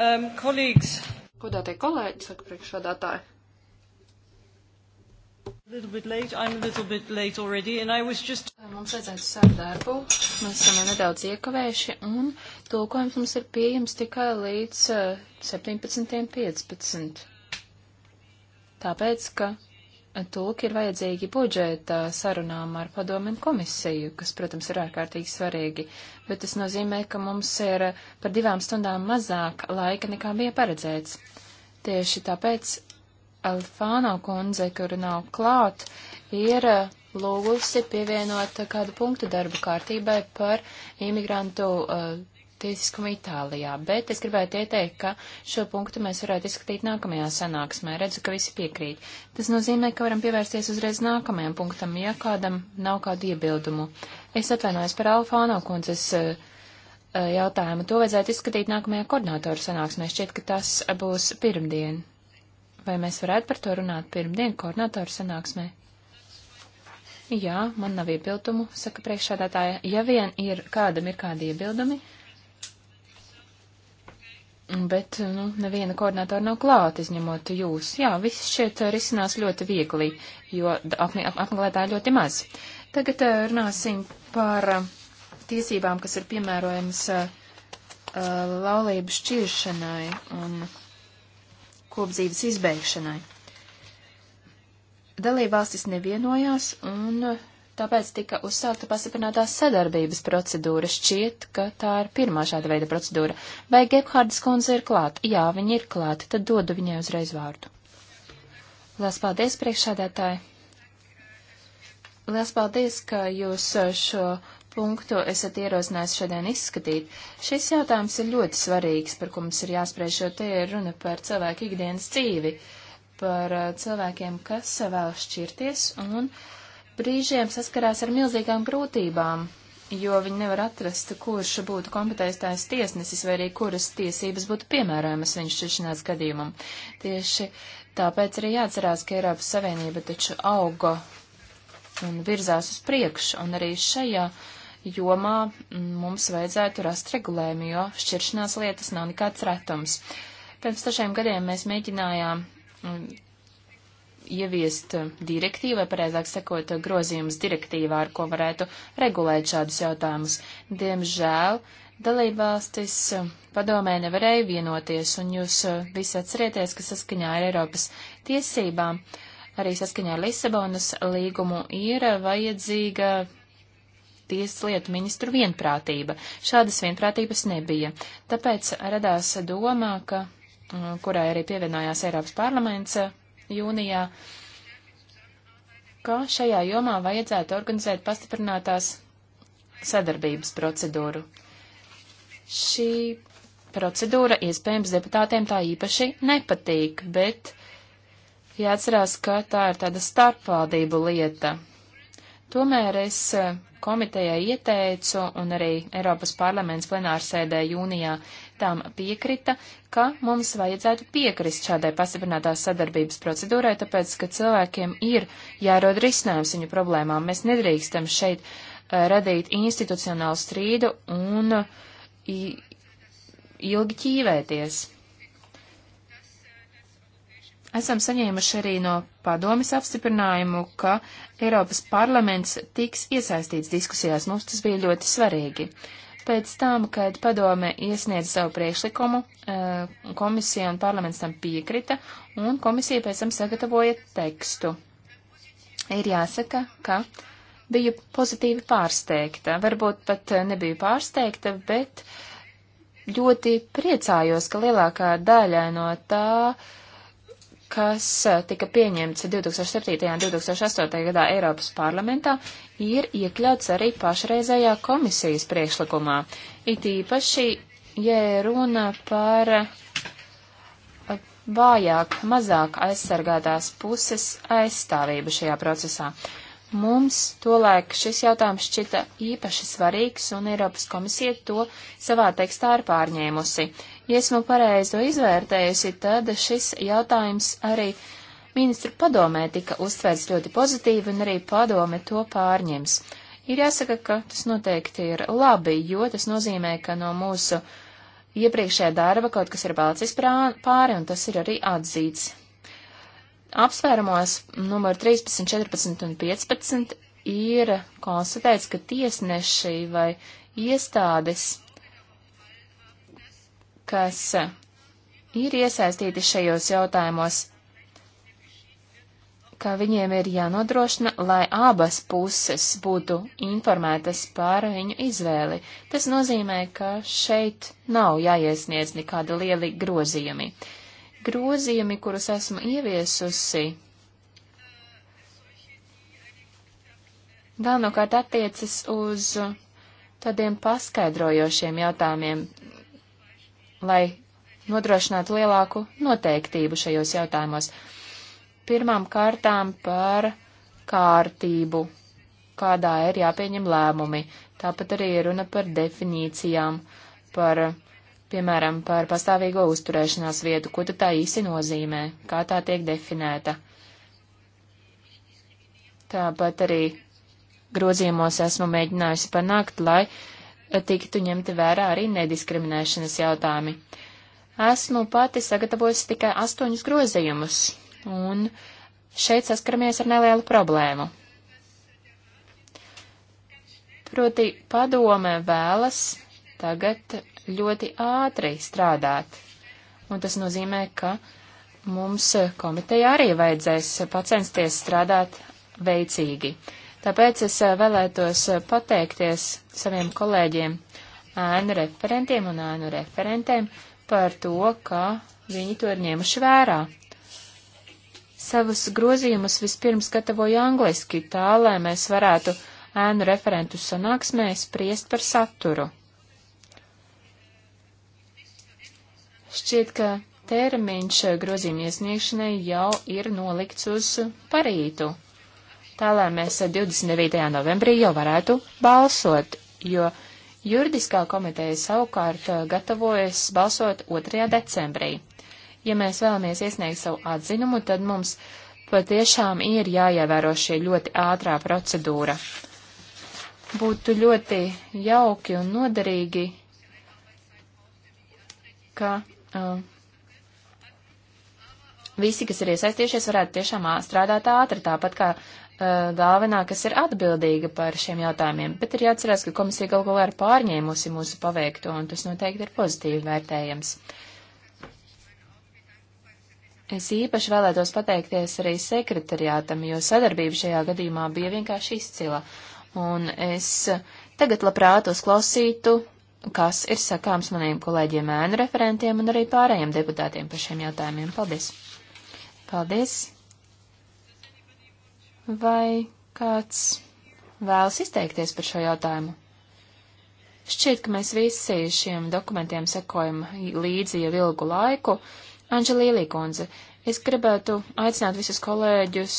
Um, colleagues. Godātie kolēģi, saka priekšsādātāji. Just... Mums vajadzētu sākt darbu, mēs esam nedaudz iekavējuši, un tulkojums mums ir pieejams tikai līdz uh, eh, 17.15. Tāpēc, ka tulki ir vajadzīgi budžeta sarunām ar padomu un komisiju, kas, protams, ir ārkārtīgi svarīgi, bet tas nozīmē, ka mums ir par divām stundām mazāk laika nekā bija paredzēts. Tieši tāpēc Alfāno kundze, kur nav klāt, ir lūgusi pievienot kādu punktu darba kārtībai par imigrantu uh, tiesiskumu Itālijā, bet es gribētu ieteikt, ka šo punktu mēs varētu izskatīt nākamajā sanāksmē. Redzu, ka visi piekrīt. Tas nozīmē, ka varam pievērsties uzreiz nākamajam punktam, ja kādam nav kādu iebildumu. Es atvainojos par Alfāno kundzes eh, eh, jautājumu. To vajadzētu izskatīt nākamajā koordinātoru sanāksmē. Šķiet, ka tas būs pirmdien. Vai mēs varētu par to runāt pirmdien koordinātoru sanāksmē? Jā, man nav iebildumu, saka priekšādātāja. Ja vien ir kādam ir kādi iebildumi, Bet, nu, neviena koordinātora nav klāt, izņemot jūs. Jā, viss šeit risinās ļoti viegli, jo apmeklētāji ļoti maz. Tagad eh, runāsim par eh, tiesībām, kas ir piemērojams eh, laulības šķiršanai un kopdzīves izbeigšanai. Dalībvalstis nevienojās, un tāpēc tika uzsākta pastiprinātās sadarbības procedūra. Šķiet, ka tā ir pirmā šāda veida procedūra. Vai Gebhardas kundze ir klāt? Jā, viņa ir klāt, tad dodu viņai uzreiz vārdu. Lielas paldies, priekšsādātāji! Lielas paldies, ka jūs uh, šo punktu esat ierosinājis šodien izskatīt. Šis jautājums ir ļoti svarīgs, par ko mums ir jāspriež, jo te ir runa par cilvēku ikdienas dzīvi, par uh, cilvēkiem, kas uh, vēl šķirties un uh, brīžiem saskarās ar milzīgām grūtībām, jo viņi nevar atrast, kurš būtu kompetentais tiesnesis vai arī kuras tiesības būtu piemērojamas viņu šķiršanās gadījumam. Tieši tāpēc arī jāatcerās, ka Eiropas Savienība taču auga un virzās uz priekšu, un arī šajā jomā mums vajadzētu rast regulējumu, jo šķiršanās lietas nav nekāds retums. Pirms dažiem gadiem mēs mēģinājām ieviest direktīvu, vai pareizāk sakot, grozījumus direktīvā, ar ko varētu regulēt šādus jautājumus. Diemžēl dalībvalstis eh, padomē nevarēja vienoties, un jūs eh, visi atcerieties, ka saskaņā ar Eiropas tiesībām, arī saskaņā ar Lisabonas līgumu, ir vajadzīga tieslietu ministru vienprātība. Šādas vienprātības nebija. Tāpēc radās doma, ka mm, kurai arī pievienojās Eiropas parlaments, jūnijā, ka šajā jomā vajadzētu organizēt pastiprinātās sadarbības procedūru. Šī procedūra iespējams deputātiem tā īpaši nepatīk, bet jāatcerās, ka tā ir tāda starpvaldību lieta. Tomēr es eh, komitejai ieteicu, un arī Eiropas parlaments plenārsēdē jūnijā tām piekrita, ka mums vajadzētu piekrist šādai pastiprinātās sadarbības procedūrai, tāpēc, ka cilvēkiem ir jārod risinājums viņu problēmām. Mēs nedrīkstam šeit uh, radīt institucionālu strīdu un ilgi ķīvēties. Esam saņēmuši arī no padomis apstiprinājumu, ka Eiropas parlaments tiks iesaistīts diskusijās. Mums tas bija ļoti svarīgi. Pēc tam, kad padome iesniedz savu priekšlikumu, eh, komisija un parlaments tam piekrita, un komisija pēc tam sagatavoja tekstu. Ir jāsaka, ka biju pozitīvi pārsteigta. Varbūt pat nebiju pārsteigta, bet ļoti priecājos, ka lielākā daļa no tā uh, kas eh, tika pieņemts 2007. un 2008. gadā Eiropas parlamentā, ir iekļauts arī pašreizējā komisijas priekšlikumā. It īpaši, ja runa par eh, vājāk, mazāk aizsargātās puses aizstāvību šajā procesā. Mums tolaik šis jautājums šķita īpaši svarīgs, un Eiropas komisija to savā tekstā ir pārņēmusi. Ja esmu pareizi to izvērtējusi, tad šis jautājums arī ministru padomē tika uztvērts ļoti pozitīvi un arī padome to pārņems. Ir jāsaka, ka tas noteikti ir labi, jo tas nozīmē, ka no mūsu iepriekšējā darba kaut kas ir palicis pāri un tas ir arī atzīts. Apsvērumos numur 13, 14 un 15 ir konstatēts, ka tiesneši vai iestādes kas ir iesaistīti šajos jautājumos, ka viņiem ir jānodrošina, lai abas puses būtu informētas par viņu izvēli. Tas nozīmē, ka šeit nav jāiesniedz nekādi lieli grozījumi. Grozījumi, kurus esmu ieviesusi, galvenokārt attiecas uz tādiem paskaidrojošiem jautājumiem, lai nodrošinātu lielāku noteiktību šajos jautājumos. Pirmām kārtām par kārtību, kādā ir jāpieņem lēmumi. Tāpat arī runa par definīcijām, par, piemēram, par pastāvīgo uzturēšanās vietu, ko tad tā īsi nozīmē, kā tā tiek definēta. Tāpat arī grozījumos esmu mēģinājusi panākt, lai uh, tiktu ņemti vērā arī nediskriminēšanas jautājumi. Esmu pati sagatavojusi tikai astoņus grozījumus, un šeit saskaramies ar nelielu problēmu. Proti padome vēlas tagad ļoti ātri strādāt, un tas nozīmē, ka mums komiteja arī vajadzēs pacensties strādāt veicīgi. Uh, Tāpēc es eh, vēlētos eh, pateikties saviem kolēģiem, ēnu referentiem un ēnu referentēm par to, ka viņi to ir ņēmuši vērā. Savus grozījumus vispirms gatavoju angliski, tā lai mēs varētu ēnu referentu sanāksmē spriest par saturu. Šķiet, ka termiņš grozījuma iesniegšanai jau ir nolikts uz parītu tā lai mēs 29. novembrī jau varētu balsot, jo juridiskā komiteja savukārt uh, gatavojas balsot 2. decembrī. Ja mēs vēlamies iesniegt savu atzinumu, tad mums patiešām ir jāievēro šī ļoti ātrā procedūra. Būtu ļoti jauki un noderīgi, ka uh, visi, kas ir iesaistījušies, varētu tiešām strādāt ātri, tāpat kā dāvinā, kas ir atbildīga par šiem jautājumiem, bet ir jāatcerās, ka komisija galu galā ir pārņēmusi mūsu paveikto, un tas noteikti ir pozitīvi vērtējams. Es īpaši vēlētos pateikties arī sekretariātam, jo sadarbība šajā gadījumā bija vienkārši izcila, un es tagad labprāt uzklausītu, kas ir sakāms maniem kolēģiem ēnu referentiem un arī pārējiem deputātiem par šiem jautājumiem. Paldies! Paldies! Vai kāds vēlas izteikties par šo jautājumu? Šķiet, ka mēs visi šiem dokumentiem sekojam līdzi jau ilgu laiku. Anģelīlī kundze, es gribētu aicināt visus kolēģus,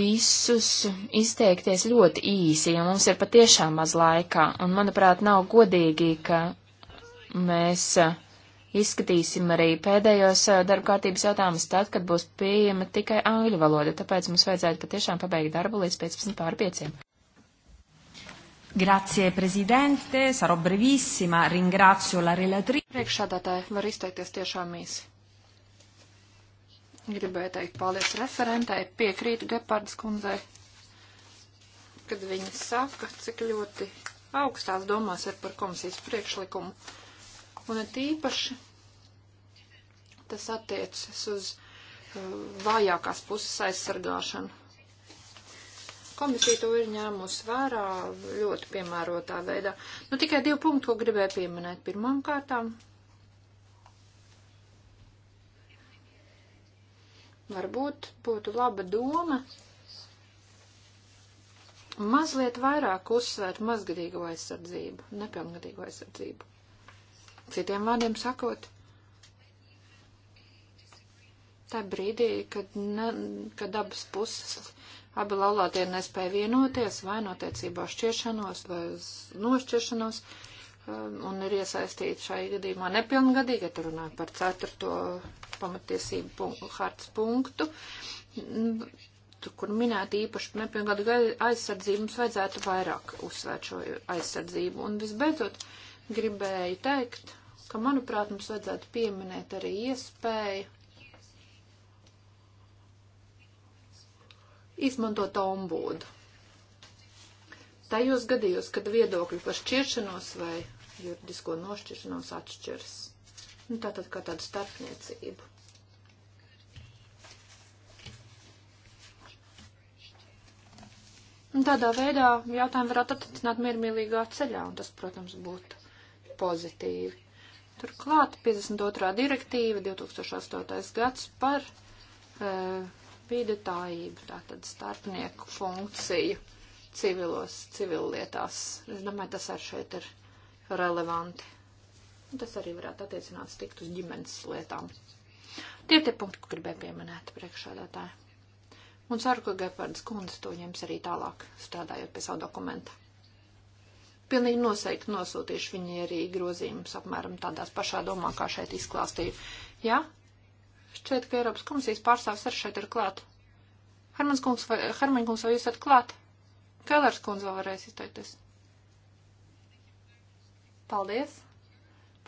visus izteikties ļoti īsi, jo mums ir patiešām maz laikā, un manuprāt, nav godīgi, ka mēs Izskatīsim arī pēdējos darbkārtības jautājumus tad, kad būs pieejama tikai angļu valoda, tāpēc mums vajadzētu patiešām pabeigt darbu līdz 15 pār 5. Grazie, prezidente, sarò brevissima, ringrazio la relatrice. Priekšādātāji var izteikties tiešām īsi. Gribēju teikt paldies referentai, piekrītu Gepardas kundzei, kad viņa saka, cik ļoti augstās domās ir par komisijas priekšlikumu un tīpaši tas attiecas uz uh, vājākās puses aizsargāšanu. Komisija to ir ņēmusi vērā ļoti piemērotā veidā. Nu, tikai divi punkti, ko gribēju pieminēt. Pirmām kārtām varbūt būtu laba doma mazliet vairāk uzsvērt mazgadīgo aizsardzību, nepilngadīgo aizsardzību. Citiem vārdiem sakot, tā brīdī, kad, ne, kad abas puses abi laulātie nespēja vienoties vai notiecībā šķiešanos vai nošķiešanos um, un ir iesaistīti šai gadījumā nepilngadīgi, ja tur runāju par ceturto pamatiesību punktu, hartas punktu, kur minēta īpaši nepilngadu aizsardzību, mums vajadzētu vairāk uzsvērt šo aizsardzību. Un visbeidzot, gribēju teikt, ka, manuprāt, mums vajadzētu pieminēt arī iespēju izmantot ombudu. Tajos gadījos, kad viedokļi par šķiršanos vai juridisko nošķiršanos atšķiras. Nu, tātad kā tāda starpniecība. Un tādā veidā jautājumu varētu atrisināt miermīlīgā ceļā, un tas, protams, būtu pozitīvi. Turklāt 52. direktīva 2008. gads par e, pīdētājību, tātad starpnieku funkciju civilos, civillietās. Es domāju, tas arī šeit ir relevanti. Un tas arī varētu attiecināt tikt uz ģimenes lietām. Tie tie punkti, ko gribēju pieminēt priekšādātāji. Un ceru, ka Gepardas kundze to ņems arī tālāk, strādājot pie savu dokumentu. Pilnīgi noteikti nosūtīšu viņai arī grozījumus apmēram tādās pašā domā, kā šeit izklāstīju. Jā? Šķiet, ka Eiropas komisijas pārstāvs arī šeit ir klāt. Hermans kungs vai, Hermaņ kungs, vai jūs esat klāt? Kēlers kundze vēl varēs izteikties. Paldies.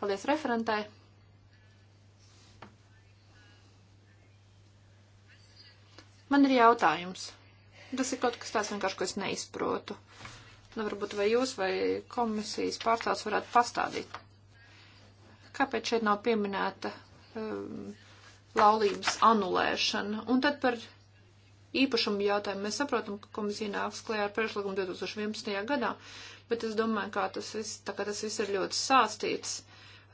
Paldies referentai. Man ir jautājums. Tas ir kaut kas tāds vienkārši, ko es neizprotu. Uh, Nu, varbūt vai jūs vai komisijas pārstāvs varētu pastādīt. Kāpēc šeit nav pieminēta um, laulības anulēšana? Un tad par īpašumu jautājumu mēs saprotam, ka komisija nāks klajā ar priekšlikumu 2011. gadā, bet es domāju, kā tas viss, tā kā tas viss ir ļoti sāstīts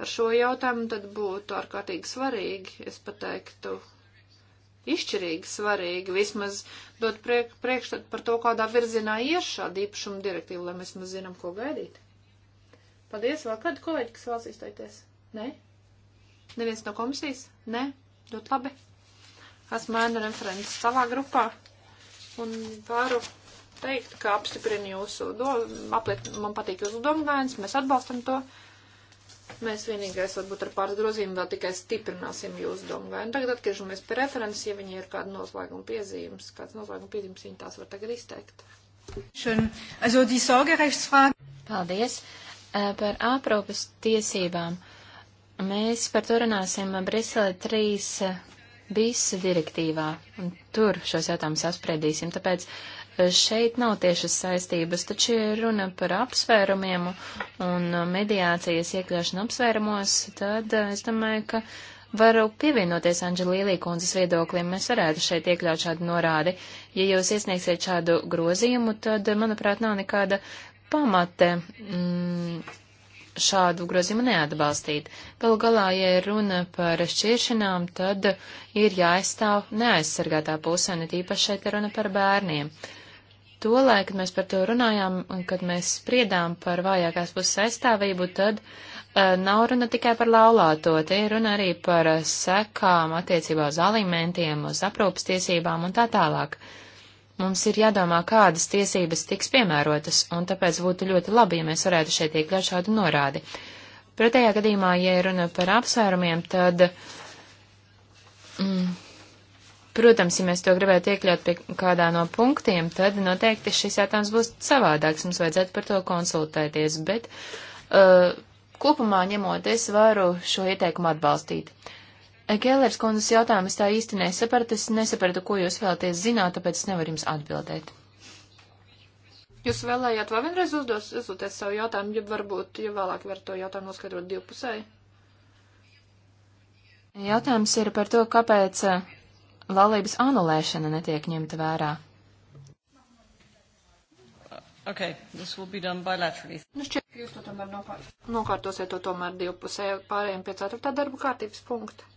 ar šo jautājumu, tad būtu ārkārtīgi svarīgi, es pateiktu, izšķirīgi svarīgi vismaz dot priek, priekšstatu par to, kādā virzienā ies šāda īpašuma direktīva, lai mēs maz zinām, ko gaidīt. Paldies, vēl kādu kolēģi, kas vēlas izteikties? Nē? Neviens no komisijas? Nē? Ļoti labi. Esmu ēnu referents savā grupā un varu teikt, ka apstiprinu jūsu, do, apliet, man patīk jūsu domgājums, mēs atbalstam to. Uh, Mēs vienīgais varbūt ar pāris grozījumiem vēl tikai stiprināsim jūsu domu gājumu. Nu tagad atgriežamies pie references, ja viņi ir kāda noslēguma piezīmes, kāds noslēguma piezīmes viņi tās var tagad izteikt. Paldies par aprūpas tiesībām. Mēs par to runāsim Brisele 3 bis direktīvā, un tur šos jautājumus apspriedīsim. Tāpēc uh, Šeit nav tiešas saistības, taču ir runa par apsvērumiem un mediācijas iekļaušanu apsvērumos, tad eh, es domāju, ka varu pievienoties Anģelīlī kundzes viedoklim. Mēs varētu šeit iekļaut šādu norādi. Ja jūs iesniegsiet šādu grozījumu, tad, eh, manuprāt, nav nekāda pamate. Mm, šādu grozījumu neatbalstīt. Galu galā, ja ir runa par šķiršanām, tad ir jāaizstāv neaizsargātā puse, un it īpaši šeit ir runa par bērniem. Tolēk, kad mēs par to runājām un kad mēs spriedām par vājākās puses aizstāvību, tad uh, nav runa tikai par laulāto, te ir runa arī par uh, sekām attiecībā uz alimentiem, uz aprūpas tiesībām un tā tālāk. Mums ir jādomā, kādas tiesības tiks piemērotas, un tāpēc būtu ļoti labi, ja mēs varētu šeit iekļaut šādu norādi. Pretējā gadījumā, ja runa par apsvērumiem, tad. Mm, Protams, ja mēs to gribētu iekļaut pie kādā no punktiem, tad noteikti šis jautājums būs savādāks, mums vajadzētu par to konsultēties, bet uh, kopumā ņemot, es varu šo ieteikumu atbalstīt. Kēlērs kundzes jautājumu es tā īsti nesapratu, es nesapratu, ko jūs vēlaties zināt, tāpēc es nevaru jums atbildēt. Jūs vēlējāt vēl vienreiz uzdos, uzdoties savu jautājumu, ja varbūt, ja vēlāk var to jautājumu noskaidrot divpusēji? Jautājums ir par to, kāpēc laulības anulēšana netiek ņemta vērā. Okay, this will be done bilaterally. Nu šķiet, ka jūs to tomēr nokār... nokārtosiet to tomēr divpusē pārējiem pie ceturtā darba kārtības punkta.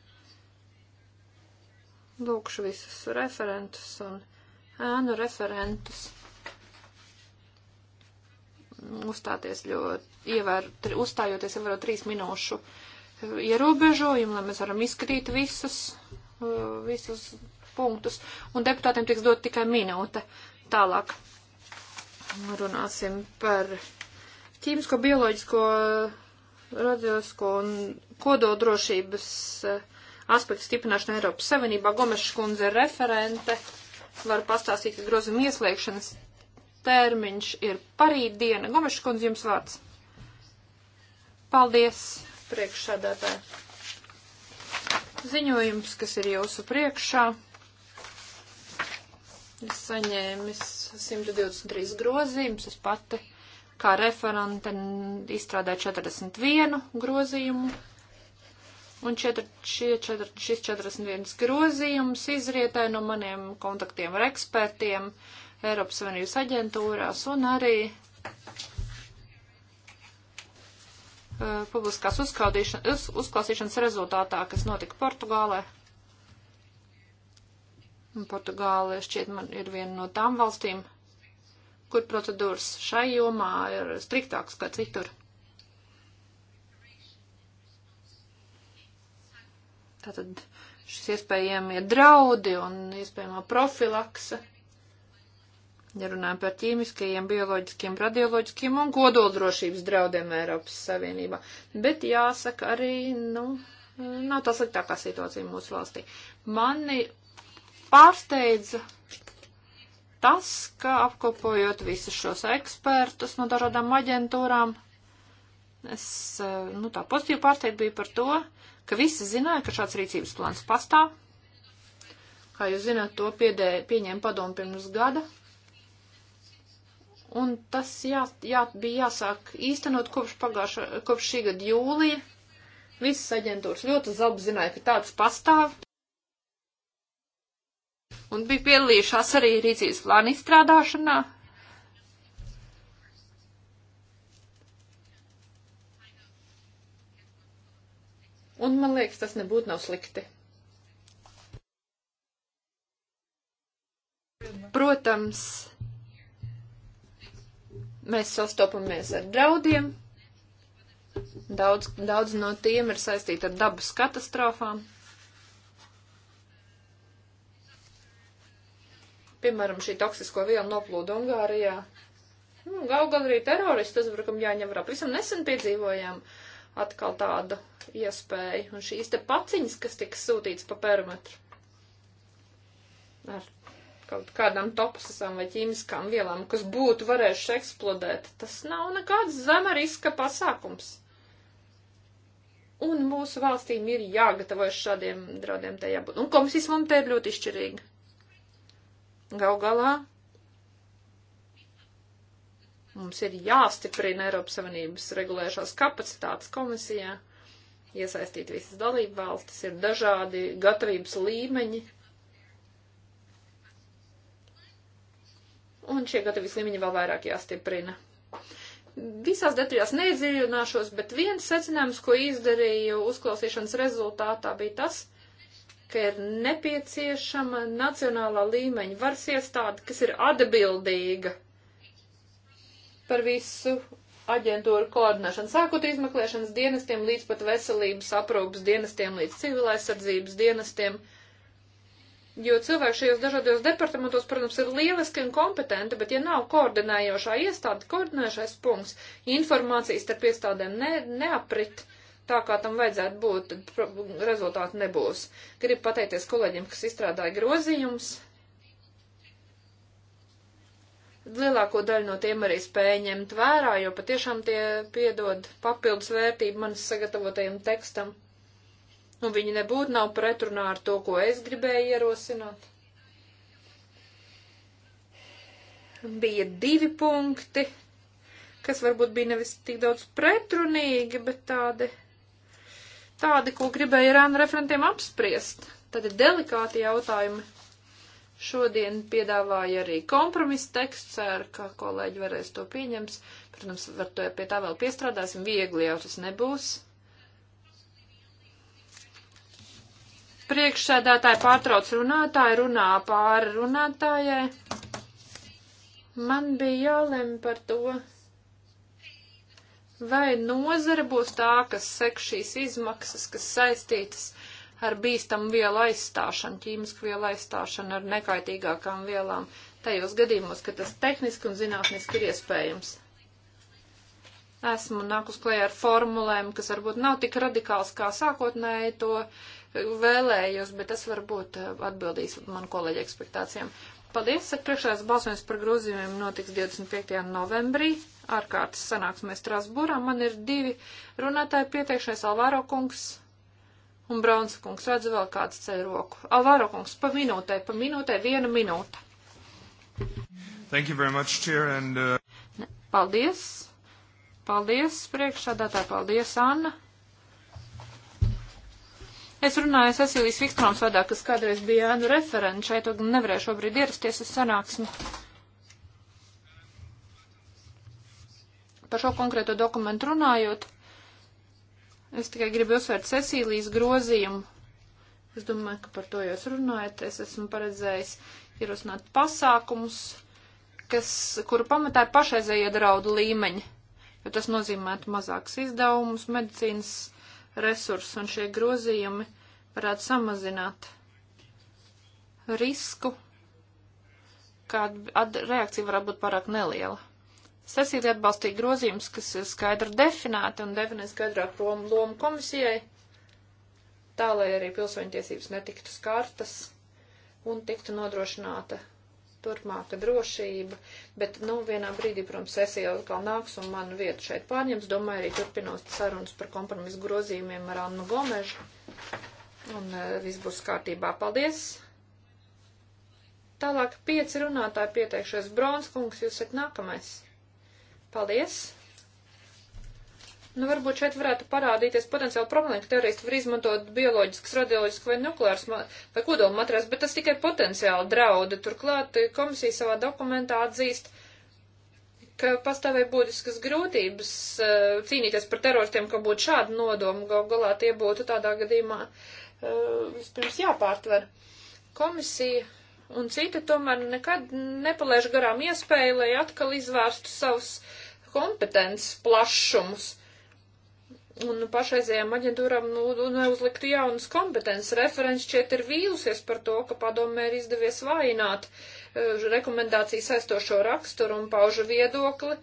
Lūkšu visus referentus un ēnu referentus. Uzstāties ļoti, ievēr, uzstājoties ievēro trīs minūšu ierobežojumu, lai mēs varam izskatīt visus Eh, visus punktus, un deputātiem tiks dot tikai minūte. Tālāk runāsim par ķīmisko, bioloģisko, radioloģisko un kododrošības eh, aspektu stiprināšanu Eiropas Savienībā. Gomeša kundze ir referente. Varu pastāstīt, ka grozuma ieslēgšanas termiņš ir parītdiena. Gomeša kundze, jums vārds. Paldies, priekšsēdētāji ziņojums, kas ir jūsu priekšā, ir saņēmis 123 grozījumus. Es pati kā referente izstrādāju 41 grozījumu. Un četr, šie, četr, šis 41 grozījums izrietēja no maniem kontaktiem ar ekspertiem Eiropas Savienības aģentūrās un arī Uh, publiskās uz, uzklausīšanas rezultātā, kas notika Portugālē. Portugāla šķiet man ir viena no tām valstīm, kur procedūras šai jomā ir striktāks kā citur. Tātad šis iespējamie draudi un iespējamā profilakse ja runājam par ķīmiskajiem, bioloģiskiem, radioloģiskiem un kodoldrošības draudiem Eiropas Savienībā. Bet jāsaka arī, nu, nav tā sliktākā situācija mūsu valstī. Mani pārsteidza tas, ka apkopojot visus šos ekspertus no dažādām aģentūrām, es, nu, tā pozitīva pārsteigta bija par to, ka visi zināja, ka šāds rīcības plāns pastāv. Kā jūs zināt, to piedē, pieņēma padomu pirms gada Un tas jā, jā, bija jāsāk īstenot kopš, pagājuša, kopš šī gada jūlija. Visas aģentūras ļoti labi zināja, ka tāds pastāv. Un bija piedalījušās arī rīcības plāna izstrādāšanā. Un man liekas, tas nebūtu nav slikti. Protams, Mēs sastopamies ar draudiem. Daudz, daudz no tiem ir saistīti ar dabas katastrofām. Piemēram, šī toksisko vielu noplūda Ungārijā. Nu, Gau gan arī teroristi, tas, protams, jāņem vērā. Pavisam nesen piedzīvojām atkal tādu iespēju. Un šīs te paciņas, kas tika sūtīts pa perimetru ar kaut kādām toksisām vai ķīmiskām vielām, kas būtu varējuši eksplodēt, tas nav nekāds zema riska pasākums. Un mūsu valstīm ir jāgatavojas šādiem draudiem tajā būt. Un komisijas mums te ir ļoti izšķirīga. Gau galā mums ir jāstiprina Eiropas Savienības regulējušās kapacitātes komisijā, iesaistīt visas dalību valstis, ir dažādi gatavības līmeņi un šie gatavības līmeņi vēl vairāk jāstiprina. Visās detaļās neiedziļināšos, bet viens secinājums, ko izdarīju uzklausīšanas rezultātā, bija tas, ka ir nepieciešama nacionālā līmeņa varas iestāde, kas ir atbildīga par visu aģentūru koordinēšanu, sākot izmeklēšanas dienestiem līdz pat veselības aprūpas dienestiem, līdz civilaizsardzības dienestiem. Jo cilvēki šajos dažādos departamentos, protams, ir lieliski un kompetenti, bet ja nav koordinējošā iestāde, koordinējošais punkts, informācijas starp iestādēm ne, neaprit tā, kā tam vajadzētu būt, tad rezultāti nebūs. Gribu pateikties kolēģiem, kas izstrādāja grozījumus. Lielāko daļu no tiem arī spēja ņemt vērā, jo patiešām tie piedod papildus vērtību manas sagatavotajam tekstam. Nu, viņi nebūtu nav pretrunā ar to, ko es gribēju ierosināt. Bija divi punkti, kas varbūt bija nevis tik daudz pretrunīgi, bet tādi, tādi ko gribēju ar ēnu referentiem apspriest. Tad ir delikāti jautājumi. Šodien piedāvāja arī kompromisa teksts, ceru, ka kolēģi varēs to pieņems. Protams, var to pie tā vēl piestrādāsim, viegli jau tas nebūs. Priekšsēdētāji pārtrauc runātāju, runā pāri runātājai. Man bija jālem par to, vai nozara būs tā, kas sek šīs izmaksas, kas saistītas ar bīstamu vielu aizstāšanu, ķīmisku vielu aizstāšanu ar nekaitīgākām vielām, tajos gadījumos, ka tas tehniski un zinātniski ir iespējams. Esmu nākus klajā ar formulēm, kas varbūt nav tik radikāls, kā sākotnēji to vēlējos, bet tas varbūt eh, atbildīs man kolēģi ekspektācijām. Paldies, saka priekšējās balsojums par grozījumiem notiks 25. novembrī, ārkārtas sanāksmē Strasbūrā. Man ir divi runātāji pieteikšais Alvaro kungs un Braunsa kungs. Redzu vēl kāds ceļ roku. Alvaro kungs, pa minūtē, pa minūtē, viena minūte. Thank you very much, Chair, and... Uh... Paldies. Paldies, priekšsādātā, paldies, Anna. Es runāju Cecilijas Vikstrāms vadā, kas kādreiz bija ēnu referents šeit, un nevarēju šobrīd ierasties uz sanāksmi. Par šo konkrēto dokumentu runājot, es tikai gribu uzsvērt Cecilijas grozījumu. Es domāju, ka par to jūs runājat. Es esmu paredzējis ierosināt pasākumus, kas, kuru pamatā ir pašreizējie draudu līmeņi jo tas nozīmētu mazāks izdevumus medicīnas resursus, un šie grozījumi varētu samazināt risku, ka reakcija varētu būt pārāk neliela. Sesīdī atbalstīja grozījums, kas ir skaidri definēti un definē skaidrāk lomu komisijai, tā lai arī pilsoņtiesības netiktu skartas un tiktu nodrošināta turpmāka drošība, bet, nu, vienā brīdī, protams, Cecilija atkal nāks un manu vietu šeit pārņems. Domāju, arī turpinās sarunas par kompromisu grozījumiem ar Annu Gomežu. Un eh, viss būs kārtībā. Paldies! Tālāk pieci runātāji pieteikšies. Bronskungs, jūs esat nākamais. Paldies! Nu, varbūt šeit varētu parādīties potenciāli problēma, ka teroristi var izmantot bioloģiskas, radioloģiskas vai nukleāras vai kodola materiālus, bet tas tikai potenciāli draudi. Turklāt eh, komisija savā dokumentā atzīst, ka pastāvēja būtiskas grūtības eh, cīnīties par teroristiem, ka būtu šādi nodomi, gal galā tie būtu tādā gadījumā eh, vispirms jāpārtver. Komisija un citi tomēr nekad nepalaiž garām iespēju, lai atkal izvērstu savus kompetences plašumus un pašreizējām aģentūrām nu, nu, nu neuzliktu jaunas kompetences. Referents šķiet ir vīlusies par to, ka padomē ir izdevies vājināt uh, e, rekomendāciju saistošo raksturu un paužu viedokli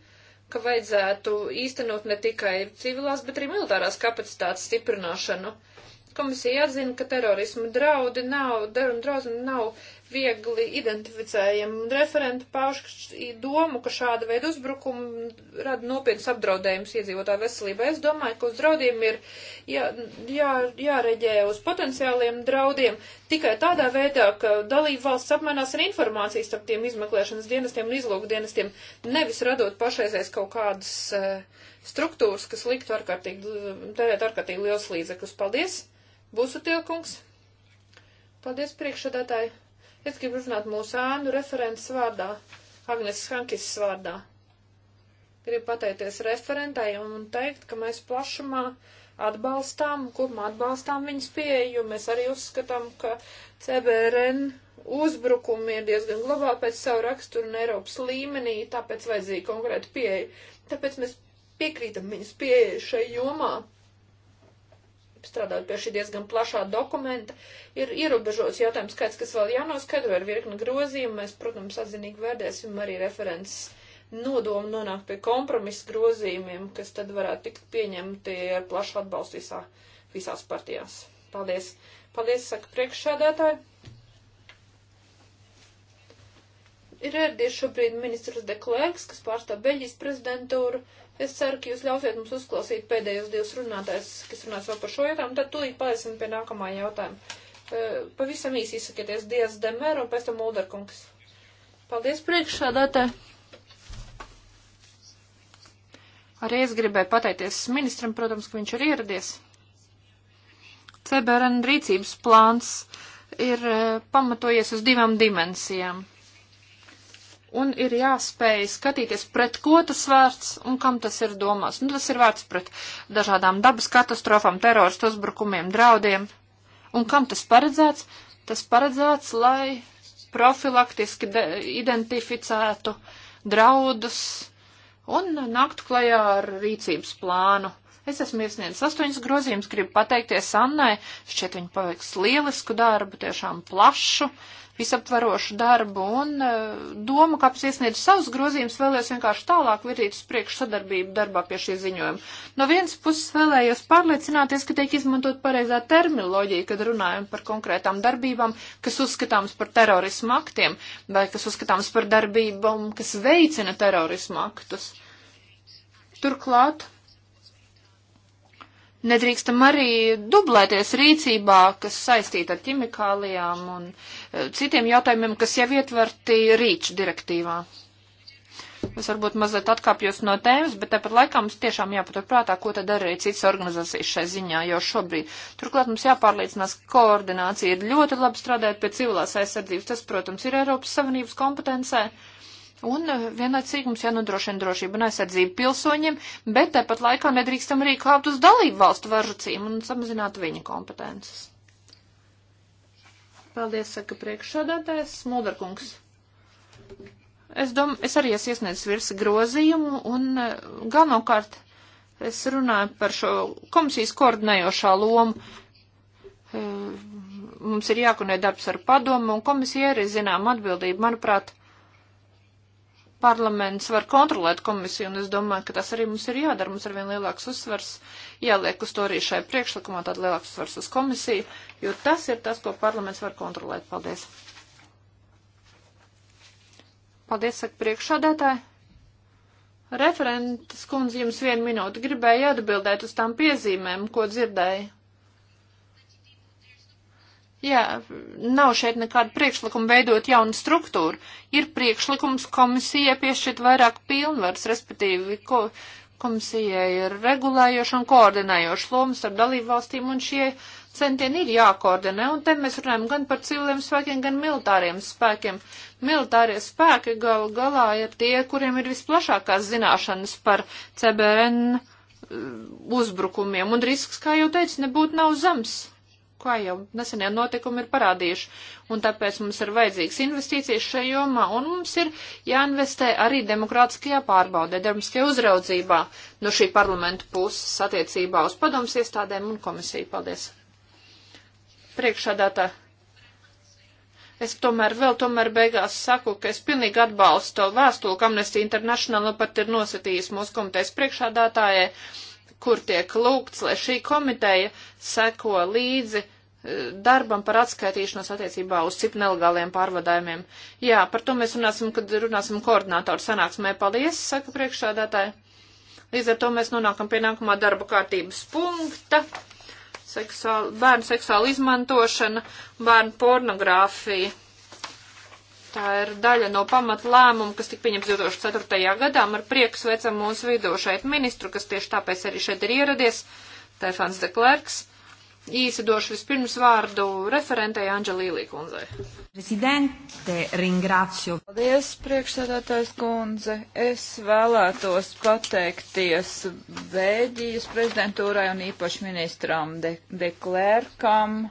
ka vajadzētu īstenot ne tikai civilās, bet arī militārās kapacitātes stiprināšanu. Komisija atzina, ka terorismu draudi nav, draudi nav viegli identificējami, un referenti pauž domu, ka šāda veida uzbrukumi rada nopietnas apdraudējumus iedzīvotāju veselībai. Es domāju, ka uz draudiem ir jā, jā, jāreģē uz potenciāliem draudiem tikai tādā veidā, ka dalība valsts apmainās ar informāciju starp tiem izmeklēšanas dienestiem un izlūku dienestiem, nevis radot pašreizēs kaut kādas e, struktūras, kas liktu ārkārtīgi, tērēt ārkārtīgi liels līdzekļus. Paldies! Busutilkungs. Paldies, priekšsēdētāji. Es gribu runāt mūsu ēnu referents vārdā, Agnes Hankis vārdā. Gribu pateikties referentai un teikt, ka mēs plašumā atbalstām, kopumā atbalstām viņas pieeju, jo mēs arī uzskatām, ka CBRN uzbrukumi ir diezgan globāli pēc savu raksturu un Eiropas līmenī, tāpēc vajadzīga konkrēta pieeja. Tāpēc mēs piekrītam viņas pieeja šai jomā strādājot pie šī diezgan plašā dokumenta, ir ierobežots jautājums skaits, kas vēl jānoskaidro ar virkni grozījumu. Mēs, protams, atzinīgi vērtēsim arī referents nodomu nonākt pie kompromisa grozījumiem, kas tad varētu tikt pieņemti ar plašu atbalstu visā, visās partijās. Paldies! Paldies, saka priekšsēdētāji! Ir ērdies šobrīd ministrs Deklēks, kas pārstāv Beļģijas prezidentūru, Es ceru, ka jūs ļausiet mums uzklausīt pēdējos divus runātājus, kas runās vēl par šo jautājumu, tad tūlīt pāriesim pie nākamā jautājuma. Eh, pavisam īsi izsakieties Dievs Demēr un pēc tam Mulderkungs. Paldies priekšsādātē. Arī es gribēju pateikties ministram, protams, ka viņš ir ieradies. CBRN rīcības plāns ir eh, pamatojies uz divām dimensijām un ir jāspēj skatīties, pret ko tas vērts un kam tas ir domās. Nu, tas ir vērts pret dažādām dabas katastrofām, teroristu uzbrukumiem, draudiem. Un kam tas paredzēts? Tas paredzēts, lai profilaktiski identificētu draudus un naktu klajā ar rīcības plānu. Es esmu iesniedzis astoņas grozījumus, gribu pateikties Annai, šķiet viņa paveiks lielisku darbu, tiešām plašu, visaptvarošu darbu un e, domu, kāpēc iesniedz savus grozījumus, vēlējos vienkārši tālāk virzīt uz priekšu sadarbību darbā pie šī ziņojuma. No vienas puses vēlējos pārliecināties, ka tiek izmantot pareizā terminoloģija, kad runājam par konkrētām darbībām, kas uzskatāms par terorismu aktiem vai kas uzskatāms par darbībām, kas veicina terorismu aktus. Turklāt Nedrīkstam arī dublēties rīcībā, kas saistīta ar ķimikālijām un e, citiem jautājumiem, kas jau ietverti rīču direktīvā. Es varbūt mazliet atkāpjos no tēmas, bet tāpat laikā mums tiešām jāpaturprātā, ko tad arī citas organizācijas šai ziņā jau šobrīd. Turklāt mums jāpārliecinās, ka koordinācija ir ļoti labi strādājot pie civilās aizsardzības. Tas, protams, ir Eiropas Savienības kompetencē. Uh, Un eh, vienlaicīgi mums jānodrošina drošība un aizsardzība pilsoņiem, bet tāpat laikā nedrīkstam arī kāpt uz dalību valstu varžucīm un samazināt viņa kompetences. Paldies, saka priekšsādātājs Smuldarkungs. Es domāju, es arī esmu iesniedzis virsa grozījumu un eh, galvenokārt es runāju par šo komisijas koordinējošā lomu. Eh, mums ir jākonē darbs ar padomu un komisija arī zinām atbildību, manuprāt parlaments var kontrolēt komisiju, un es domāju, ka tas arī mums ir jādara. Mums ar vien lielāks uzsvars jāliek uz to arī šai priekšlikumā, tad lielāks uzsvars uz komisiju, jo tas ir tas, ko parlaments var kontrolēt. Paldies. Paldies, saka priekšādētāji. Referentes kundze jums vienu minūti gribēja atbildēt uz tām piezīmēm, ko dzirdēja. Jā, nav šeit nekāda priekšlikuma veidot jaunu struktūru. Ir priekšlikums komisijai piešķirt vairāk pilnvaras, respektīvi ko, komisijai ir regulējoša un koordinējoša lomas ar dalību valstīm, un šie centieni ir jākoordinē. Un te mēs runājam gan par civiliem spēkiem, gan militāriem spēkiem. Militārie spēki gal galā ir tie, kuriem ir visplašākās zināšanas par CBRN uh, uzbrukumiem, un risks, kā jau teicu, nebūtu nav zems kā jau nesenie notikumi ir parādījuši. Un tāpēc mums ir vajadzīgs investīcijas šajā jomā, un mums ir jāinvestē arī demokrātiskajā pārbaudē, demokrātiskajā uzraudzībā no šī parlamenta puses attiecībā uz padomus iestādēm un komisiju. Paldies! Priekšādātā. Es tomēr vēl tomēr beigās saku, ka es pilnīgi atbalstu to vēstuli, kam Amnesty International nu pat ir nosatījis mūsu komitejas priekšādātājai kur tiek lūgts, lai šī komiteja seko līdzi eh, darbam par atskaitīšanos attiecībā uz cip nelegāliem pārvadājumiem. Jā, par to mēs runāsim, kad runāsim koordinātoru sanāksmē. Paldies, saka priekšsādātāji. Līdz ar to mēs nonākam pie nākamā darba kārtības punkta. Seksuāli, bērnu seksuāla izmantošana, bērnu pornogrāfija. Tā ir daļa no pamat lēmuma, kas tika pieņemts 2004. gadā. Ar prieku sveicam mūsu vidū šeit ministru, kas tieši tāpēc arī šeit ir ieradies, Tefans de Klerks. Īsi došu vispirms vārdu referentei Anģelīlī kundzei. Prezidente, ringrācio. Paldies, priekšsēdētājs kundze. Es vēlētos pateikties Bēģijas prezidentūrai un īpaši ministram de, de Klērkam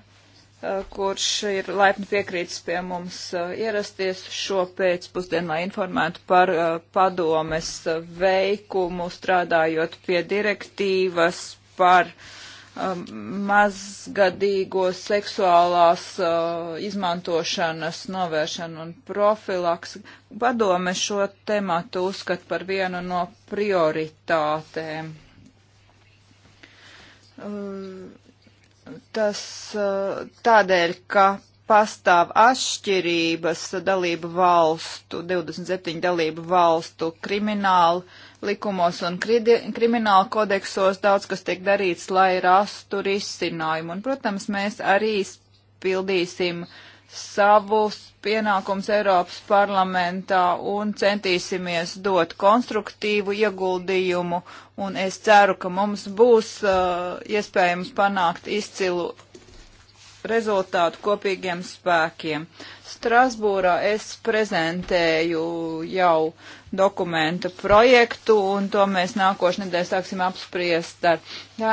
Eh, kurš ir laipni piekrītis pie mums eh, ierasties šo pēcpusdienu, lai informētu par eh, padomes veikumu strādājot pie direktīvas par mazgadīgo seksuālās uh, izmantošanas novēršanu un profilaks. Padome šo tematu uzskat par vienu no prioritātēm. Uh, Tas eh, tādēļ, ka pastāv atšķirības dalību valstu, 27 dalību valstu kriminālu likumos un kriminālu kodeksos daudz kas tiek darīts, lai rastu risinājumu. Un, protams, mēs arī pildīsim uh, savus pienākums Eiropas parlamentā un centīsimies dot konstruktīvu ieguldījumu, un es ceru, ka mums būs uh, iespējams panākt izcilu rezultātu kopīgiem spēkiem. Uh, Strasbūrā es prezentēju jau dokumentu projektu, un to mēs nākošnedēļ sāksim apspriest ar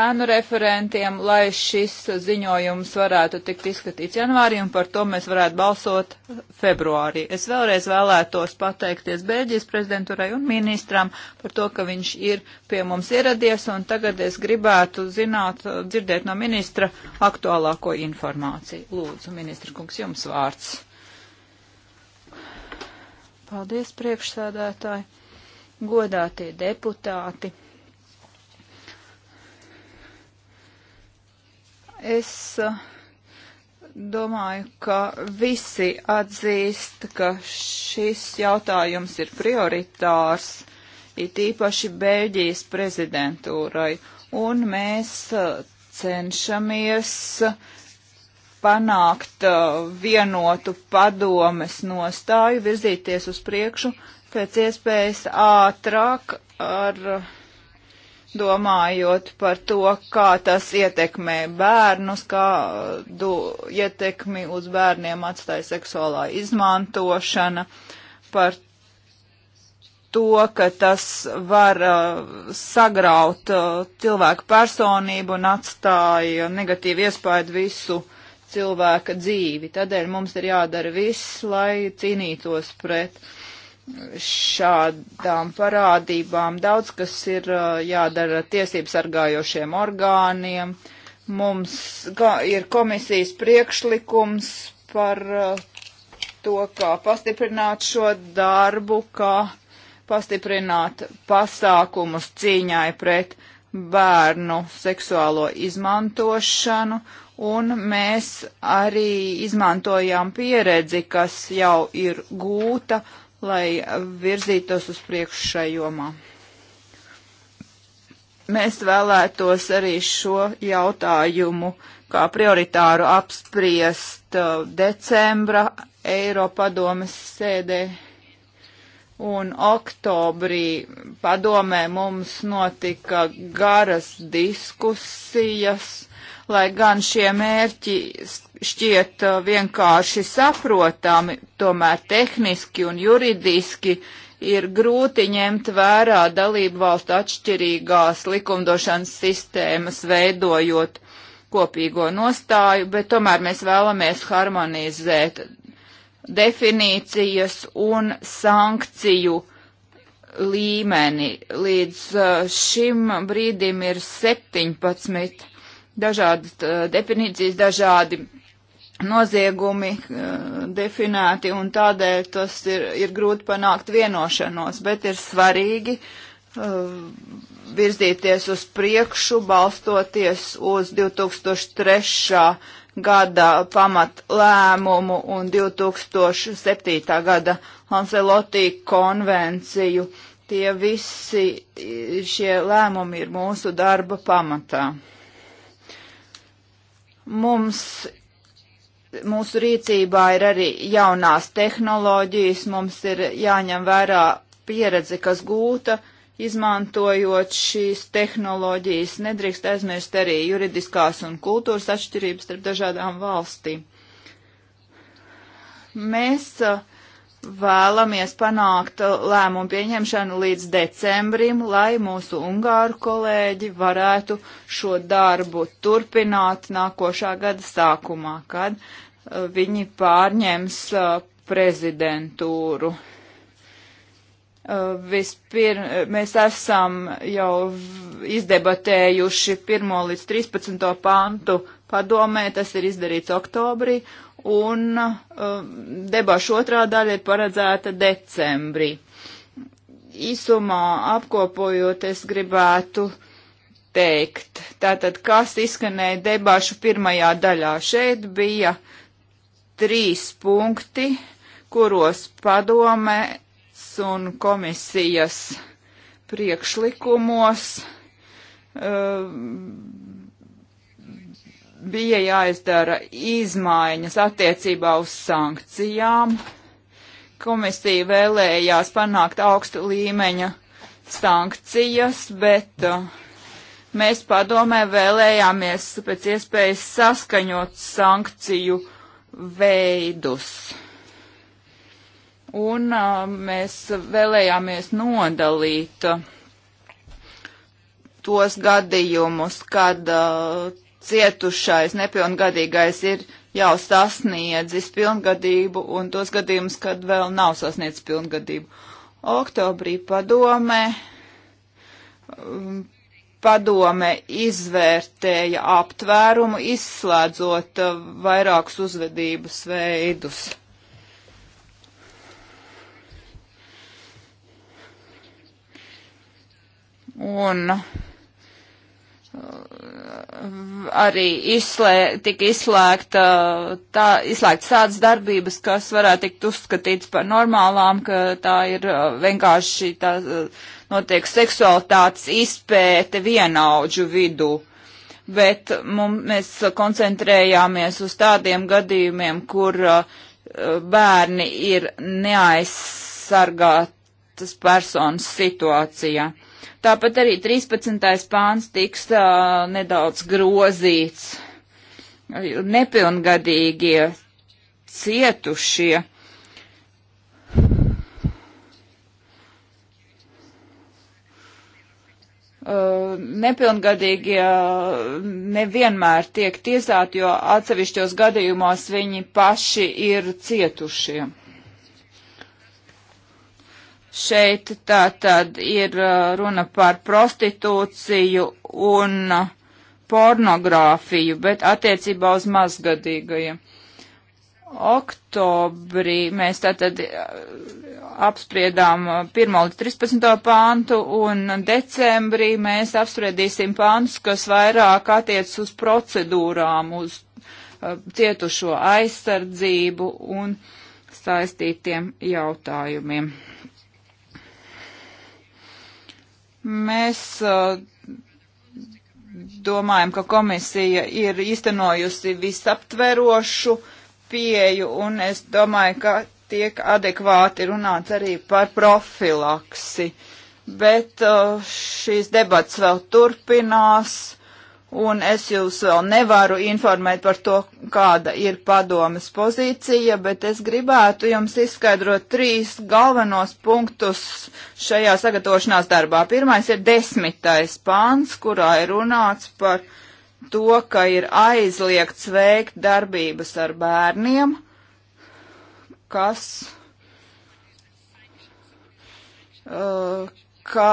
ēnu referentiem, lai šis ziņojums varētu tikt izskatīts janvārī, un par to mēs varētu balsot februārī. Es vēlreiz vēlētos pateikties Bēļģijas prezidentūrai un ministram par to, ka viņš ir pie mums ieradies, un tagad es gribētu zināt, dzirdēt no ministra aktuālāko informāciju. Lūdzu, ministra kungs, jums vārds. Paldies, priekšsēdētāji, godātie deputāti. Es eh, domāju, ka visi atzīst, ka šis jautājums ir prioritārs, it īpaši Bēļģijas prezidentūrai, un mēs eh, cenšamies uh, panākt uh, vienotu padomes nostāju, virzīties uz priekšu pēc iespējas ātrāk ar uh, domājot par to, kā tas ietekmē bērnus, kā uh, du, ietekmi uz bērniem atstāja seksuālā izmantošana, par to, ka tas var uh, sagraut uh, cilvēku personību un atstāja negatīvu iespēju visu uh, cilvēka dzīvi. Tādēļ mums ir jādara viss, lai cīnītos pret šādām parādībām. Daudz kas ir uh, jādara tiesību sargājošiem orgāniem. Mums ir komisijas priekšlikums par uh, to, kā pastiprināt šo darbu, kā pastiprināt pasākumus cīņai pret bērnu seksuālo izmantošanu un mēs arī izmantojām pieredzi, kas jau ir gūta, lai virzītos uz priekšu šai jomā. Mēs vēlētos arī šo jautājumu kā prioritāru apspriest uh, decembra Eiropadomes sēdē. Un oktobrī padomē mums notika garas diskusijas lai gan šie mērķi šķiet uh, vienkārši saprotami, tomēr tehniski un juridiski ir grūti ņemt vērā dalību valstu atšķirīgās likumdošanas sistēmas, veidojot kopīgo nostāju, bet tomēr mēs vēlamies harmonizēt definīcijas un sankciju līmeni. Līdz uh, šim brīdim ir 17 dažādas uh, definīcijas, dažādi noziegumi uh, definēti, un tādēļ tas ir, ir grūti panākt vienošanos, bet ir svarīgi uh, virzīties uz priekšu, balstoties uz 2003. gada pamatlēmumu un 2007. gada Hanselotī konvenciju. Tie visi šie lēmumi ir mūsu darba pamatā. Mums mūsu rīcībā ir arī jaunās tehnoloģijas, mums ir jāņem vērā pieredze, kas gūta, izmantojot šīs tehnoloģijas. Nedrīkst aizmirst arī juridiskās un kultūras atšķirības starp dažādām valstīm. Mēs uh, vēlamies panākt lēmumu pieņemšanu līdz decembrim, lai mūsu ungāru kolēģi varētu šo darbu turpināt nākošā gada sākumā, kad uh, viņi pārņems uh, prezidentūru. Uh, vispir, mēs esam jau izdebatējuši 1 līdz 13 pantu padomē, tas ir izdarīts oktobrī, un um, debašu otrā daļa ir paredzēta decembrī. Īsumā apkopojot, es gribētu teikt, tātad kas izskanēja debašu pirmajā daļā. Šeit bija trīs punkti, kuros padomēs un komisijas priekšlikumos uh, bija jāizdara izmaiņas attiecībā uz sankcijām. Komisija vēlējās panākt augstu līmeņa sankcijas, bet uh, mēs padomē vēlējāmies pēc iespējas saskaņot sankciju veidus. Un uh, mēs vēlējāmies nodalīt uh, tos gadījumus, kad uh, cietušais nepilngadīgais ir jau sasniedzis pilngadību un tos gadījumus, kad vēl nav sasniedzis pilngadību. Oktobrī padomē, um, padome izvērtēja aptvērumu, izslēdzot uh, vairākus uzvedības veidus. Un arī izslē, tika izslēgta, tā, izslēgts tādas darbības, kas varētu tikt uzskatīts par normālām, ka tā ir uh, vienkārši tā uh, notiek seksualitātes izpēte vienaudžu vidū. Bet mums, mēs koncentrējāmies uz tādiem gadījumiem, kur uh, bērni ir neaizsargātas personas situācijā. Tāpat arī 13. pāns tiks uh, nedaudz grozīts. Nepilngadīgie cietušie. nepilngadīgie nevienmēr tiek tiesāti, jo atsevišķos gadījumos viņi paši ir cietušie. Šeit tā tad ir uh, runa par prostitūciju un uh, pornogrāfiju, bet attiecībā uz mazgadīgajiem. Oktobrī mēs tātad uh, apspriedām 1 līdz 13 pāntu un decembrī mēs apspriedīsim pāntus, kas vairāk attiec uz procedūrām, uz uh, cietušo aizsardzību un saistītiem jautājumiem. Mēs uh, domājam, ka komisija ir īstenojusi visaptverošu pieju, un es domāju, ka tiek adekvāti runāts arī par profilaksi. Bet uh, šīs debats vēl turpinās un es jūs vēl nevaru informēt par to, kāda ir padomas pozīcija, bet es gribētu jums izskaidrot trīs galvenos punktus šajā sagatavošanās darbā. Pirmais ir desmitais pāns, kurā ir runāts par to, ka ir aizliegts veikt darbības ar bērniem, kas. Uh, ka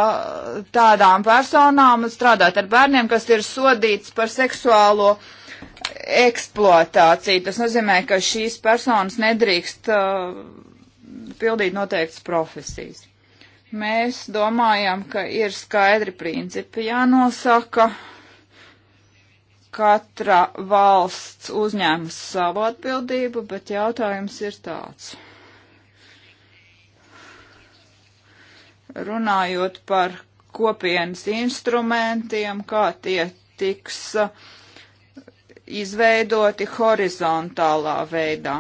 tādām personām strādāt ar bērniem, kas ir sodīts par seksuālo eksploatāciju. Tas nozīmē, ka šīs personas nedrīkst uh, pildīt noteiktas profesijas. Mēs domājam, ka ir skaidri principi jānosaka. Katra valsts uzņēma savu atbildību, bet jautājums ir tāds runājot par kopienas instrumentiem, kā tie tiks uh, izveidoti horizontālā veidā.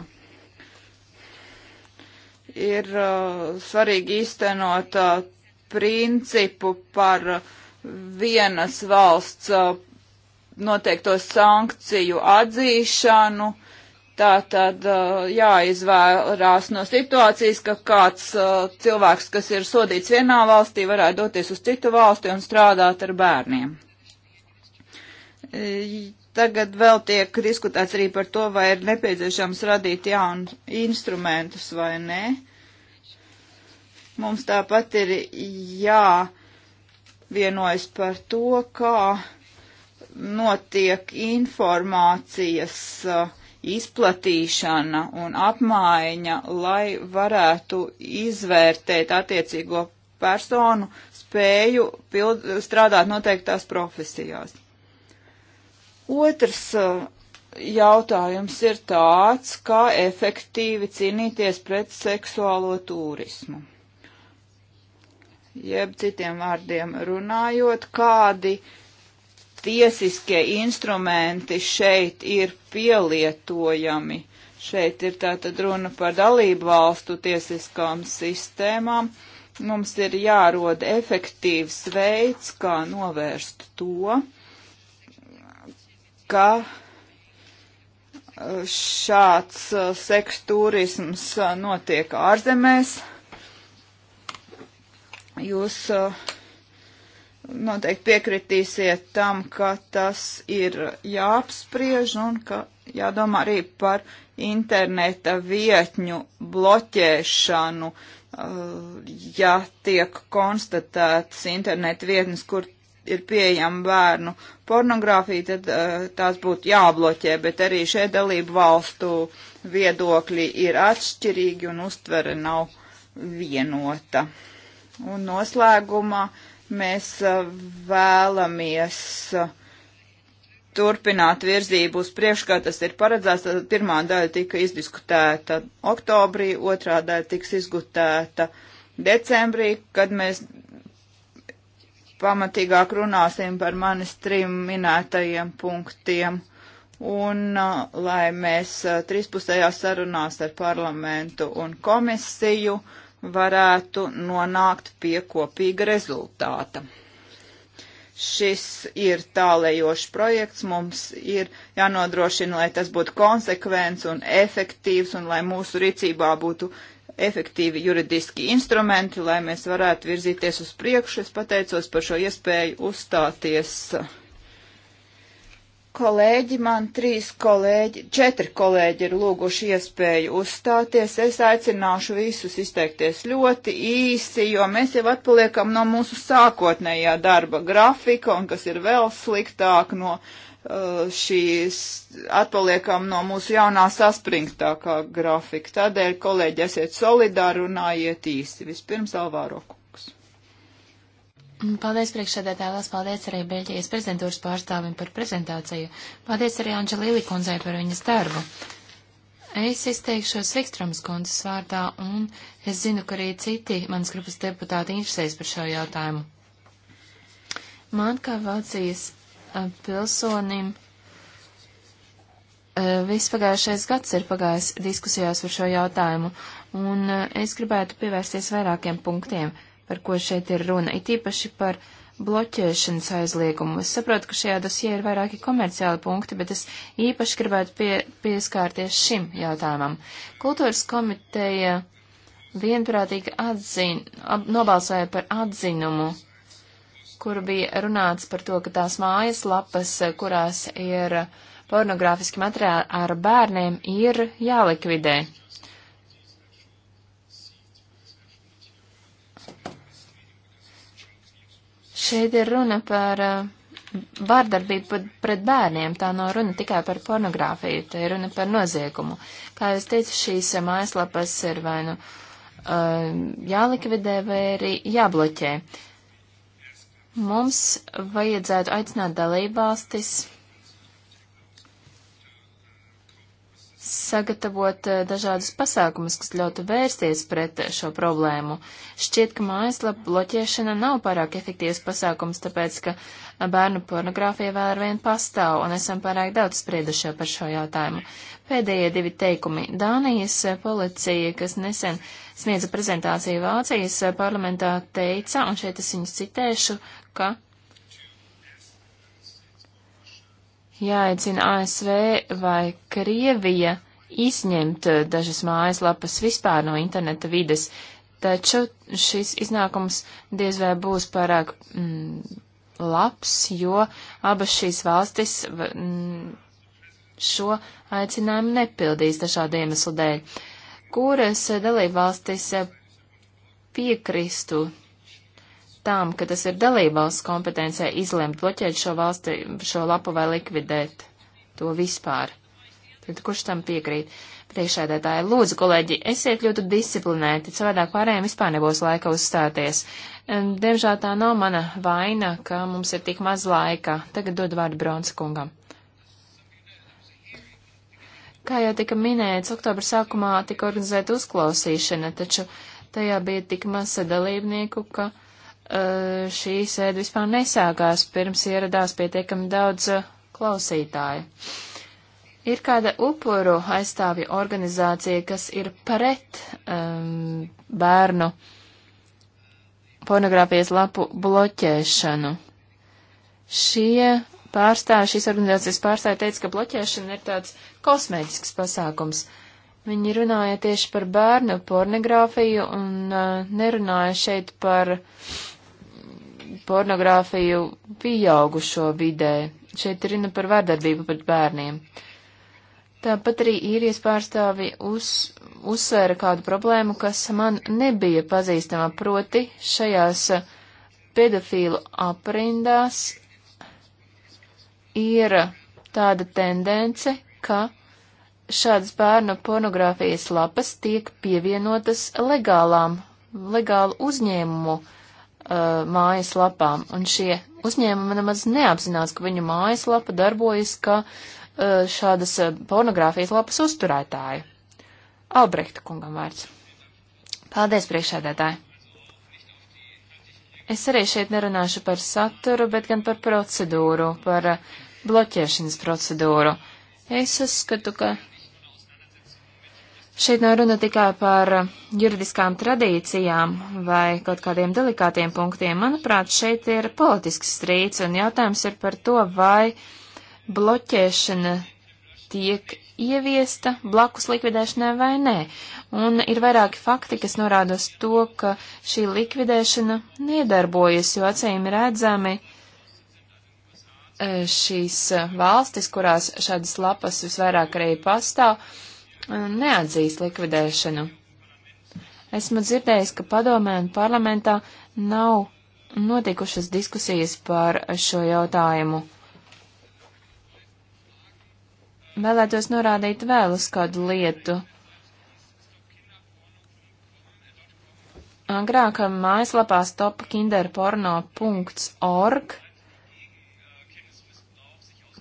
Ir uh, svarīgi īstenot uh, principu par uh, vienas valsts uh, noteikto sankciju atzīšanu, Tā tad uh, jāizvērās no situācijas, ka kāds uh, cilvēks, kas ir sodīts vienā valstī, varētu doties uz citu valsti un strādāt ar bērniem. Tagad vēl tiek diskutēts arī par to, vai ir nepieciešams radīt jaunu instrumentus vai nē. Mums tāpat ir jāvienojas par to, kā notiek informācijas uh, izplatīšana un apmaiņa, lai varētu izvērtēt attiecīgo personu spēju pild, strādāt noteiktās profesijās. Otrs uh, jautājums ir tāds, kā efektīvi cīnīties pret seksuālo turismu. Jeb citiem vārdiem runājot, kādi uh, tiesiskie instrumenti šeit ir pielietojami. Šeit ir tātad runa par dalību valstu tiesiskām sistēmām. Mums ir jārod efektīvs veids, kā novērst to, ka uh, šāds uh, seks turisms uh, notiek ārzemēs. Jūs uh, noteikti piekritīsiet tam, ka tas ir jāapspriež un ka jādomā arī par interneta vietņu bloķēšanu, uh, ja tiek konstatētas interneta vietnes, kur ir pieejama bērnu pornogrāfija, tad uh, tās būtu jābloķē, bet arī šeit dalību valstu viedokļi ir atšķirīgi un uztvere nav vienota. Un noslēgumā uh, Mēs uh, vēlamies uh, turpināt virzību uz priekšu, kā tas ir paredzēts. Tad pirmā daļa tika izdiskutēta oktobrī, otrā daļa tiks izgutēta decembrī, kad mēs pamatīgāk runāsim par manis trim minētajiem punktiem. Un uh, lai mēs trīspusējās sarunās ar parlamentu un komisiju uh, varētu nonākt pie kopīga rezultāta. Šis ir tālējošs projekts, mums ir jānodrošina, lai tas būtu konsekvents un efektīvs un lai mūsu rīcībā būtu efektīvi juridiski instrumenti, lai mēs varētu virzīties uz priekšu. Es pateicos par šo iespēju uzstāties uh, kolēģi, man trīs kolēģi, četri kolēģi ir lūguši iespēju uzstāties. Es aicināšu visus izteikties ļoti īsi, jo mēs jau atpaliekam no mūsu sākotnējā darba grafika, un kas ir vēl sliktāk no uh, šīs atpaliekam no mūsu jaunā saspringtākā grafika. Tādēļ, kolēģi, esiet solidāri, runājiet īsi. Vispirms Alvāroku. Paldies priekšsēdētāji, lās paldies arī Beļģijas prezidentūras pārstāvim par prezentāciju. Paldies arī Anģelīli kundzei par viņas darbu. Es izteikšos Vikstrams kundzes vārdā, un es zinu, ka arī citi manas grupas deputāti interesēs par šo jautājumu. Man kā Vācijas pilsonim vispagājušais gads ir pagājis diskusijās par šo jautājumu, un es gribētu pievērsties vairākiem punktiem par ko šeit ir runa, it īpaši par bloķēšanas aizliegumu. Es saprotu, ka šajā dosijā ir vairāki komerciāli punkti, bet es īpaši gribētu pie, pieskārties šim jautājumam. Kultūras komiteja vienprātīgi atzin, ab, nobalsoja par atzinumu, kur bija runāts par to, ka tās mājas lapas, kurās ir pornogrāfiski materiāli ar bērniem, ir jālikvidē. Šeit ir runa par uh, vārdarbību pret bērniem, tā nav runa tikai par pornogrāfiju, tā ir runa par noziegumu. Kā es teicu, šīs uh, mājaslapas ir vai nu uh, jālikvidē vai arī jābloķē. Mums vajadzētu aicināt dalībvalstis sagatavot eh, dažādus pasākumus, kas ļautu vērsties pret eh, šo problēmu. Šķiet, ka mājaslapa bloķēšana nav pārāk efektīvs pasākums, tāpēc, ka eh, bērnu pornogrāfija vēl ar vienu pastāv un esam pārāk daudz spriedušie par šo jautājumu. Pēdējie divi teikumi. Dānijas policija, kas nesen sniedza prezentāciju Vācijas parlamentā, teica, un šeit es viņus citēšu, ka jāaicina ASV vai Krievija izņemt eh, dažas mājaslapas vispār no interneta vides, taču šis iznākums diez vai būs pārāk mm, labs, jo abas šīs valstis mm, šo aicinājumu nepildīs dažādu iemeslu dēļ. Kuras dalībvalstis eh, piekristu tām, ka tas ir dalībvalsts kompetencija izlemt bloķēt šo valsti, šo lapu vai likvidēt to vispār? Tad kurš tam piekrīt? Priekšēdētāji, lūdzu, kolēģi, esiet ļoti disciplinēti, savādāk pārējiem vispār nebūs laika uzstāties. Diemžēl tā nav mana vaina, ka mums ir tik maz laika. Tagad dod vārdu Bronsa kungam. Kā jau tika minēts, oktobra sākumā tika organizēta uzklausīšana, taču tajā bija tik maz dalībnieku, ka uh, šī sēde vispār nesākās, pirms ieradās pietiekami daudz e, klausītāju. Uh, Ir kāda upuru aizstāvja organizācija, kas ir pret um, bērnu pornogrāfijas lapu bloķēšanu. Šie pārstāvji, šīs organizācijas pārstāvji teica, ka bloķēšana ir tāds kosmētisks pasākums. Viņi runāja tieši par bērnu pornogrāfiju un uh, nerunāja šeit par pornogrāfiju pieaugušo vidē. Šeit ir runa par vārdarbību pret bērniem. Uh, Tāpat arī īrijas pārstāvi uz, uzsvēra kādu problēmu, kas man nebija pazīstama, proti šajās eh, pedofīlu aprindās ir tāda tendence, ka šādas bērnu pornogrāfijas lapas tiek pievienotas legālām, legālu uzņēmumu uh, mājas lapām, un šie uzņēmumi nemaz neapzinās, ka viņu mājas lapa darbojas, ka uh, Uh, šādas uh, pornogrāfijas lapas uzturētāji. Albrehta kungam vārds. Paldies, priekšēdētāji. Es arī šeit nerunāšu par saturu, bet gan par procedūru, par uh, bloķēšanas procedūru. Es uzskatu, ka Šeit nav runa tikai par juridiskām tradīcijām vai kaut kādiem delikātiem punktiem. Manuprāt, šeit ir politisks strīds un jautājums ir par to, vai bloķēšana tiek ieviesta blakus likvidēšanai vai nē. Un ir vairāki fakti, kas norāda uz to, ka šī likvidēšana nedarbojas, jo acīm redzami e, šīs e, valstis, kurās šādas lapas visvairāk arī pastāv, e, neatzīst likvidēšanu. Esmu dzirdējis, ka padomē un parlamentā nav notikušas diskusijas par šo jautājumu. Vēlētos norādīt vēl uz kādu lietu. Agrāk mājaslapā stopkinderporno.org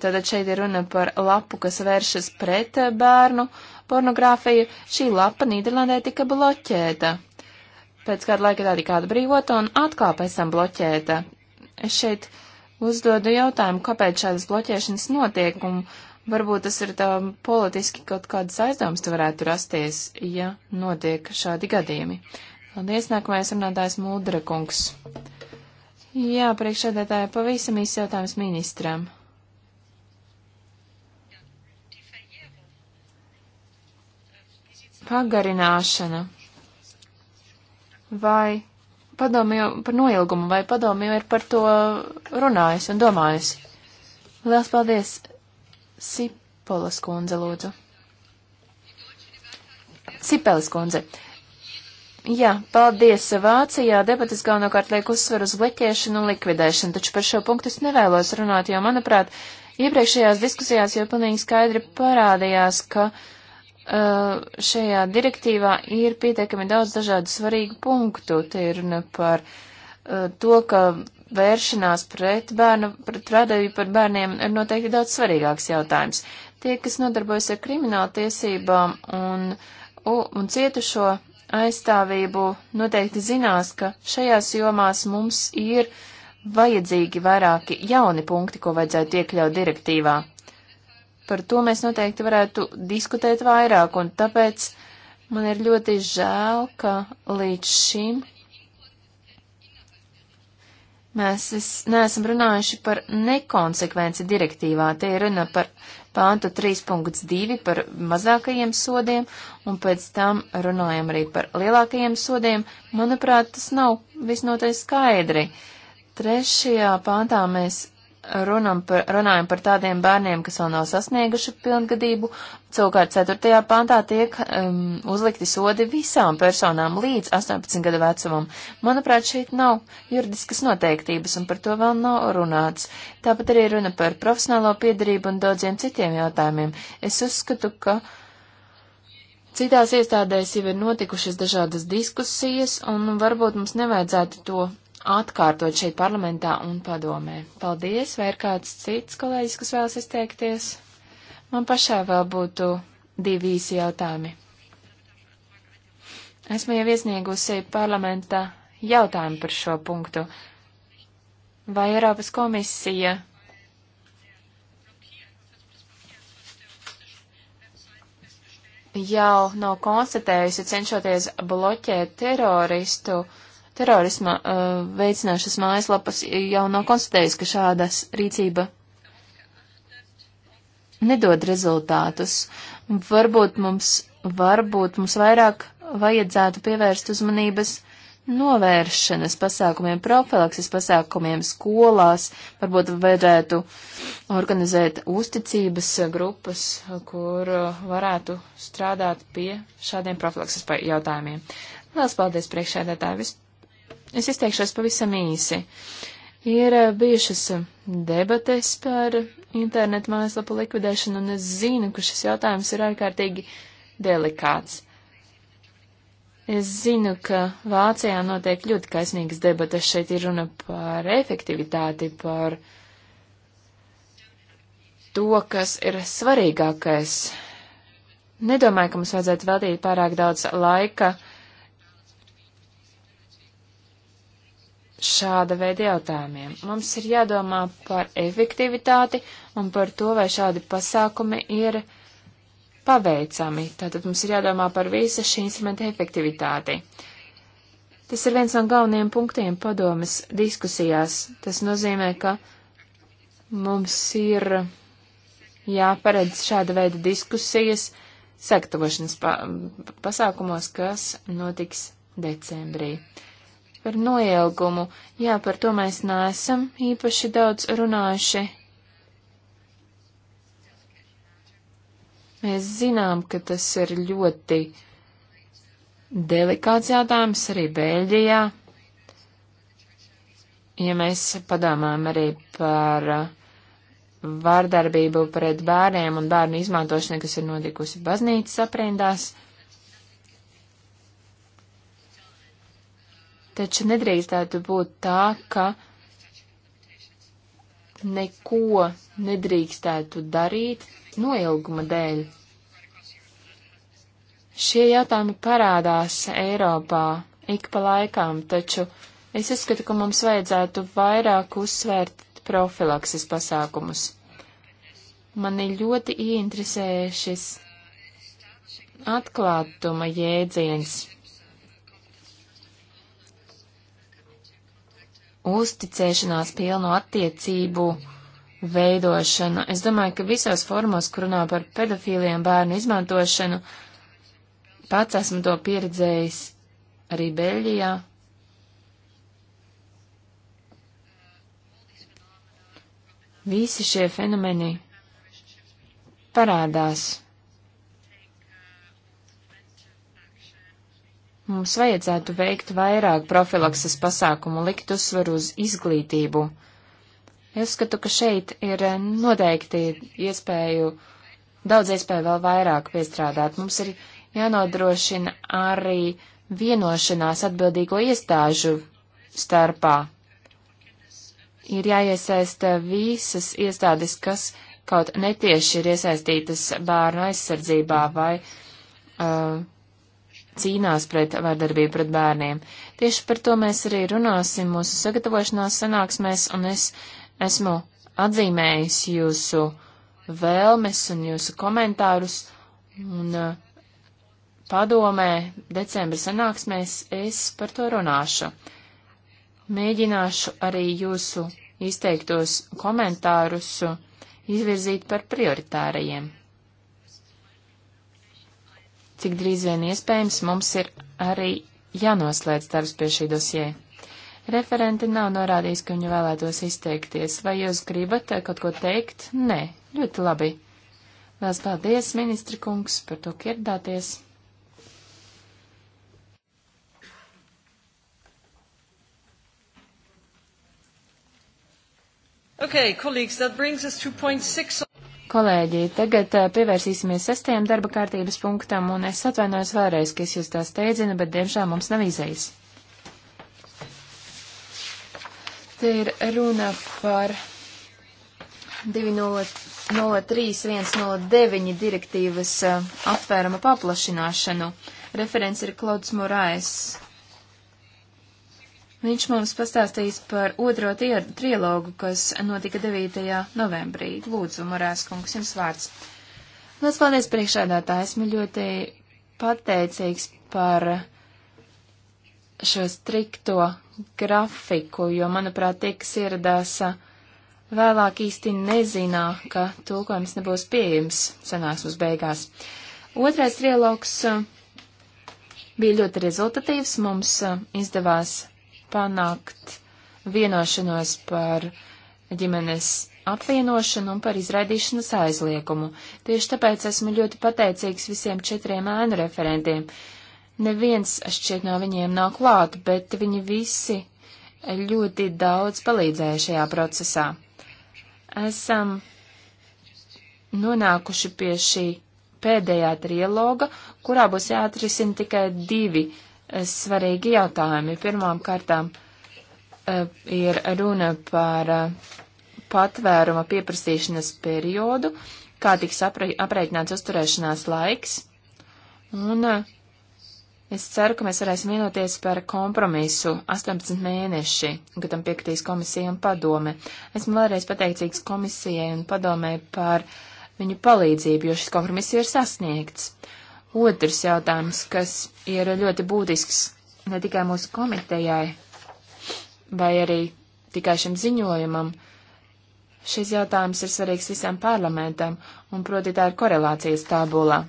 Tātad šeit ir runa par lapu, kas vēršas pret bērnu pornogrāfiju. Šī lapa Nīderlandē tika bloķēta. Pēc kāda laika tā tika atbrīvota un atkal pēc tam bloķēta. Es šeit uzdodu jautājumu, kāpēc šādas bloķēšanas notiek un Varbūt tas ir tā politiski kaut kādas aizdomas te varētu rasties, ja notiek šādi gadījumi. Paldies, nākamais runātājs Mūdra kungs. Jā, priekšsēdētāji, pavisam īsts jautājums ministram. Pagarināšana vai padomju par noilgumu, vai padomju ir par to runājis un domājis. Lielas paldies! Sipolas kundze, lūdzu. Cipelis kundze. Jā, paldies. Vācijā debatas galvenokārt liek uzsver uz bleķēšanu un likvidēšanu, taču par šo punktu es nevēlos runāt, jo, manuprāt, iepriekšējās diskusijās jau pilnīgi skaidri parādījās, ka uh, šajā direktīvā ir pietiekami daudz dažādu svarīgu punktu. Te ir runa par uh, to, ka vēršanās pret bērnu, pret vardarbību par bērniem ir noteikti daudz svarīgāks jautājums. Tie, kas nodarbojas ar kriminālu tiesībām un, u, un cietušo aizstāvību, noteikti zinās, ka šajās jomās mums ir vajadzīgi vairāki jauni punkti, ko vajadzētu iekļaut direktīvā. Par to mēs noteikti varētu diskutēt vairāk, un tāpēc man ir ļoti žēl, ka līdz šim Mēs es, neesam runājuši par nekonsekvenci direktīvā. Te ir runa par pāntu 3.2 par mazākajiem sodiem, un pēc tam runājam arī par lielākajiem sodiem. Manuprāt, tas nav visnotaļ skaidri. Trešajā pāntā mēs runam par, runājam par tādiem bērniem, kas vēl nav sasnieguši pilngadību, savukārt 4. pantā tiek um, uzlikti sodi visām personām līdz 18 gada vecumam. Manuprāt, šeit nav juridiskas noteiktības, un par to vēl nav runāts. Tāpat arī runa par profesionālo piedarību un daudziem citiem jautājumiem. Es uzskatu, ka. Citās iestādēs jau ir notikušas dažādas diskusijas, un varbūt mums nevajadzētu to atkārtot šeit parlamentā un padomē. Paldies, vai ir kāds cits kolēģis, kas vēlas izteikties? Man pašā vēl būtu divi īsi jautājumi. Esmu jau iesniegusi parlamentā jautājumu par šo punktu. Vai Eiropas komisija jau nav konstatējusi, cenšoties bloķēt teroristu uh, terorisma uh, veicināšanas mājaslapas jau nav konstatējusi, ka šādas rīcība nedod rezultātus. Varbūt mums, varbūt mums vairāk vajadzētu pievērst uzmanības novēršanas pasākumiem, profilakses pasākumiem skolās, varbūt vajadzētu organizēt uzticības grupas, kur uh, varētu strādāt pie šādiem profilakses jautājumiem. Lielas paldies priekšēdētāji! Es izteikšos pavisam īsi. Ir eh, bijušas eh, debates par internetu mājaslapu likvidēšanu, un es zinu, ka šis jautājums ir ārkārtīgi delikāts. Es zinu, ka Vācijā notiek ļoti kaisnīgas debatas. Šeit ir runa par efektivitāti, par to, kas ir svarīgākais. Nedomāju, ka mums vajadzētu veltīt pārāk daudz laika uh, šāda veida jautājumiem. Mums ir jādomā par efektivitāti un par to, vai šādi pasākumi ir paveicami. Tātad mums ir jādomā par visa šī instrumenta efektivitāti. Tas ir viens no galvenajiem punktiem padomas diskusijās. Tas nozīmē, ka mums ir jāparedz šāda veida diskusijas sagatavošanas pa pasākumos, kas notiks decembrī. Par noilgumu. Jā, par to mēs neesam īpaši daudz runājuši. Mēs zinām, ka tas ir ļoti delikāts jautājums arī Bēļģijā. Ja mēs padomājam arī par uh, vārdarbību pret bērniem un bērnu izmantošanu, kas ir notikusi baznīcas aprindās, uh, Taču nedrīkstētu būt tā, ka neko nedrīkstētu darīt noilguma dēļ. Šie jautājumi parādās Eiropā ik pa laikām, taču es uzskatu, ka mums vajadzētu vairāk uzsvērt profilakses pasākumus. Mani ļoti ieinteresēja šis atklātuma jēdziens. uzticēšanās pilnu attiecību veidošanu. Es domāju, ka visos formos, kur runā par pedofīliem bērnu izmantošanu, pats esmu to pieredzējis arī Beļģijā. Visi šie fenomeni parādās Mums vajadzētu veikt vairāk profilakses pasākumu, likt uzsvaru uz izglītību. Es skatu, ka šeit ir noteikti iespēju, daudz iespēju vēl vairāk piestrādāt. Mums ir jānodrošina arī vienošanās atbildīgo iestāžu starpā. Ir jāiesaista visas iestādes, kas kaut netieši ir iesaistītas bērnu aizsardzībā vai uh, cīnās pret vardarbību pret bērniem. Tieši par to mēs arī runāsim mūsu sagatavošanās sanāksmēs, un es esmu atzīmējis jūsu vēlmes un jūsu komentārus, un uh, padomē decembra sanāksmēs es par to runāšu. Mēģināšu arī jūsu izteiktos komentārus izvirzīt par prioritārajiem cik drīz vien iespējams mums ir arī jānoslēdz darbs pie šī dosie. Referenti nav norādījis, ka viņu vēlētos izteikties. Vai jūs gribat eh, kaut ko teikt? Nē, ļoti labi. Lielas paldies, ministra kungs, par to, ka ieradāties. Okay, colleagues, that brings us to point six. Kolēģi, tagad pievērsīsimies sestajam darba kārtības punktam, un es atvainojos vēlreiz, ka es jūs tā steidzinu, bet diemžēl mums nav izējas. Te ir runa par 203109 direktīvas aptvērama paplašināšanu. Referents ir Klauds Morais. Viņš mums pastāstīs par otro trilogu, kas notika 9. novembrī. Lūdzu, Morās kungs, jums vārds. Lielas paldies priekšādātā. Esmu ļoti pateicīgs par šo strikto grafiku, jo, manuprāt, tie, kas ieradās vēlāk īsti nezina, ka tulkojums nebūs pieejams sanāksmes beigās. Otrais trilogs bija ļoti rezultatīvs. Mums izdevās panākt vienošanos par ģimenes apvienošanu un par izraidīšanas aizliegumu. Tieši tāpēc esmu ļoti pateicīgs visiem četriem ēnu referentiem. Neviens šķiet no viņiem nav klāt, bet viņi visi ļoti daudz palīdzēja šajā procesā. Esam nonākuši pie šī pēdējā trialoga, kurā būs jāatrisina tikai divi svarīgi jautājumi. Pirmām kārtām e, ir runa par e, patvēruma pieprasīšanas periodu, kā tiks aprēķināts uzturēšanās laiks. Un e, es ceru, ka mēs varēsim vienoties par kompromisu 18 mēneši, kad tam piekritīs komisija un padome. Esmu vēlreiz pateicīgs komisijai un padomē par viņu palīdzību, jo šis kompromiss ir sasniegts. Uh, Otrs jautājums, kas ir ļoti būtisks ne tikai mūsu komitejai, vai arī tikai šim ziņojumam, šis jautājums ir svarīgs visam parlamentam, un proti tā ir korelācijas tabulā.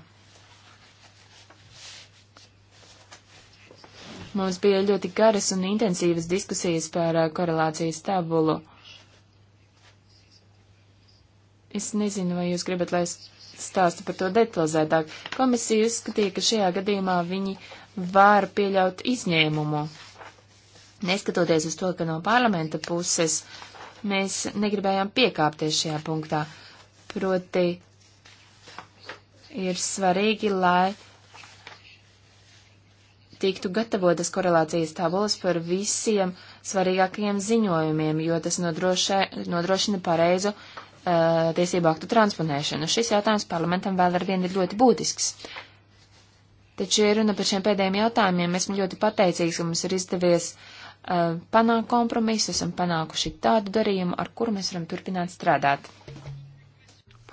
Mums bija ļoti garas un intensīvas diskusijas par uh, korelācijas tabulu. Es nezinu, vai jūs gribat, lai es stāstu par to detalizētāk. Komisija uzskatīja, ka šajā gadījumā viņi var pieļaut izņēmumu. Neskatoties uz to, ka no parlamenta puses mēs negribējām piekāpties šajā punktā, proti ir svarīgi, lai tiktu gatavotas korelācijas tabulas par visiem svarīgākajiem ziņojumiem, jo tas nodrošē, nodrošina pareizu Uh, tiesību aktu transponēšanu. Šis jautājums parlamentam vēl ar vienu ir ļoti būtisks. Taču, ja runa par šiem pēdējiem jautājumiem, esmu ļoti pateicīgs, ka mums ir izdevies uh, panākt kompromisu, esam panākuši tādu darījumu, ar kuru mēs varam turpināt strādāt.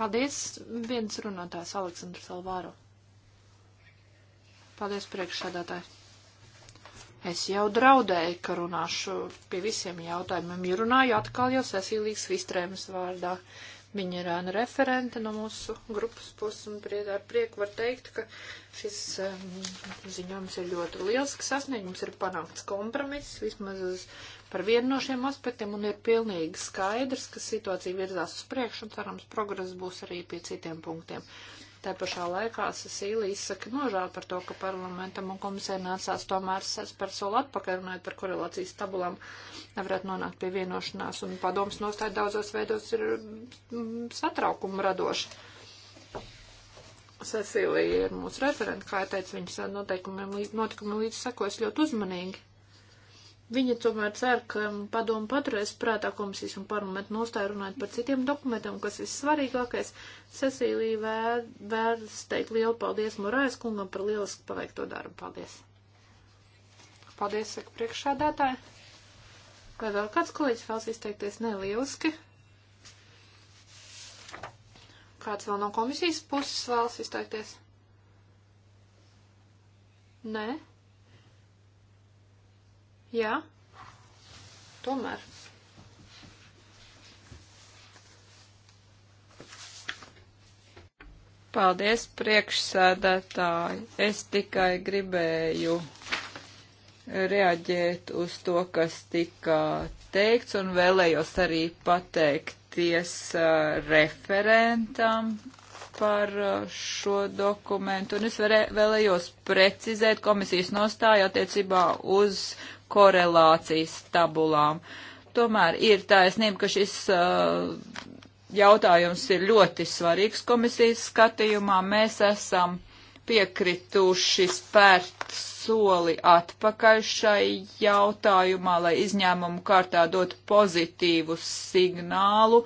Paldies, viens runātājs Aleksandrs Alvāro. Paldies, priekšsādātāji. Es jau draudēju, ka runāšu pie visiem jautājumiem. Ja runāju atkal jau Cecīlijas Vistrēmas vārdā. Viņa ir ēna referente no mūsu grupas puses, un prie, ar prieku var teikt, ka šis um, ziņojums ir ļoti liels, ka sasniegums ir panākts kompromiss, vismaz par vienu no šiem aspektiem, un ir pilnīgi skaidrs, ka situācija virzās uz priekšu, un cerams, progress būs arī pie citiem punktiem. Uh, Tā pašā laikā Cecīlija izsaka nožēlu par to, ka parlamentam un komisē nācās tomēr par soli atpakaļ runāt par korelācijas tabulām, nevarētu nonākt pie vienošanās, un padoms nostāja daudzos veidos ir mm, satraukumu radoši. Cecīlija ir mūsu referenta, kā jau teicu, viņas noteikumiem, notikumiem līdz sekojas ļoti uzmanīgi. Viņa tomēr cer, ka padomu paturēs prātā komisijas un parlamentu nostāju runājot par citiem dokumentiem, kas vissvarīgākais. Cecīlija vēr, vērs teikt lielu paldies Morājas kungam par lielisku paveikto darbu. Paldies! Paldies, saka priekšādātāji. Vai vēl kāds kolēģis vēlas izteikties? Nē, lieliski. Kāds vēl no komisijas puses vēlas izteikties? Nē. Jā. Tomēr. Paldies, priekšsēdētāji. Es tikai gribēju reaģēt uz to, kas tika teikts, un vēlējos arī pateikties uh, referentam par uh, šo dokumentu. Un es varē, vēlējos precizēt komisijas nostāju attiecībā uz korelācijas tabulām. Tomēr ir taisnība, ka šis uh, jautājums ir ļoti svarīgs komisijas skatījumā. Mēs esam piekrituši spērt soli atpakaļ šai jautājumā, lai izņēmumu kārtā dotu pozitīvu signālu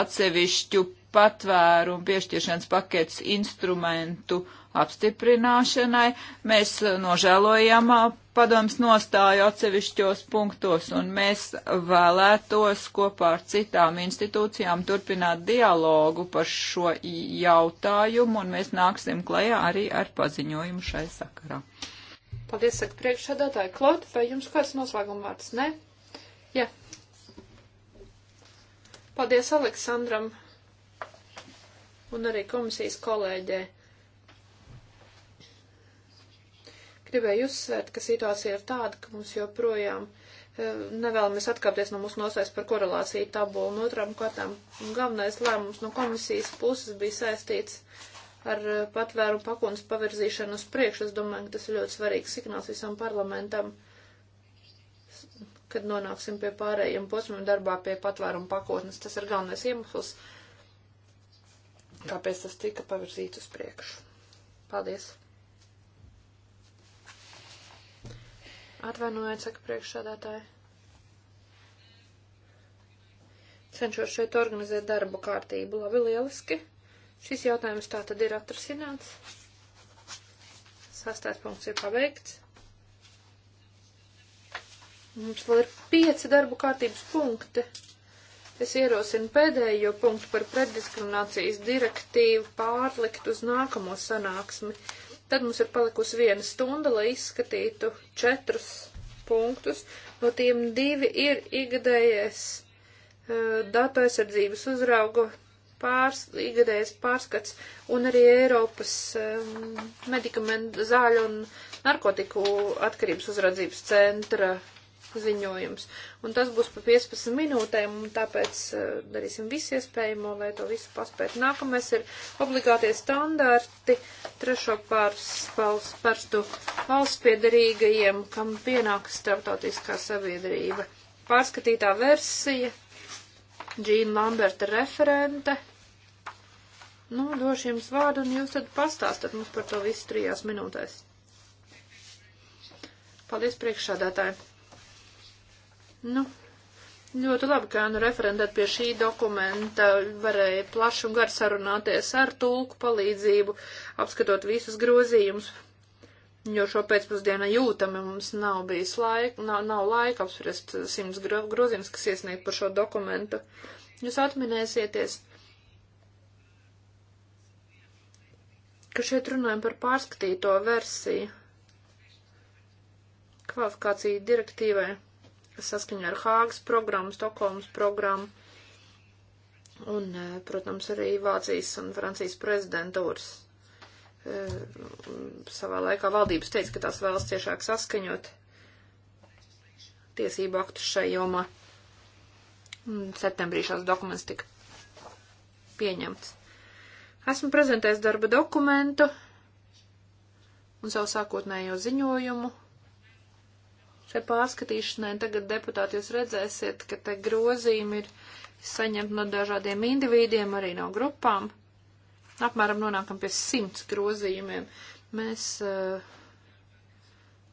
atsevišķu patvērumu piešķiršanas paketes instrumentu apstiprināšanai. Mēs uh, nožēlojam uh, padoms nostāju atsevišķos punktos, un mēs vēlētos kopā ar citām institūcijām turpināt dialogu par šo jautājumu, un mēs nāksim klajā arī ar paziņojumu šai sakarā. Paldies, saka priekšsēdētāji. Klot, vai jums kāds noslēguma vārds? Nē? Jā. Paldies Aleksandram un arī komisijas kolēģē. Gribēju uzsvērt, ka situācija ir tāda, ka mums joprojām eh, nevēlamies atkāpties no mūsu nosēs par korelāciju tabulu un otrām kārtām. Galvenais lēmums no komisijas puses bija saistīts ar eh, patvērumu pakonas pavirzīšanu uz priekšu. Es domāju, ka tas ir ļoti svarīgs signāls visam parlamentam, kad nonāksim pie pārējiem posmiem darbā pie patvērumu pakotnes. Tas ir galvenais iemesls, kāpēc tas tika pavirzīts uz priekšu. Paldies! Atvainojiet, saka priekšsādātāji. Cenšos šeit organizēt darbu kārtību. Labi, lieliski. Šis jautājums tā tad ir atrasināts. Sastais punkts ir paveikts. Mums vēl ir pieci darbu kārtības punkti. Es ierosinu pēdējo punktu par preddiskriminācijas direktīvu pārlikt uz nākamo sanāksmi. Tad mums ir palikusi viena stunda, lai izskatītu četrus punktus. No tiem divi ir ikgadējais uh, datu aizsardzības uzraugu pārs, ikgadējais pārskats un arī Eiropas um, medikamentu zāļu un narkotiku atkarības uzraudzības centra ziņojums. Un tas būs pa 15 minūtēm, un tāpēc eh, darīsim visu iespējamo, lai to visu paspētu. Nākamais ir obligātie standarti trešo pārstu valsts piedarīgajiem, kam pienākas starptautiskā sabiedrība. Pārskatītā versija, Džīna Lamberta referente. Nu, došu jums vārdu, un jūs tad pastāstat mums par to visu trijās minūtēs. Paldies priekšādātājiem! Nu, ļoti labi, ka nu referendēt pie šī dokumenta varēja plaši un gar sarunāties ar tulku palīdzību, apskatot visus grozījumus, jo šo pēcpusdienā jūtami mums nav bijis laika, nav, nav laika apspriest simts grozījumus, kas iesniegt par šo dokumentu. Jūs atminēsieties, ka šeit runājam par pārskatīto versiju kvalifikāciju direktīvai saskaņā ar Hāgas programmu, Stokholmas programmu un, e, protams, arī Vācijas un Francijas prezidentūras. E, savā laikā valdības teica, ka tās vēlas ciešāk saskaņot tiesību aktus šai jomā. Un septembrī šās dokuments tika pieņemts. Esmu prezentējis darba dokumentu un savu sākotnējo ziņojumu šai pārskatīšanai. Tagad deputāti jūs redzēsiet, ka te grozījumi ir saņemti no dažādiem individiem, arī no grupām. Apmēram nonākam pie simts grozījumiem. Mēs uh,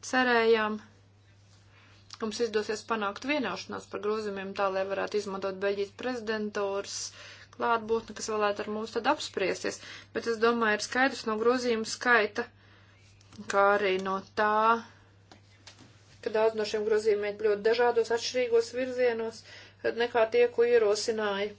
cerējām, ka mums izdosies panākt vienošanās par grozījumiem tā, lai varētu izmantot Beļģijas prezidentūras klātbūtni, kas vēlētu ar mums tad apspriesties. Bet es domāju, ir skaidrs no grozījuma skaita, kā arī no tā, ka daudz no šiem grozījumiem ļoti dažādos atšķirīgos virzienos nekā tie, ko ierosināja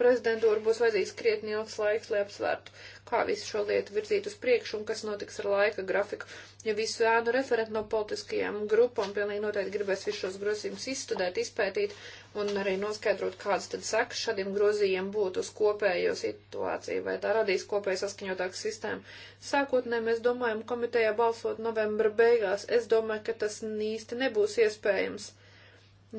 prezidentūru būs vajadzīgs krietni ilgs laiks, lai apsvērtu, kā visu šo lietu virzīt uz priekšu un kas notiks ar laika grafiku. Ja visu ēnu referentu no politiskajām grupām pilnīgi noteikti gribēs visus šos grozījumus izstudēt, izpētīt un arī noskaidrot, kādas tad sekas šādiem grozījumiem būtu uz kopējo situāciju, vai tā radīs kopēju saskaņotāku sistēmu. Sākotnē mēs domājam komitejā balsot novembra beigās. Es domāju, ka tas īsti nebūs iespējams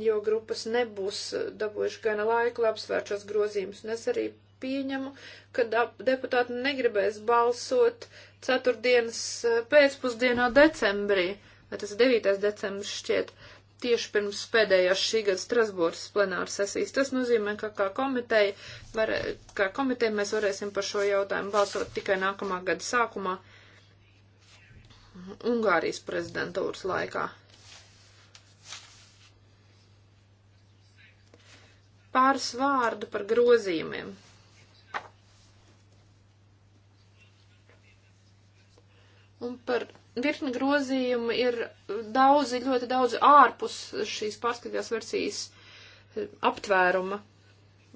jo grupas nebūs eh, dabūjuši gana laiku, lai apsvērtu šos grozījumus. Un es arī pieņemu, ka deputāti negribēs balsot ceturtdienas eh, pēcpusdienā decembrī, vai tas ir 9. decembris šķiet, tieši pirms pēdējās šī gada Strasbūras plenāra sesijas. Tas nozīmē, ka kā komiteja, var, kā komiteja mēs varēsim par šo jautājumu balsot tikai nākamā gada sākumā Ungārijas prezidentūras laikā. pāris vārdu par grozījumiem. Un par virkni grozījumu ir daudzi, ļoti daudzi ārpus šīs pārskatījās versijas eh, aptvēruma.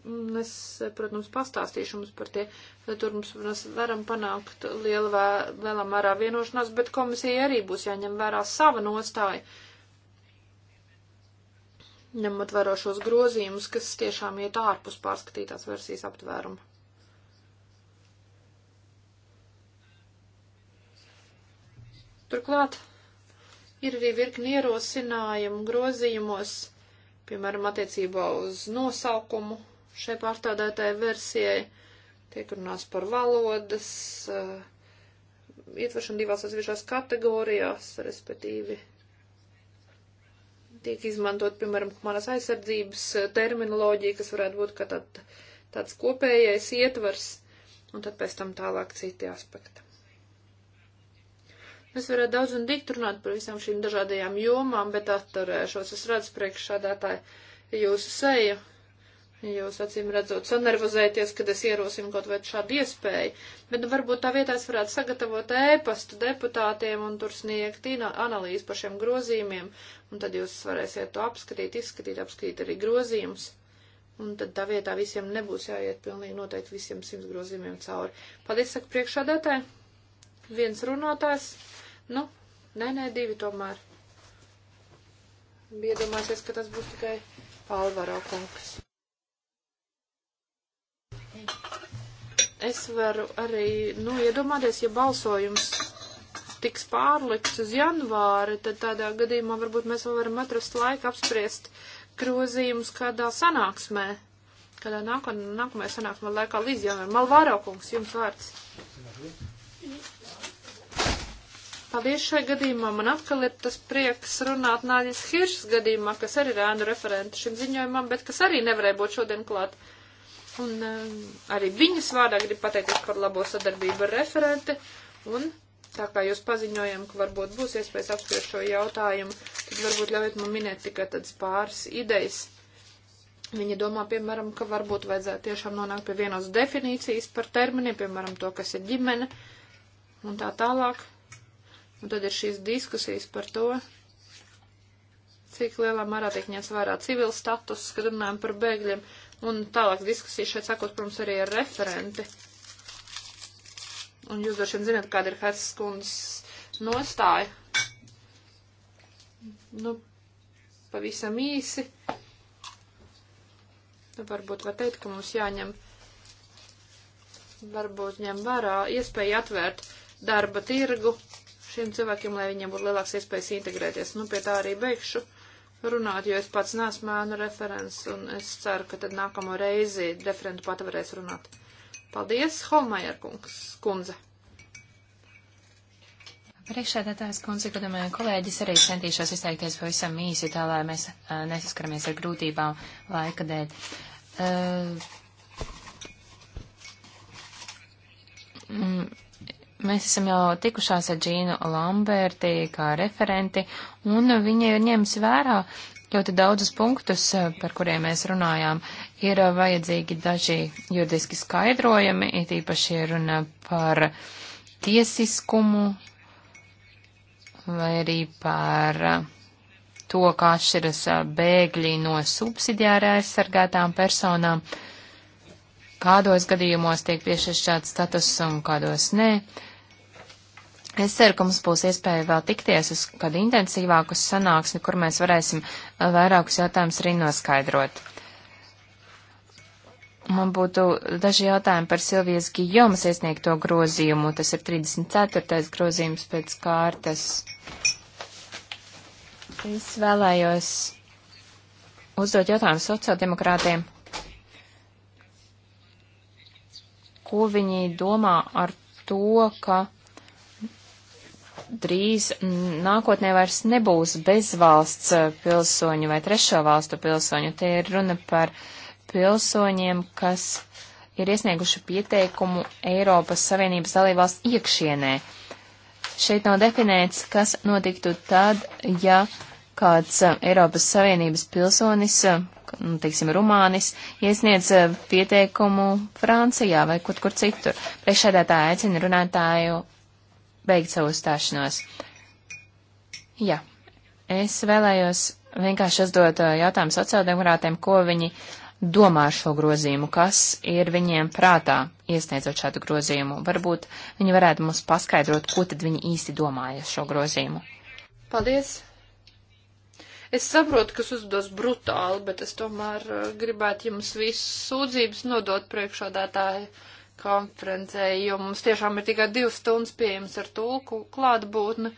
Un es, eh, protams, pastāstīšu jums par tie, tur mums, mēs varam panākt lielā, lielā mērā vienošanās, bet komisija arī būs jāņem vērā sava nostāja. Uh, ņemot vērā šos grozījumus, kas tiešām iet ārpus pārskatītās versijas aptvēruma. Turklāt ir arī virkni ierosinājumu grozījumos, piemēram, attiecībā uz nosaukumu šai pārstādētāji versijai, tiek runās par valodas, eh, ietveršanu divās atsevišķās kategorijās, respektīvi tiek izmantot, piemēram, humanās aizsardzības eh, terminoloģija, kas varētu būt kā tād, tāds kopējais ietvars, un tad pēc tam tālāk citi aspekti. Mēs varētu daudz un dikt runāt par visām šīm dažādajām jomām, bet atturēšos. Es redzu priekšādātāju jūsu seju, Jūs acīm redzot, sanervozēties, kad es ierosinu kaut vai šādu iespēju, bet nu, varbūt tā vietā es varētu sagatavot ēpastu deputātiem un tur sniegt analīzi par šiem grozījumiem, un tad jūs varēsiet to apskatīt, izskatīt, apskatīt arī grozījumus. Un tad tā vietā visiem nebūs jāiet pilnīgi noteikti visiem simts grozījumiem cauri. Paldies, saka priekšādātē. Viens runātājs. Nu, nē, nē, divi tomēr. Biedomāsies, ka tas būs tikai Alvaro kungs. Es varu arī, nu, iedomāties, ja balsojums tiks pārlikts uz janvāri, tad tādā gadījumā varbūt mēs vēl varam atrast laiku apspriest grozījumus kādā sanāksmē, kādā nākam, nākamajā sanāksmē laikā līdz janvāri. Malvāro kungs, jums vārds. Paldies šai gadījumā. Man atkal ir tas prieks runāt Nāļas Hiršas gadījumā, kas arī ir ēnu referenta šim ziņojumam, bet kas arī nevarēja būt šodien klāt. Uh, Un eh, arī viņas vārdā grib pateikties par labo sadarbību ar referenti. Un tā kā jūs paziņojam, ka varbūt būs iespējas apspriest šo jautājumu, tad varbūt ļaujiet man minēt tikai tādas pāris idejas. Viņa domā, piemēram, ka varbūt vajadzētu tiešām nonākt pie vienos definīcijas par terminiem, piemēram, to, kas ir ģimene un tā tālāk. Un tad ir šīs diskusijas par to, cik lielā mērā tiek ņemts vērā civil status, kad runājam par bēgļiem un tālāk diskusijas šeit sakot, protams, arī ar referenti. Un jūs droši vien zināt, kāda ir Herces kundas nostāja. Nu, pavisam īsi. Varbūt var teikt, ka mums jāņem, varbūt ņem vērā iespēju atvērt darba tirgu šiem cilvēkiem, lai viņiem būtu lielāks iespējas integrēties. Nu, pie tā arī beigšu runāt, jo es pats nesmu ēnu referents, un es ceru, ka tad nākamo reizi referentu pat varēs runāt. Paldies, Holmajer kungs, kundze. Priekšsēdētājs kundze, godamajā eh, kolēģis, arī centīšos izteikties pavisam īsi, tā lai mēs uh, nesaskaramies ar grūtībām laika dēļ. Uh, mm, Mēs esam jau tikušās ar Džīnu Lamberti kā referenti, un viņa ir ņēmusi vērā ļoti daudzus punktus, par kuriem mēs runājām. Ir vajadzīgi daži juridiski skaidrojumi, it īpaši ir runa par tiesiskumu vai arī par to, kā atšķiras bēgļi no subsidiāri aizsargātām personām, kādos gadījumos tiek piešķirts šāds status un kādos nē. Ne Es ceru, ka mums būs iespēja vēl tikties uz kādu intensīvāku sanāksmi, kur mēs varēsim uh, vairākus jautājumus arī noskaidrot. Man būtu daži jautājumi par Silvijas Gijomas iesniegto grozījumu. Tas ir 34. grozījums pēc kārtas. Es vēlējos uzdot jautājumu sociāldemokrātiem. Ko viņi domā ar to, ka drīz nākotnē vairs nebūs bezvalsts eh, pilsoņu vai trešo valstu pilsoņu. Te ir runa par pilsoņiem, kas ir iesnieguši pieteikumu Eiropas Savienības dalībvalsts iekšienē. Šeit nav definēts, kas notiktu tad, ja kāds eh, Eiropas Savienības pilsonis, eh, nu, teiksim, Rumānis, iesniedz pieteikumu Francijā vai kaut kur citur. Priekšēdētāja aicina runātāju beigt savu stāšanos. Jā, es vēlējos vienkārši uzdot jautājumu sociāldemokrātiem, ko viņi domā ar šo grozījumu, kas ir viņiem prātā, iesniedzot šādu grozījumu. Varbūt viņi varētu mums paskaidrot, ko tad viņi īsti domāja ar šo grozījumu. Paldies! Es saprotu, kas uzdos brutāli, bet es tomēr gribētu jums visus sūdzības nodot priekšādātāju konferencē, jo mums tiešām ir tikai divas stundas pieejams ar tulku klātbūtni.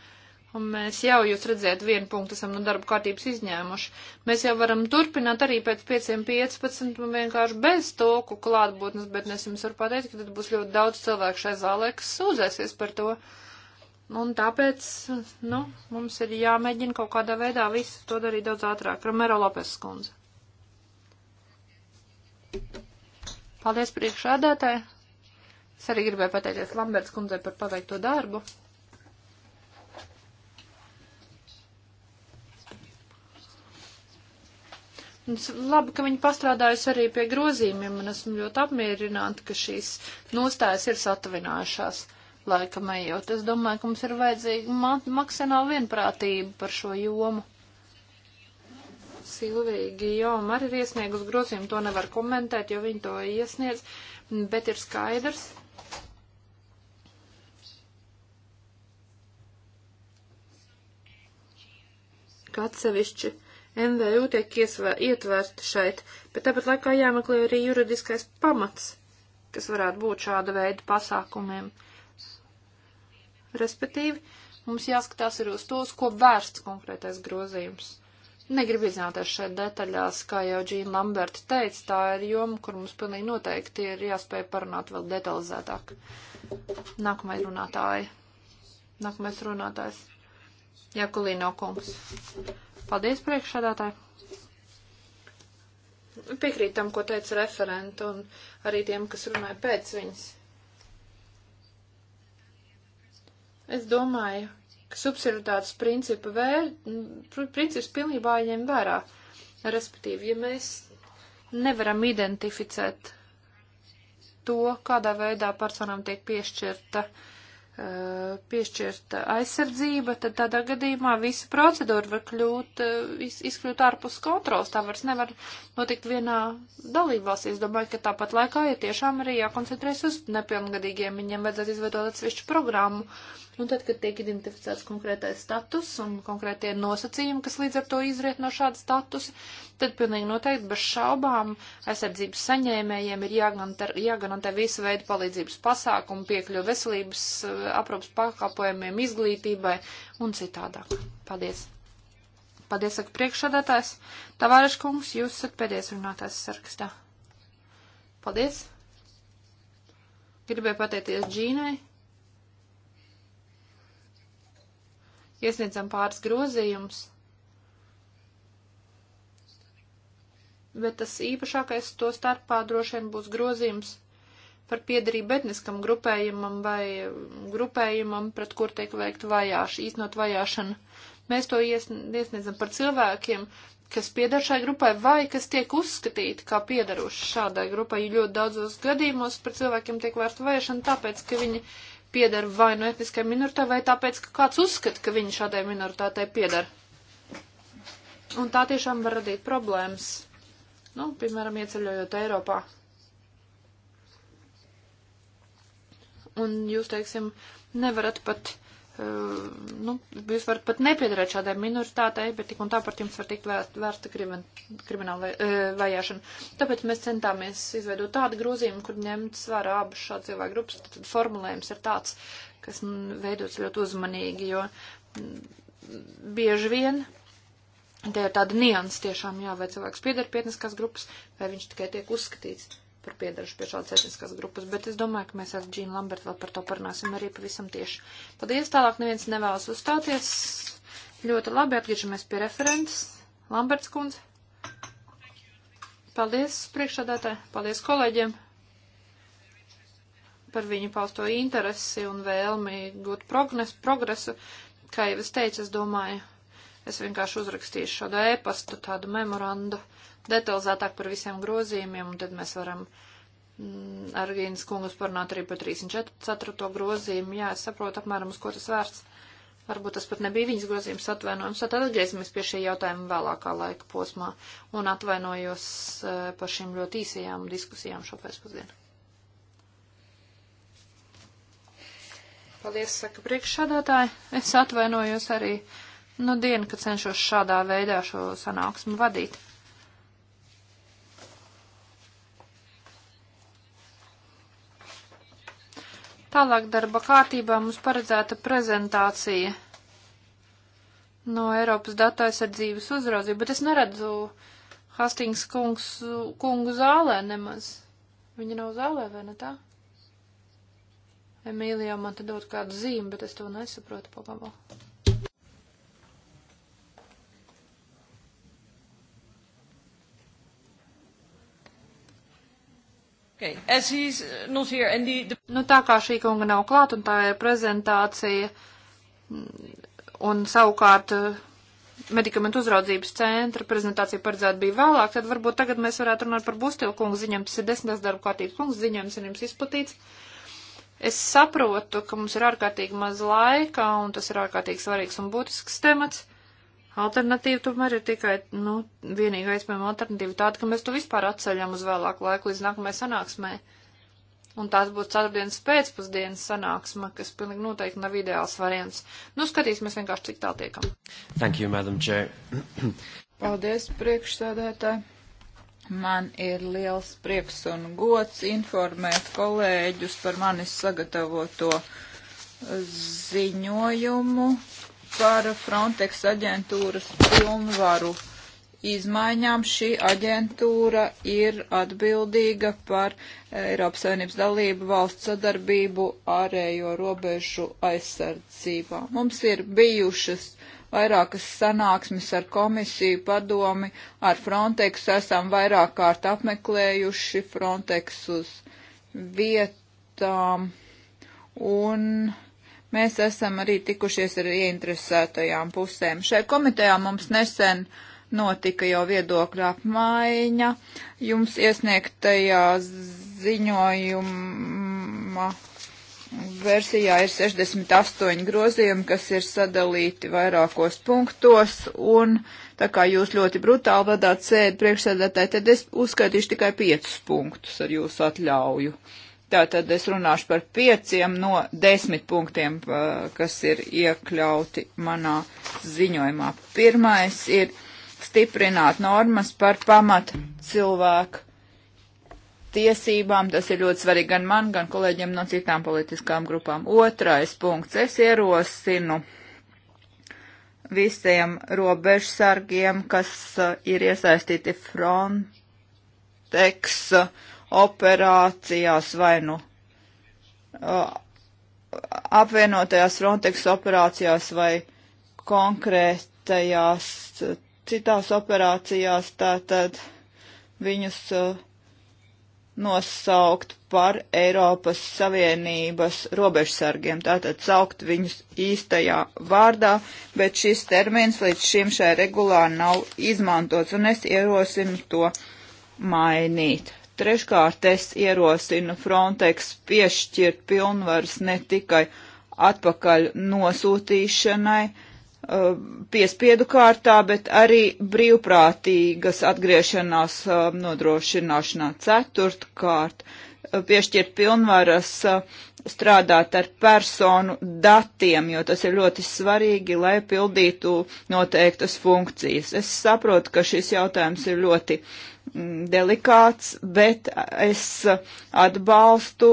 Un mēs jau, jūs redzēt, vienu punktu esam no darba kārtības izņēmuši. Mēs jau varam turpināt arī pēc 5.15 un vienkārši bez tulku klātbūtnes, bet es jums varu pateikt, ka tad būs ļoti daudz cilvēku šai zālē, kas sūdzēsies par to. Un tāpēc, nu, mums ir jāmēģina kaut kādā veidā visu to darīt daudz ātrāk. Romero Lopes skundze. Paldies priekšādātāji. Es arī gribēju pateikties Lamberts kundzei par paveikto darbu. Es labi, ka viņi pastrādājusi arī pie grozījumiem, un esmu ļoti apmierināta, ka šīs nostājas ir satavinājušās laikam ejot. Es domāju, ka mums ir vajadzīga ma maksimāla vienprātība par šo jomu. Silvīgi, jo man arī ir iesniegus grozījumu, to nevar komentēt, jo viņi to iesniedz, bet ir skaidrs, ka atsevišķi MVU tiek ietverti šeit, bet tāpat laikā jāmeklē arī juridiskais pamats, kas varētu būt šāda veida pasākumiem. Respektīvi, mums jāskatās arī uz tos, ko vērsts konkrētais grozījums. Negribu izzināties šeit detaļās, kā jau Džīna Lamberta teica, tā ir joma, kur mums pilnīgi noteikti ir jāspēj parunāt vēl detalizētāk. Nākamais runātāji. Nākamais runātājs. Jakulīno kungs. Paldies, priekšsādātāji! Piekrīt tam, ko teica referenta un arī tiem, kas runāja pēc viņas. Es domāju, ka subsidiaritātes principa vēr, princips pilnībā jāņem vērā. Respektīvi, ja mēs nevaram identificēt to, kādā veidā personām tiek piešķirta uh, Uh, piešķirta aizsardzība, tad tādā gadījumā visa procedūra var kļūt, uh, izkļūt ārpus kontrols. Tā vairs nevar notikt vienā dalībvalstī. Es domāju, ka tāpat laikā, ja tiešām arī jākoncentrēs uz nepilngadīgiem, viņiem vajadzētu izveidot atsevišķu programmu. Un tad, kad tiek identificēts konkrētais status un konkrētie nosacījumi, kas līdz ar to izriet no šāda statusa, tad pilnīgi noteikti bez šaubām aizsardzības saņēmējiem ir jāgarantē, jāgarantē visu veidu palīdzības pasākumu, piekļuvu veselības aprūpas pakalpojumiem, izglītībai un citādāk. Paldies! Paldies, saka priekšsādātājs. Tavāriš kungs, jūs esat pēdējais runātājs sarakstā. Paldies! Gribēju pateikties Džīnai. Iesniedzam pāris grozījumus. Bet tas īpašākais to starpā droši vien būs grozījums par piedarību etniskam grupējumam vai grupējumam, pret kur tiek veikta vajāšana, īstenot vajāšana. Mēs to iesniedzam par cilvēkiem, kas piedar šai grupai vai kas tiek uzskatīti kā piedaruši šādai grupai. Ļoti daudzos gadījumos par cilvēkiem tiek vērsta vajāšana tāpēc, ka viņi piedara vai no nu etniskai minoritātei, vai tāpēc, ka kāds uzskata, ka viņi šādai minoritātei piedara. Un tā tiešām var radīt problēmas. Nu, piemēram, ieceļojot Eiropā. un jūs, teiksim, nevarat pat, uh, nu, jūs varat pat nepiedarēt šādai minoritātei, bet tik un tā par jums var tikt vērsta, vērsta krimin, krimināla uh, vajāšana. Tāpēc mēs centāmies izveidot tādu grozījumu, kur ņemt svērā abas šādas cilvēku grupas. Tad formulējums ir tāds, kas nu, veidots ļoti uzmanīgi, jo m, bieži vien Te ir tāda nianses tiešām, jā, vai cilvēks pieder pietniskās grupas, vai viņš tikai tiek uzskatīts par piedarušu pie šādas etniskās grupas, bet es domāju, ka mēs ar Džīnu Lambertu vēl par to parunāsim arī pavisam tieši. Paldies, tālāk neviens nevēlas uzstāties. Ļoti labi, atgriežamies pie referentes. Lamberts kundze. Paldies priekšādātāji, paldies kolēģiem par viņu pausto interesi un vēlmi gūt progresu. Kā jau es teicu, es domāju, Es vienkārši uzrakstīšu šādu ēpastu, tādu memorandu, detalizētāk par visiem grozījumiem, un tad mēs varam mm, ar Gīnas kungus parunāt arī par 34. grozījumu. Jā, es saprotu apmēram, uz ko tas vērts. Varbūt tas pat nebija viņas grozījums atvainojums, tad atgriezīsimies pie šī jautājuma vēlākā laika posmā un atvainojos eh, par šīm ļoti īsajām diskusijām šo pēcpusdienu. Paldies, saka priekšsādātāji. Es atvainojos arī nu dienu, ka cenšos šādā veidā šo sanāksmu vadīt. Tālāk darba kārtībā mums paredzēta prezentācija no Eiropas datu aizsardzības uzraudzību, bet es neredzu Hastings kungs, kungu zālē nemaz. Viņa nav zālē, vai ne tā? Emīlijā man te dod kādu zīmi, bet es to nesaprotu pagabalu. Okay. Eh, here, the... Nu, tā kā šī kunga nav klāt un tā ir prezentācija mm, un savukārt eh, medikamentu uzraudzības centra prezentācija paredzēta bija vēlāk, tad varbūt tagad mēs varētu runāt par Bustilu kungu ziņām. Tas ir desmitās darba kārtības kungs, ziņojums ir jums izplatīts. Es saprotu, ka mums ir ārkārtīgi maz laika, un tas ir ārkārtīgi svarīgs un būtisks temats. Alternatīva tomēr ir tikai, nu, vienīgā iespējama alternatīva tāda, ka mēs to vispār atceļam uz vēlāku laiku līdz nākamajai sanāksmē. Un tās būs ceturtdienas pēcpusdienas sanāksme, kas pilnīgi noteikti nav ideāls variants. Nu, skatīsimies vienkārši, cik tā tiekam. Thank you, Madam Chair. Paldies, priekšsēdētāji. Man ir liels prieks un gods informēt kolēģus par manis sagatavoto ziņojumu par Frontex aģentūras pilnvaru izmaiņām. Šī aģentūra ir atbildīga par Eiropas Savienības dalību valsts sadarbību ārējo robežu aizsardzībā. Mums ir bijušas vairākas sanāksmes ar komisiju, padomi, ar Frontex. Esam vairāk kārt apmeklējuši Frontex uz vietām un Mēs esam arī tikušies ar ieinteresētajām pusēm. Šai komitejā mums nesen notika jau viedokļa apmaiņa. Jums iesniegtajā ziņojuma versijā ir 68 grozījumi, kas ir sadalīti vairākos punktos, un tā kā jūs ļoti brutāli vadāt sēdi priekšsēdētāji, tad es uzskaitīšu tikai 5 punktus ar jūsu atļauju. Uh, Tātad es runāšu par pieciem no desmit punktiem, kas ir iekļauti manā ziņojumā. Pirmais ir stiprināt normas par pamat cilvēku tiesībām. Tas ir ļoti svarīgi gan man, gan kolēģiem no citām politiskām grupām. Otrais punkts. Es ierosinu visiem robežsargiem, kas uh, ir iesaistīti Frontex. Uh, operācijās vai nu apvienotajās Frontex operācijās vai konkrētajās citās operācijās, tātad viņus nosaukt par Eiropas Savienības robežsargiem, tātad saukt viņus īstajā vārdā, bet šis termins līdz šim šai regulā nav izmantots, un es ierosinu to mainīt. Treškārt es ierosinu Frontex piešķirt pilnvaras ne tikai atpakaļ nosūtīšanai, uh, piespiedu kārtā, bet arī brīvprātīgas atgriešanās uh, nodrošināšanā ceturtkārt, uh, piešķirt pilnvaras strādāt ar personu datiem, jo tas ir ļoti svarīgi, lai pildītu noteiktas funkcijas. Es saprotu, ka šis jautājums ir ļoti mm, delikāts, bet es atbalstu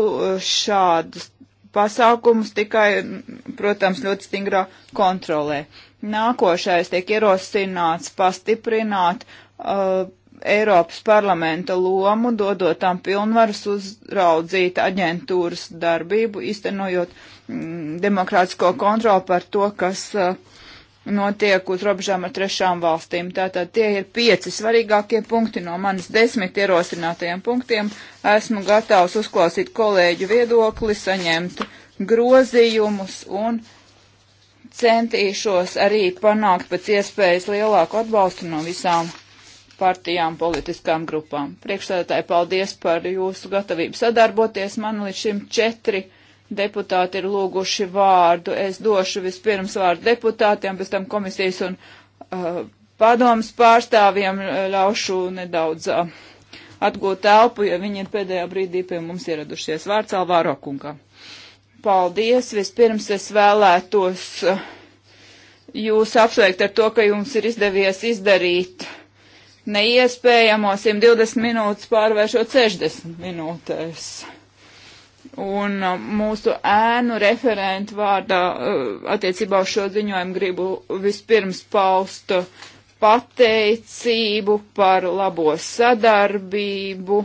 šādus pasākumus tikai, mm, protams, ļoti stingrā kontrolē. Nākošais tiek ierosināts pastiprināt uh, Eiropas parlamenta lomu, dodot tam pilnvarus uzraudzīt aģentūras darbību, iztenojot mm, demokrātisko kontroli par to, kas uh, notiek uz robežām ar trešām valstīm. Tātad tie ir pieci svarīgākie punkti no manis desmit ierosinātajiem punktiem. Esmu gatavs uzklausīt kolēģu viedokli, saņemt grozījumus un centīšos arī panākt pēc iespējas lielāku atbalstu no visām partijām, politiskām grupām. Priekšstādātāji, paldies par jūsu gatavību sadarboties. Man līdz šim četri deputāti ir lūguši vārdu. Es došu vispirms vārdu deputātiem, pēc tam komisijas un uh, padomas pārstāvjiem ļaušu nedaudz uh, atgūt telpu, jo viņi ir pēdējā brīdī pie mums ieradušies. Vārds Alvāro kungam. Paldies! Vispirms es vēlētos uh, jūs apsveikt ar to, ka jums ir izdevies izdarīt uh, neiespējamo 120 minūtes pārvēršot 60 minūtēs. Un uh, mūsu ēnu referentu vārdā uh, attiecībā uz šo ziņojumu gribu vispirms paust uh, pateicību par labo sadarbību,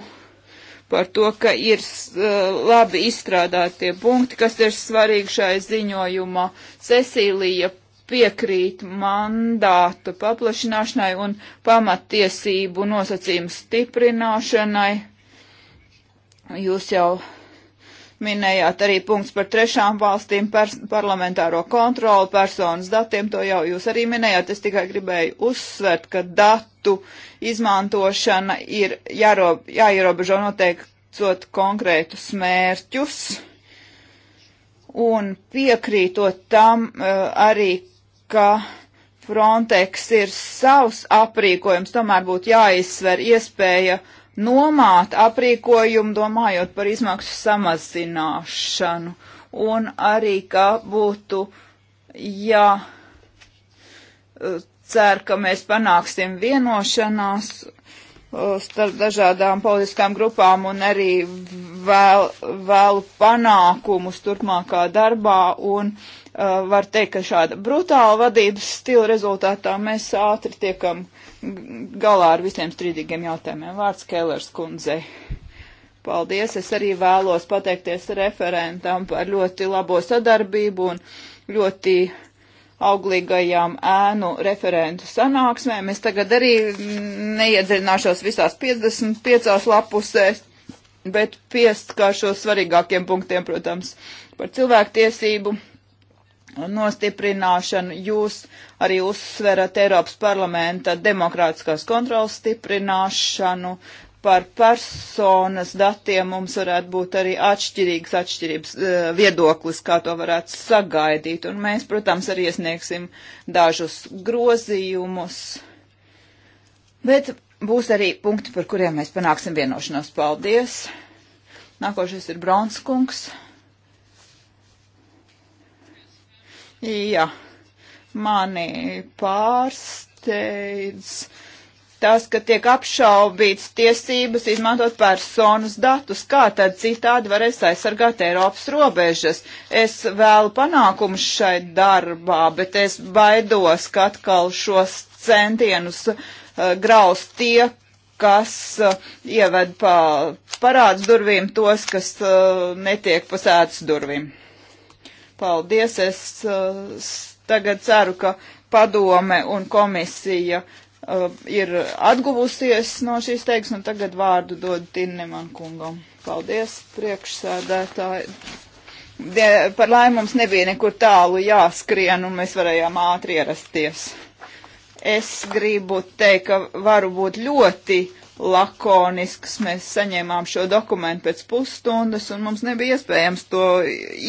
par to, ka ir labi izstrādāti tie punkti, kas ir svarīgi šai ziņojumā. Cecīlija piekrīt mandāta paplašināšanai un pamatiesību nosacījumu stiprināšanai. Jūs jau minējāt arī punkts par trešām valstīm, pers parlamentāro kontroli, personas datiem, to jau jūs arī minējāt. Es tikai gribēju uzsvert, ka datu izmantošana ir jāro, jāierobežo noteikcot konkrētus mērķus. Un piekrītot tam eh, arī, ka Frontex ir savs aprīkojums, tomēr būtu jāizsver iespēja nomāt aprīkojumu, domājot par izmaksu samazināšanu, un arī, ka būtu jācer, ka mēs panāksim vienošanās uh, starp dažādām politiskām grupām un arī vēl, vēl panākumus turpmākā darbā un uh, Eh, var teikt, ka šāda brutāla vadības stila rezultātā mēs ātri tiekam galā ar visiem strīdīgiem jautājumiem. Vārds Kēlers kundzei. Paldies! Es arī vēlos pateikties referentam par ļoti labo sadarbību un ļoti auglīgajām ēnu referentu sanāksmēm. Es tagad arī neiedziļināšos visās 55 lapusēs, bet pieskāršos svarīgākiem punktiem, protams, par cilvēktiesību nostiprināšanu. Jūs arī uzsverat Eiropas parlamenta demokrātiskās kontrolas stiprināšanu. Par personas datiem mums varētu būt arī atšķirīgs atšķirības eh, viedoklis, kā to varētu sagaidīt. Un mēs, protams, arī iesniegsim dažus grozījumus. Bet būs arī punkti, par kuriem mēs panāksim vienošanos. Paldies! Nākošais ir Bronskungs. kungs. Jā, mani pārsteidz tas, ka tiek apšaubīts tiesības izmantot personas datus. Kā tad citādi varēs aizsargāt Eiropas robežas? Es vēlu panākumus šai darbā, bet es baidos, ka atkal šos centienus uh, graus tie, kas uh, ieved pa parāds durvīm tos, kas uh, netiek pasētas durvīm. Paldies! Es uh, tagad ceru, ka padome un komisija uh, ir atguvusies no šīs teiksmes, un tagad vārdu dod Tinneman kungam. Paldies, priekšsēdētāji! Die, par laimi mums nebija nekur tālu jāskrien, un mēs varējām ātri ierasties. Es gribu teikt, ka varu būt ļoti lakonisks. Mēs saņēmām šo dokumentu pēc pusstundas, un mums nebija iespējams to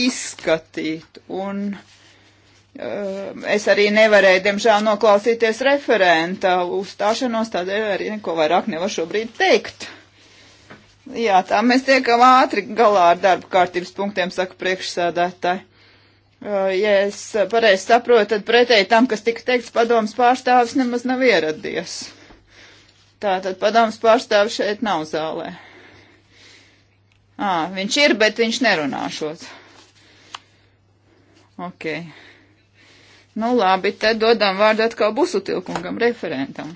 izskatīt. Un, uh, es arī nevarēju, diemžēl, noklausīties referenta uzstāšanos, tādēļ arī neko vairāk nevar šobrīd teikt. Jā, tā mēs tiekam ātri galā ar darba kārtības punktiem, saka priekšsēdētāji. Uh, ja es pareizi saprotu, tad pretēji tam, kas tika teikts, padomas pārstāvis nemaz nav ieradies. Tātad padoms pārstāvis šeit nav zālē. Ā, viņš ir, bet viņš nerunā šos. Ok. Nu labi, tad dodam vārdu atkal busutilkungam, referentam.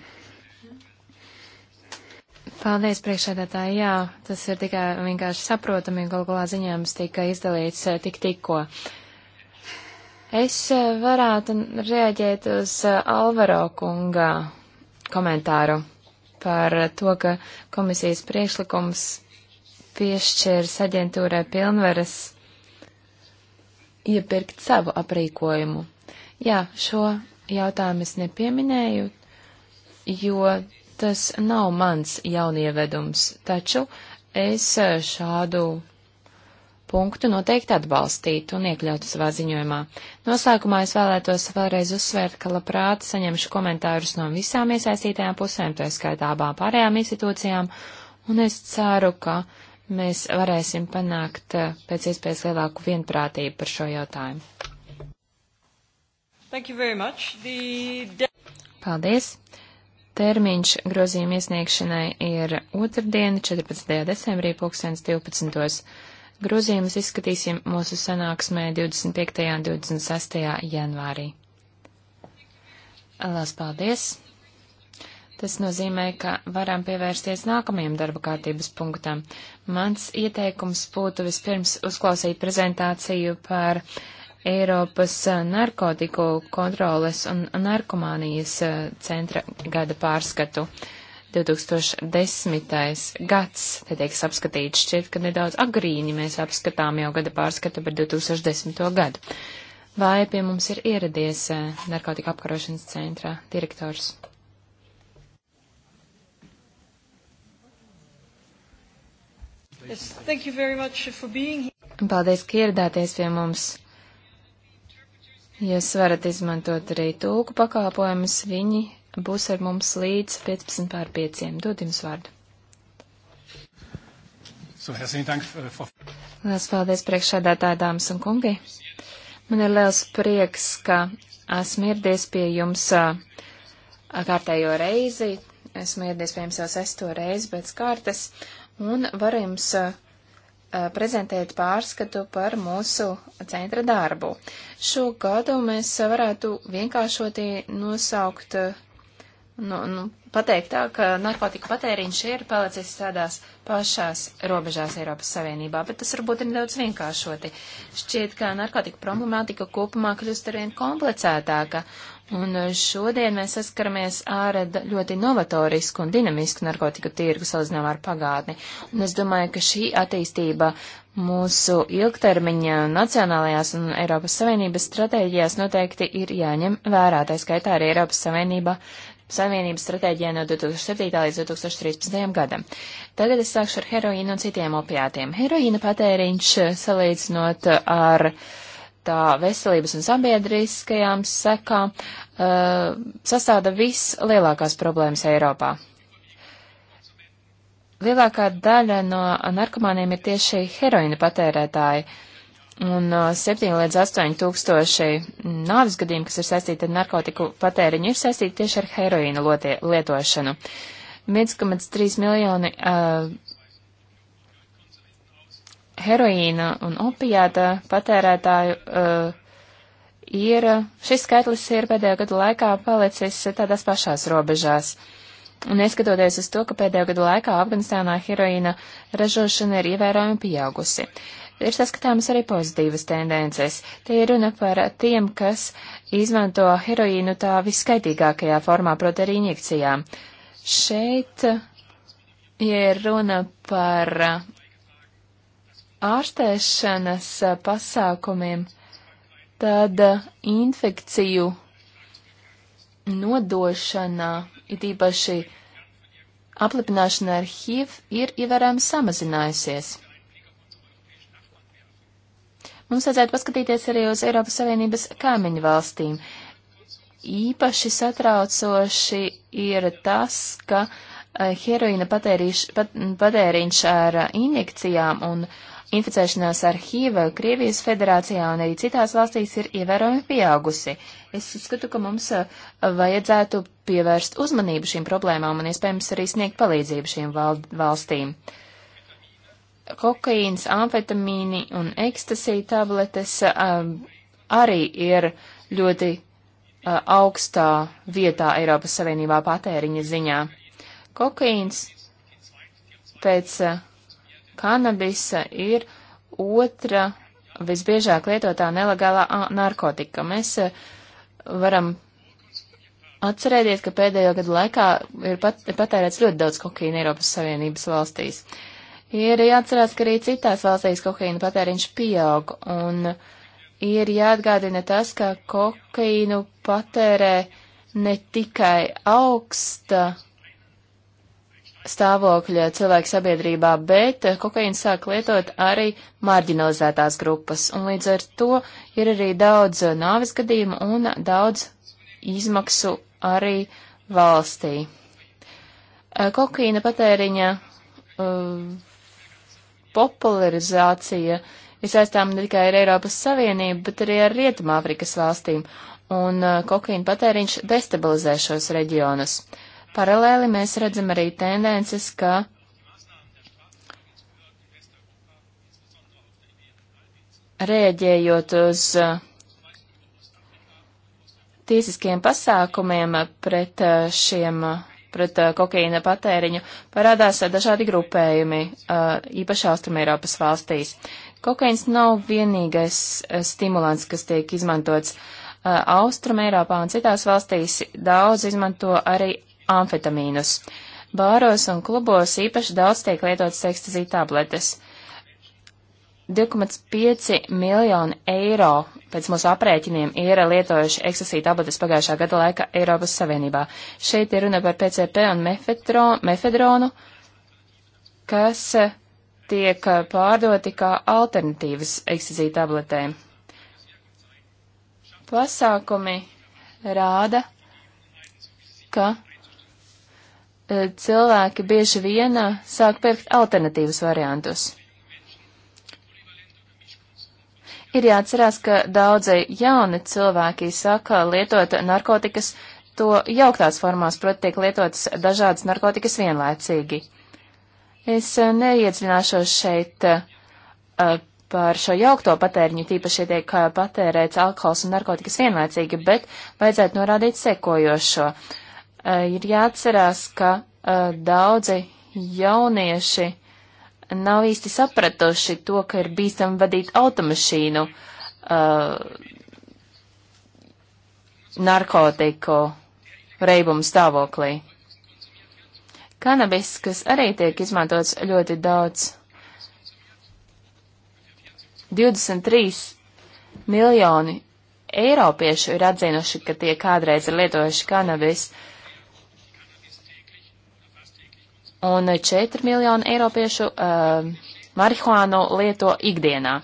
Paldies, priekšsēdētāji. Jā, tas ir tikai vienkārši saprotami, galu galā ziņojums tika izdalīts eh, tik tikko. Es eh, varētu reaģēt uz eh, Alvaro kunga komentāru par to, ka komisijas priekšlikums piešķirs aģentūrai pilnvaras iepirkt savu aprīkojumu. Jā, šo jautājumu es nepieminēju, jo tas nav mans jaunievedums, taču es šādu punktu noteikti atbalstītu un iekļautu savā ziņojumā. Noslēgumā es vēlētos vēlreiz uzsvērt, ka labprāt saņemšu komentārus no visām iesaistītajām pusēm, to skaitā abām pārējām institūcijām, un es ceru, ka mēs varēsim panākt eh, pēc iespējas lielāku vienprātību par šo jautājumu. The... Paldies! Termiņš grozījuma iesniegšanai ir otrdiena, 14. decembrī, 2012. Grozījumus izskatīsim mūsu sanāksmē 25. un 26. janvārī. Lās paldies! Tas nozīmē, ka varam pievērsties nākamajam darba kārtības punktam. Mans ieteikums būtu vispirms uzklausīt prezentāciju par Eiropas narkotiku kontroles un narkomānijas eh, centra gada pārskatu. Uh, 2010. gads, te tieks apskatīts, šķiet, ka nedaudz agrīni mēs apskatām jau gada pārskatu par 2010. gadu. Vai pie mums ir ieradies eh, narkotika apkarošanas centrā direktors? Yes, thank you very much for being here. Paldies, ka ieradāties pie mums. Jūs varat izmantot arī tūku pakāpojumus, viņi būs ar mums līdz 15 pār 5. Dod jums vārdu. So, äh, for... Lielas paldies priekšādātāji dāmas un kungi. Man ir liels prieks, ka esmu ieradies pie jums kārtējo reizi. Esmu ieradies pie jums jau sesto reizi pēc kārtas un varu jums prezentēt pārskatu par mūsu centra darbu. Šo gadu mēs varētu vienkāršoti nosaukt uh, nu, nu, pateikt tā, ka narkotika patēriņš ir palicis tādās pašās robežās Eiropas Savienībā, bet tas varbūt ir nedaudz vienkāršoti. Šķiet, ka narkotika problemātika kopumā kļūst arvien komplicētāka, un šodien mēs saskaramies ar ļoti novatorisku un dinamisku narkotiku tirgu salīdzinām ar pagātni, un es domāju, ka šī attīstība mūsu ilgtermiņa nacionālajās un Eiropas Savienības stratēģijās noteikti ir jāņem vērā, tā skaitā arī Eiropas Savienība. Uh, Savienības stratēģijā no 2007. līdz 2013. gadam. Tagad es sākšu ar heroīnu un citiem opiātiem. Heroīna patēriņš eh, salīdzinot ar tā veselības un sabiedriskajām sekām uh, sastāda vislielākās problēmas Eiropā. Lielākā daļa no narkomāniem ir tieši heroīna patērētāji. Uh, Un uh, 7 līdz 8 tūkstoši nāvis gadījumu, kas ir saistīti ar narkotiku patēriņu, ir saistīti tieši ar heroīnu lotie, lietošanu. 1,3 miljoni uh, heroīna un opijāta patērētāju uh, ir, šis skaitlis ir pēdējo gadu laikā palicis tādās pašās robežās. Un neskatoties uz to, ka pēdējo gadu laikā Afganistānā heroīna ražošana ir ievērojami pieaugusi. Uh, ir saskatāmas arī pozitīvas tendences. Tie ir runa par tiem, kas izmanto heroīnu tā viskaitīgākajā formā, proti ar injekcijām. Šeit ir runa par ārstēšanas pasākumiem, tad infekciju nodošana, it īpaši aplipināšana ar HIV, ir ievērojami samazinājusies. Mums vajadzētu paskatīties arī uz Eiropas Savienības kaimiņu valstīm. Īpaši satraucoši ir tas, ka uh, heroīna patēriš, pat, patēriņš ar uh, injekcijām un inficēšanās ar HIV Krievijas federācijā un arī citās valstīs ir ievērojami pieaugusi. Es uzskatu, ka mums uh, vajadzētu pievērst uzmanību šīm problēmām un iespējams arī sniegt palīdzību šīm val valstīm. Uh, kokaīns, amfetamīni un ekstasija tabletes um, arī ir ļoti uh, augstā vietā Eiropas Savienībā patēriņa ziņā. Kokaīns pēc uh, kanabisa ir otra visbiežāk lietotā nelegālā narkotika. Mēs uh, varam atcerēties, ka pēdējo gadu laikā ir pat, patērēts ļoti daudz kokaīna Eiropas Savienības valstīs. Uh, Ir jāatcerās, ka arī citās valstīs kokaīna patēriņš pieaug, un ir jāatgādina tas, ka kokaīnu patērē ne tikai augsta stāvokļa cilvēku sabiedrībā, bet kokaīnu sāk lietot arī marginalizētās grupas, un līdz ar to ir arī daudz nāvis gadījumu un daudz izmaksu arī valstī. Kokaīna patēriņa uh, popularizācija ir saistām ne tikai ar Eiropas Savienību, bet arī ar Rietumāfrikas valstīm, un uh, kokaīna patēriņš destabilizē šos reģionus. Paralēli mēs redzam arī tendences, ka rēģējot uz uh, tiesiskiem pasākumiem pret uh, šiem pret uh, kokaīna patēriņu parādās uh, dažādi grupējumi, uh, īpaši Austrumēropas valstīs. Kokaīns nav vienīgais uh, stimulants, kas tiek izmantots uh, Austrumēropā un citās valstīs. Daudz izmanto arī amfetamīnus. Bāros un klubos īpaši daudz tiek lietotas ekstazī tabletes. Uh, 2,5 miljoni eiro pēc mūsu aprēķiniem ir lietojuši eksasīta abates pagājušā gada laika Eiropas Savienībā. Šeit ir runa par PCP un mefedronu, mefedronu kas eh, tiek eh, pārdoti kā alternatīvas eksasīta abletēm. Pasākumi rāda, ka eh, cilvēki bieži vien sāk pirkt alternatīvas variantus. Ir jāatcerās, ka daudzi jauni cilvēki saka lietot narkotikas to jauktās formās, proti tiek lietotas dažādas narkotikas vienlaicīgi. Es eh, neiedziļināšos šeit uh, par šo jaukto patēriņu, tīpaši tiek eh, patērēts alkohols un narkotikas vienlaicīgi, bet vajadzētu norādīt sekojošo. Uh, ir jāatcerās, ka uh, daudzi jaunieši nav īsti sapratuši to, ka ir bīstami vadīt automašīnu uh, narkotiku reibumu stāvoklī. Kanabis, kas arī tiek izmantots ļoti daudz, 23 miljoni eiropiešu ir atzinuši, ka tie kādreiz ir lietojuši kanabis. Uh, un 4 miljoni eiropiešu uh, marihuānu lieto ikdienā.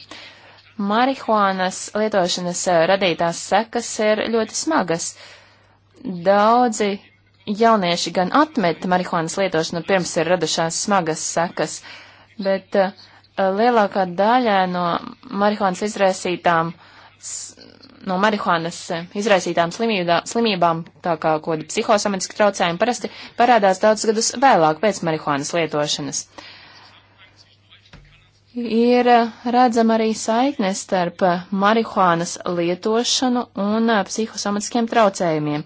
Marihuānas lietošanas eh, radītās sekas ir ļoti smagas. Daudzi jaunieši gan atmet marihuānas lietošanu pirms ir radušās smagas sekas, bet uh, lielākā daļa no marihuānas izraisītām no marihuānas eh, izraisītām slimībā, slimībām, tā kā kodi psihosomatiski traucējumi, parasti parādās daudz gadus vēlāk pēc marihuānas lietošanas. Ir eh, redzama arī saikne starp eh, marihuānas lietošanu un psihosomatiskiem traucējumiem.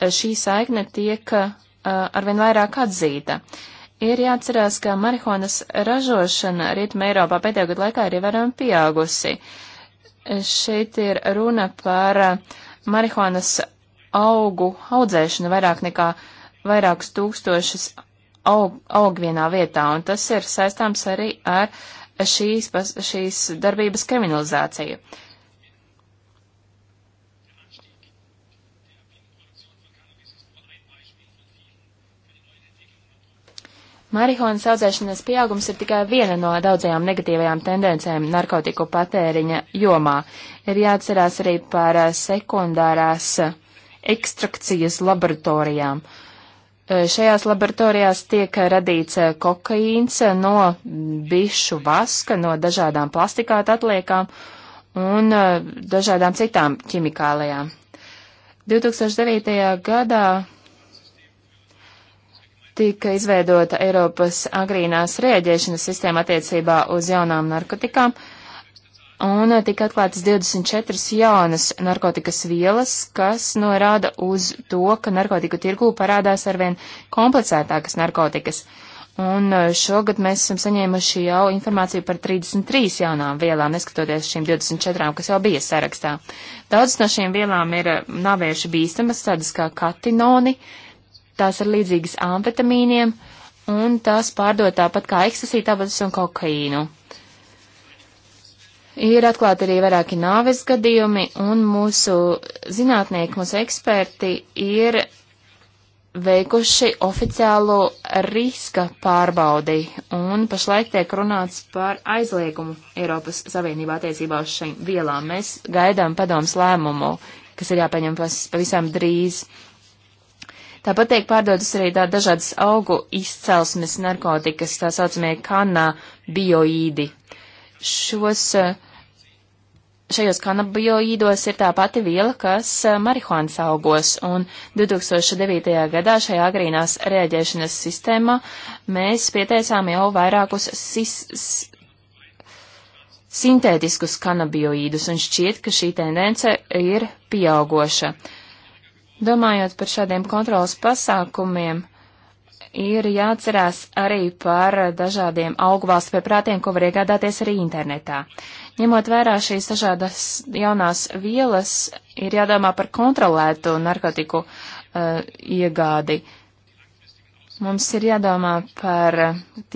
Šī saikne tiek arvien vairāk atzīta. Ir jāatcerās, ka marihuānas ražošana Rietumē Eiropā pēdējo gadu laikā ir ievērojami pieaugusi. Uh, Šeit ir runa par eh, marihuānas augu audzēšanu vairāk nekā vairākus tūkstošus aug, aug vienā vietā, un tas ir saistāms arī ar šīs, šīs darbības kriminalizāciju. Uh, Marihuānas audzēšanas pieaugums ir tikai viena no daudzajām negatīvajām tendencēm narkotiku patēriņa jomā. Ir jāatcerās arī par eh, sekundārās eh, ekstrakcijas laboratorijām. Eh, šajās laboratorijās tiek radīts kokaīns no bišu vaska, no dažādām plastikāta atliekām un dažādām citām ķimikālajām. 2009. gadā tika izveidota Eiropas agrīnās rēģēšanas sistēma attiecībā uz jaunām narkotikām, un tika atklātas 24 jaunas narkotikas vielas, kas norāda uz to, ka narkotiku tirgū parādās arvien komplicētākas narkotikas. Un e, šogad mēs esam saņēmuši jau informāciju par 33 jaunām vielām, neskatoties šīm 24, kas jau bija sarakstā. Daudz no šīm vielām ir e, navieši bīstamas, tādas kā katinoni, uh, tās ir līdzīgas amfetamīniem, un tās pārdod tāpat kā ekstasī, tabatas un kokaīnu. Ir atklāti arī vairāki nāves gadījumi, un mūsu zinātnieki, mūsu eksperti ir veikuši oficiālo riska pārbaudi, un pašlaik tiek runāts par aizliegumu Eiropas Savienībā attiecībā uz šīm vielām. Mēs gaidām padoms lēmumu, kas ir jāpieņem pavisam drīz. Uh, Tāpat tiek pārdodas arī tā dažādas augu izcelsmes narkotikas, tā saucamie kanabioīdi. Šos, eh, šajos kanabioīdos ir tā pati viela, kas eh, marihuānas augos, un 2009. gadā šajā agrīnās rēģēšanas sistēmā mēs pieteicām jau vairākus sis, sintētiskus kanabioīdus, un šķiet, ka šī tendence ir pieaugoša. Domājot par šādiem kontrolas pasākumiem, ir jāatcerās arī par dažādiem augvalstu pieprātiem, ko var iegādāties arī internetā. Ņemot vērā šīs dažādas jaunās vielas, ir jādomā par kontrolētu narkotiku uh, iegādi. Mums ir jādomā par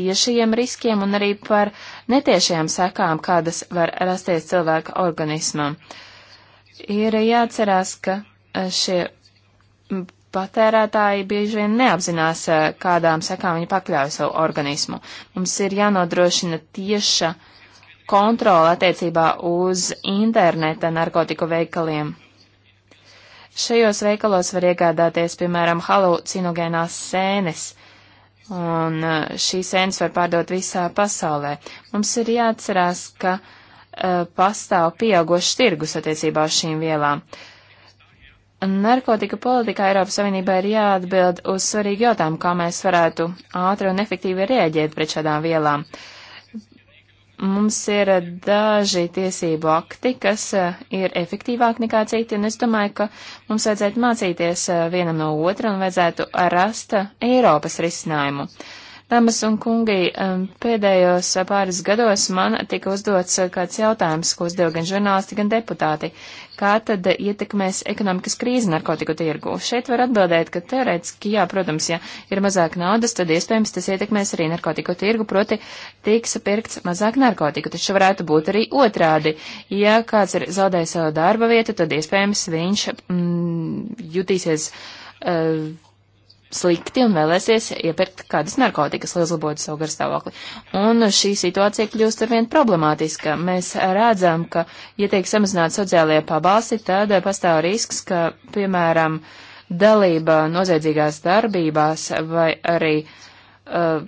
tiešajiem riskiem un arī par netiešajām sekām, kādas var rasties cilvēka organismam. Ir jāatcerās, ka eh, šie patērētāji bieži vien neapzinās, eh, kādām sekām viņi pakļauj savu organismu. Mums ir jānodrošina tieša kontrola attiecībā uz interneta narkotiku veikaliem. Šajos veikalos var iegādāties, piemēram, halucinogēnās sēnes, un eh, šīs sēnes var pārdot visā pasaulē. Mums ir jāatcerās, ka uh, pastāv pieaugošs tirgus attiecībā uz šīm vielām. Uh, narkotika politikā Eiropas Savienībā ir jāatbild uz svarīgu jautājumu, kā mēs varētu ātri un efektīvi rēģēt pret šādām vielām. Mums ir daži tiesību akti, kas eh, ir efektīvāki nekā citi, un es domāju, ka mums vajadzētu mācīties eh, vienam no otra un vajadzētu rast eh, Eiropas risinājumu. Uh, Dāmas un kungi, pēdējos pāris gados man tika uzdots kāds jautājums, ko uzdeva gan žurnālisti, gan deputāti. Kā tad ietekmēs ekonomikas krīze narkotiku tirgu? Šeit var atbildēt, ka teorētiski, jā, protams, ja ir mazāk naudas, tad iespējams tas ietekmēs arī narkotiku tirgu, proti tiks pirkts mazāk narkotiku. Taču varētu būt arī otrādi. Ja kāds ir zaudējis savu darba vietu, tad iespējams viņš mm, jutīsies. Uh, slikti un vēlēsies iepirkt kādas narkotikas, lai uzlabotu savu garstāvokli. Un šī situācija kļūst arvien problemātiska. Mēs redzam, ka, ja tiek samazināti sociālajie pabalsti, tad pastāv risks, ka, piemēram, dalība noziedzīgās darbībās vai arī uh,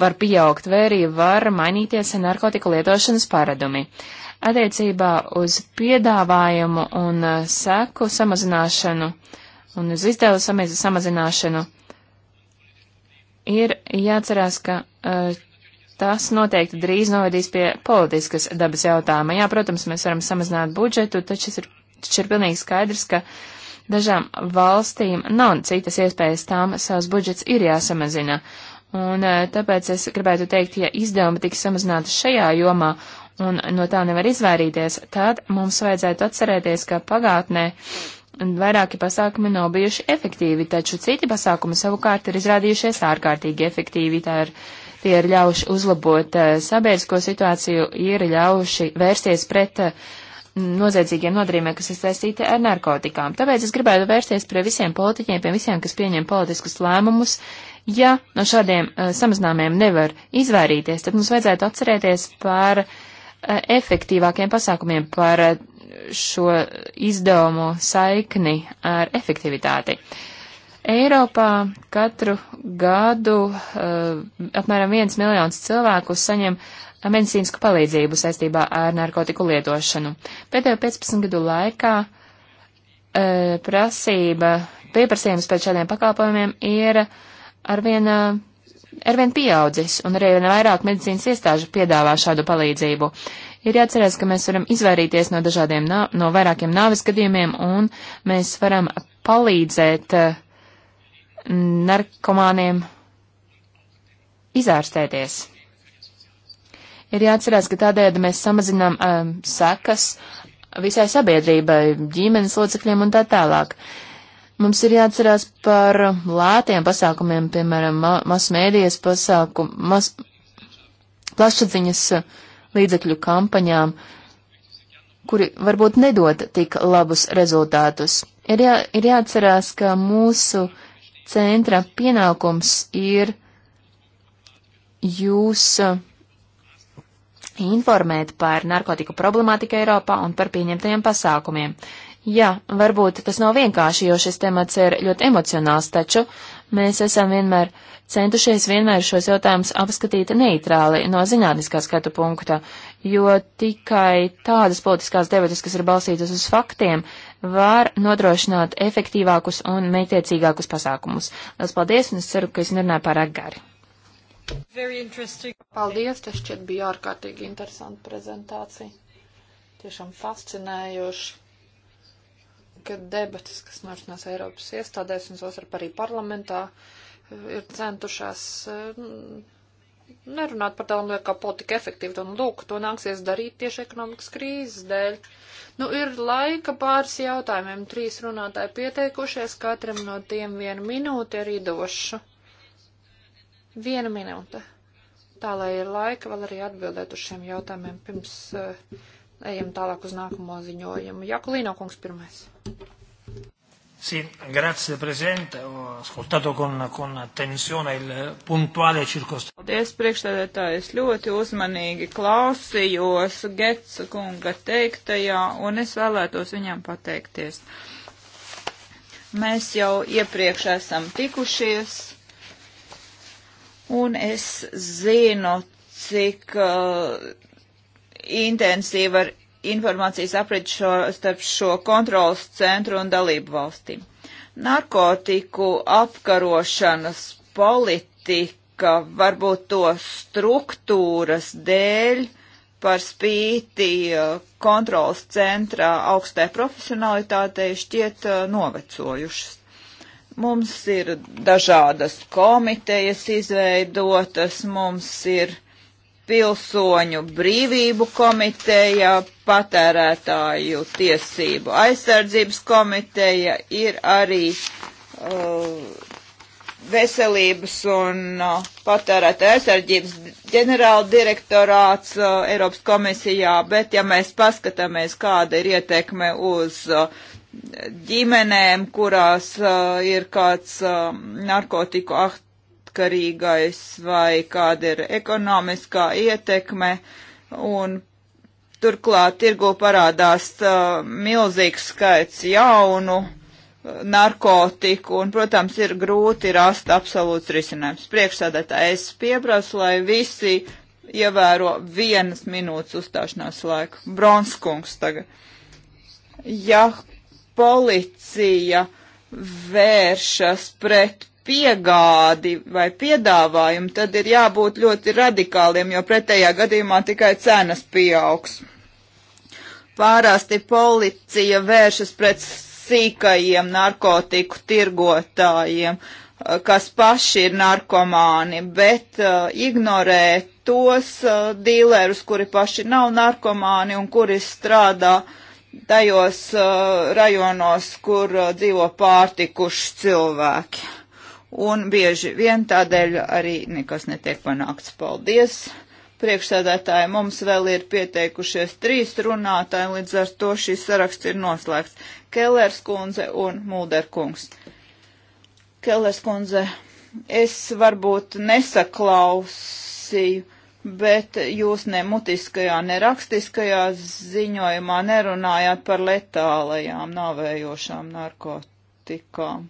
var pieaugt, vai arī var mainīties narkotiku lietošanas paradumi. Attiecībā uz piedāvājumu un uh, seku samazināšanu un uz izdevu samazināšanu ir jāatcerās, ka uh, tas noteikti drīz novedīs pie politiskas dabas jautājuma. Jā, protams, mēs varam samazināt budžetu, taču ir, taču ir pilnīgi skaidrs, ka dažām valstīm nav citas iespējas, tām savs budžets ir jāsamazina. Un eh, tāpēc es gribētu teikt, ja izdevumi tiks samazināti šajā jomā un no tā nevar izvairīties, tad mums vajadzētu atcerēties, ka pagātnē uh, vairāki pasākumi nav bijuši efektīvi, taču citi pasākumi savukārt ir izrādījušies ārkārtīgi efektīvi. Tā ir, tie ir ļaujuši uzlabot uh, sabiedrisko situāciju, ir ļaujuši vērsties pret uh, noziedzīgiem nodarījumiem, kas ir saistīti ar narkotikām. Tāpēc es gribētu vērsties pie visiem politiķiem, pie visiem, kas pieņem politiskus lēmumus. Ja no šādiem uh, eh, samazinājumiem nevar izvairīties, tad mums vajadzētu atcerēties par efektīvākiem pasākumiem, par šo izdevumu saikni ar efektivitāti. Eiropā katru gadu uh, apmēram viens miljons cilvēku saņem medicīnisku palīdzību saistībā ar narkotiku lietošanu. Pēdējo 15 gadu laikā uh, prasība, pieprasījums pēc šādiem pakalpojumiem ir arvien, uh, arvien pieaudzis, un arī vairāk medicīnas iestāžu piedāvā šādu palīdzību. Uh, Ir jāatcerās, ka mēs varam izvairīties no dažādiem, no vairākiem nāves gadījumiem, un mēs varam palīdzēt eh, narkomāniem izārstēties. Ir jāatcerās, ka tādējādi mēs samazinām um, sekas visai sabiedrībai, ģimenes locekļiem un tā tālāk. Mums ir jāatcerās par lētiem pasākumiem, piemēram, ma masmēdijas pasākumu, mas plašsaziņas uh, līdzekļu kampaņām, kuri varbūt nedod tik labus rezultātus. Ir, jā, ir jāatcerās, ka mūsu centra pienākums ir jūs uh, informēt par narkotiku problemātiku Eiropā un par pieņemtajiem pasākumiem. Jā, varbūt tas nav vienkārši, jo šis temats ir ļoti emocionāls, taču Mēs esam vienmēr centušies vienmēr šos jautājumus apskatīt neitrāli no zinātniskā skatu punkta, jo tikai tādas politiskās debatas, kas ir balstītas uz faktiem, var nodrošināt efektīvākus un meitiecīgākus pasākumus. Lielas paldies, un es ceru, ka es nerunāju pārāk gari. Paldies, tas šķiet bija ārkārtīgi interesanta prezentācija. Tiešām fascinējoši ka debatas, kas norisinās Eiropas iestādēs un savstarp arī parlamentā, ir centušās mm, nerunāt par tādām lietām kā politika efektīvi, un lūk, to nāksies darīt tieši ekonomikas krīzes dēļ. Nu, ir laika pāris jautājumiem, trīs runātāji pieteikušies, katram no tiem vienu minūti arī došu. Viena minūte. Tā, lai ir laika vēl arī atbildēt uz šiem jautājumiem pirms uh, Ejam tālāk uz nākamo ziņojumu. Jakulīno kungs pirmais. Sì, grazie Presidente, ho ascoltato con, con attenzione il puntuale circostanza. Paldies priekšstādētāji, es ļoti uzmanīgi klausījos Getsa kunga teiktajā un es vēlētos viņam pateikties. Mēs jau iepriekš esam tikušies un es zinu, cik uh, intensīva ar informācijas apriņķi šo, starp šo kontrolas centru un dalību valstīm. Narkotiku apkarošanas politika varbūt to struktūras dēļ par spīti uh, kontrolas centrā augstai profesionalitātei šķiet uh, novecojušas. Mums ir dažādas komitejas izveidotas, mums ir uh, pilsoņu brīvību komiteja, patērētāju tiesību aizsardzības komiteja, ir arī uh, veselības un uh, patērētāju aizsardzības ģenerāla direktorāts uh, Eiropas komisijā, bet ja mēs paskatāmies, kāda ir ietekme uz uh, ģimenēm, kurās uh, ir kāds uh, narkotiku aktu neatkarīgais vai kāda ir ekonomiskā ietekme. Un turklāt tirgu parādās uh, milzīgs skaits jaunu uh, narkotiku, un, protams, ir grūti rast absolūts risinājums. Priekšsēdētā es pieprasu, lai visi ievēro vienas minūtes uzstāšanās laiku. Bronskungs tagad. Ja policija vēršas pret piegādi vai piedāvājumu, tad ir jābūt ļoti radikāliem, jo pretējā gadījumā tikai cenas pieaugs. Pārāsti policija vēršas pret sīkajiem narkotiku tirgotājiem, eh, kas paši ir narkomāni, bet uh, ignorē tos uh, eh, dīlerus, kuri paši nav narkomāni un kuri strādā tajos uh, rajonos, kur dzīvo pārtikuši cilvēki un bieži vien tādēļ arī nekas netiek panākts. Paldies! Priekšsēdētāji mums vēl ir pieteikušies trīs runātāji, līdz ar to šis saraksts ir noslēgts. Kellers kundze un Mulder kungs. Kellers kundze, es varbūt nesaklausīju, bet jūs ne mutiskajā, ne rakstiskajā ziņojumā nerunājāt par letālajām, nāvējošām narkotikām.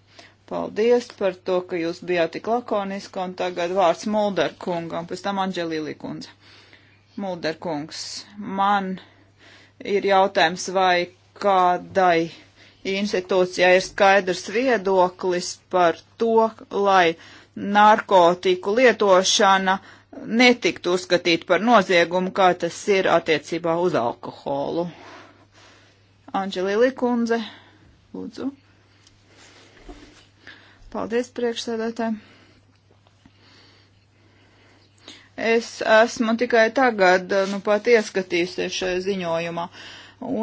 Paldies par to, ka jūs bijāt tik lakoniski, un tagad vārds Mulder kungam, pēc tam Anģelīli kundze. Mulder kungs, man ir jautājums, vai kādai institūcijai ir skaidrs viedoklis par to, lai narkotiku lietošana netiktu uzskatīt par noziegumu, kā tas ir attiecībā uz alkoholu. Anģelīli kundze, lūdzu. Paldies, priekšsēdētāji. Es esmu tikai tagad, eh, nu, pat ieskatījusies šajā ziņojumā.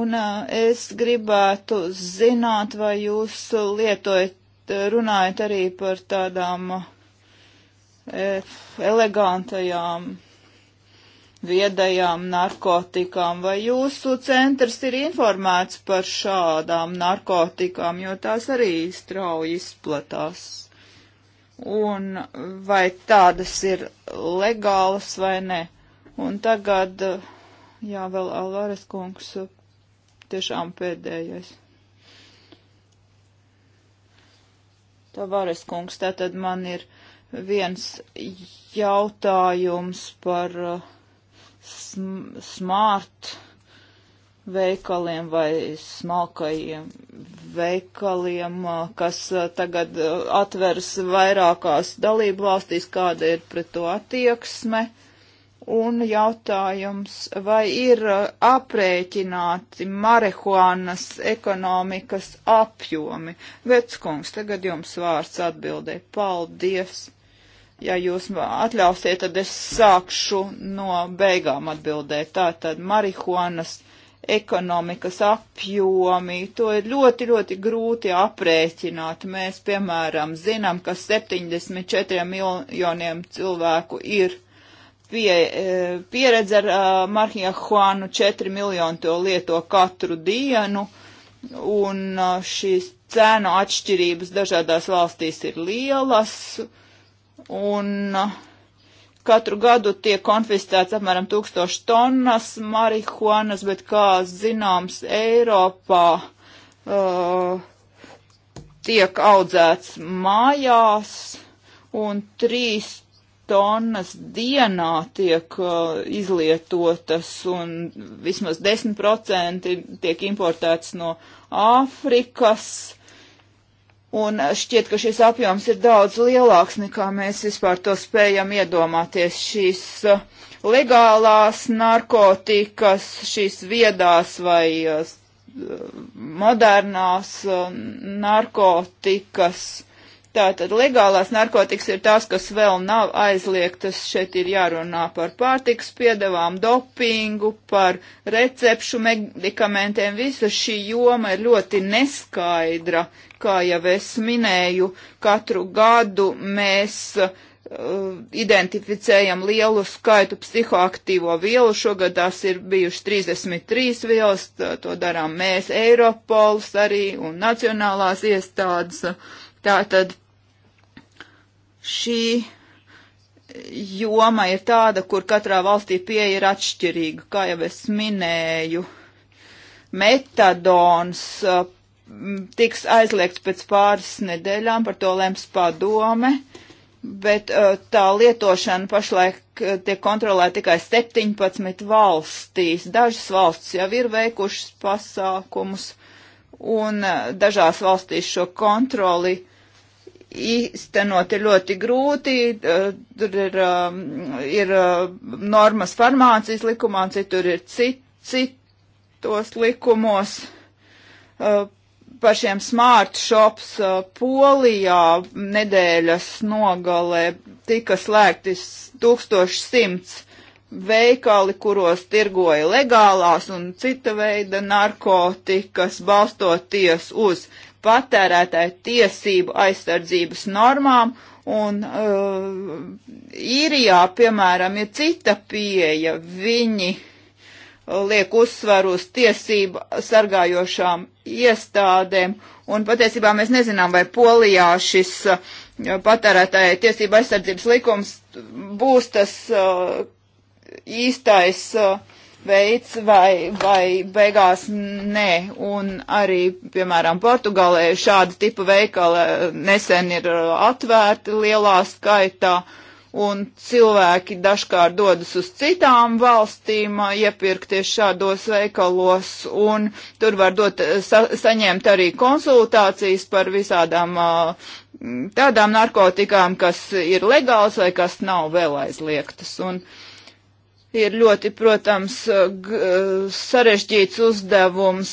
Un eh, es gribētu zināt, vai jūs lietojat, eh, runājat arī par tādām elegantajām viedajām narkotikām. Vai jūsu centrs ir informēts par šādām narkotikām, jo tās arī strauji izplatās? Un vai tādas ir legālas vai ne? Un tagad, jā, vēl Alvarez kungs, tiešām pēdējais. Tavares kungs, tātad man ir viens jautājums par uh, sm smart veikaliem vai smalkajiem veikaliem, kas tagad atveras vairākās dalību valstīs, kāda ir pret to attieksme. Un jautājums, vai ir aprēķināti marihuānas ekonomikas apjomi? Veckungs, tagad jums vārds atbildē. Paldies! Ja jūs atļausiet, tad es sākšu no beigām atbildēt. Tātad marihuanas ekonomikas apjomi, to ir ļoti, ļoti grūti aprēķināt. Mēs, piemēram, zinām, ka 74 miljoniem cilvēku ir pie, e, pieredze ar e, marihuānu, 4 miljoni to lieto katru dienu, un e, šīs cēnu atšķirības dažādās valstīs ir lielas un uh, katru gadu tiek konfiscēts apmēram tūkstoši tonnas marihuanas, bet, kā zināms, Eiropā uh, tiek audzēts mājās un trīs tonnas dienā tiek uh, izlietotas un vismaz 10% tiek importēts no Āfrikas Un šķiet, ka šis apjoms ir daudz lielāks, nekā mēs vispār to spējam iedomāties. Šīs uh, legālās narkotikas, šīs viedās vai uh, modernās uh, narkotikas Tātad legālās narkotikas ir tās, kas vēl nav aizliegtas. Šeit ir jārunā par pārtikas piedevām, dopingu, par recepšu medikamentiem. Visa šī joma ir ļoti neskaidra. Kā jau es minēju, katru gadu mēs uh, identificējam lielu skaitu psihoaktīvo vielu. Šogad tās ir bijušas 33 vielas, to darām mēs, Eiropols arī un nacionālās iestādes. Tātad šī joma ir tāda, kur katrā valstī pieeja ir atšķirīga, kā jau es minēju. Metadons tiks aizliegts pēc pāris nedēļām, par to lems padome, bet tā lietošana pašlaik tiek kontrolēta tikai 17 valstīs. Dažas valstis jau ir veikušas pasākumus, un dažās valstīs šo kontroli uh, īstenot ir ļoti grūti. Eh, tur ir, eh, ir eh, normas farmācijas likumā, citur ir cit, citos likumos. Par šiem smart shops Polijā nedēļas nogalē tika slēgti 1100 veikali, kuros tirgoja legālās un cita veida narkotikas, balstoties uz patērētāju tiesību aizsardzības normām, un uh, īrijā, piemēram, ir cita pieeja. Viņi liek uzsvaru uz tiesību sargājošām iestādēm, un patiesībā mēs nezinām, vai polijā šis uh, patērētāja tiesība aizsardzības likums būs tas uh, īstais uh, veids vai, vai beigās nē. Un arī, piemēram, Portugālē šāda tipa veikala nesen ir uh, atvērti lielā skaitā, un cilvēki dažkārt dodas uz citām valstīm uh, iepirkties šādos veikalos, un tur var dot, uh, sa saņemt arī konsultācijas par visādām tādām narkotikām, kas ir legāls vai kas nav vēl aizliegtas. Un, uh, ir ļoti, protams, sarežģīts uzdevums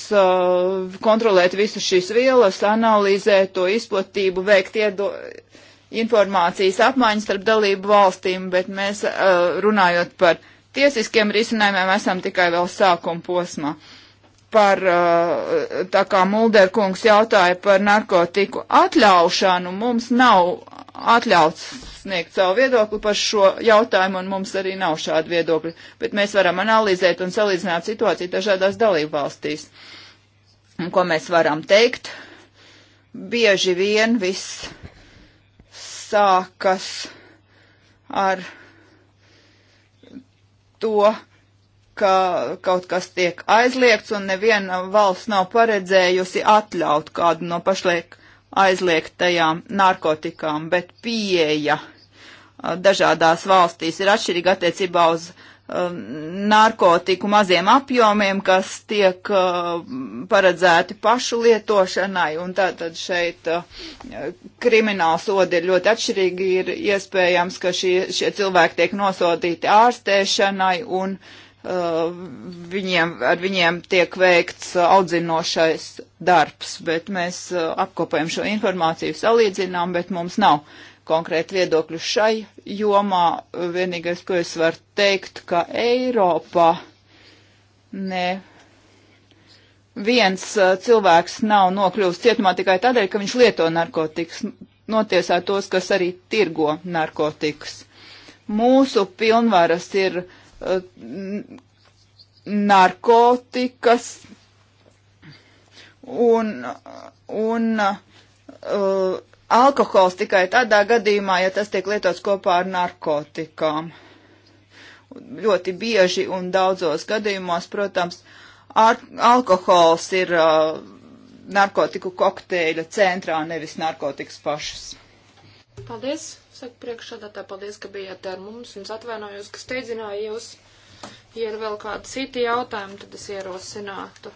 kontrolēt visu šīs vielas, analizēt to izplatību, veikt iedo informācijas apmaiņas starp dalību valstīm, bet mēs runājot par tiesiskiem risinājumiem esam tikai vēl sākuma posmā. Par, tā kā Mulderkungs jautāja par narkotiku atļaušanu, mums nav atļauts sniegt savu viedokli par šo jautājumu, un mums arī nav šāda viedokļa, bet mēs varam analizēt un salīdzināt situāciju dažādās dalību valstīs. Un ko mēs varam teikt? Bieži vien viss sākas ar to, ka kaut kas tiek aizliegts, un neviena valsts nav paredzējusi atļaut kādu no pašlaik aizliegtajām narkotikām, bet pieeja dažādās valstīs ir atšķirīga attiecībā uz um, narkotiku maziem apjomiem, kas tiek uh, paredzēti pašu lietošanai, un tātad šeit uh, krimināla sodi ir ļoti atšķirīgi, ir iespējams, ka šie, šie cilvēki tiek nosodīti ārstēšanai, un uh, viņiem, ar viņiem tiek veikts uh, audzinošais darbs, bet mēs uh, apkopējam šo informāciju, salīdzinām, bet mums nav konkrēti viedokļu šai jomā. Vienīgais, ko es varu teikt, ka Eiropā ne viens uh, cilvēks nav nokļuvis cietumā tikai tādēļ, ka viņš lieto narkotikas, notiesā tos, kas arī tirgo narkotikas. Mūsu pilnvaras ir uh, narkotikas un, un uh, alkohols tikai tādā gadījumā, ja tas tiek lietots kopā ar narkotikām. Ļoti bieži un daudzos gadījumos, protams, ar, alkohols ir uh, narkotiku kokteļa centrā, nevis narkotikas pašas. Paldies, saka priekšādātā, paldies, ka bijāt ar mums un atvainojos, ka steidzināju jūs. Ja ir vēl kādi citi jautājumi, tad es ierosinātu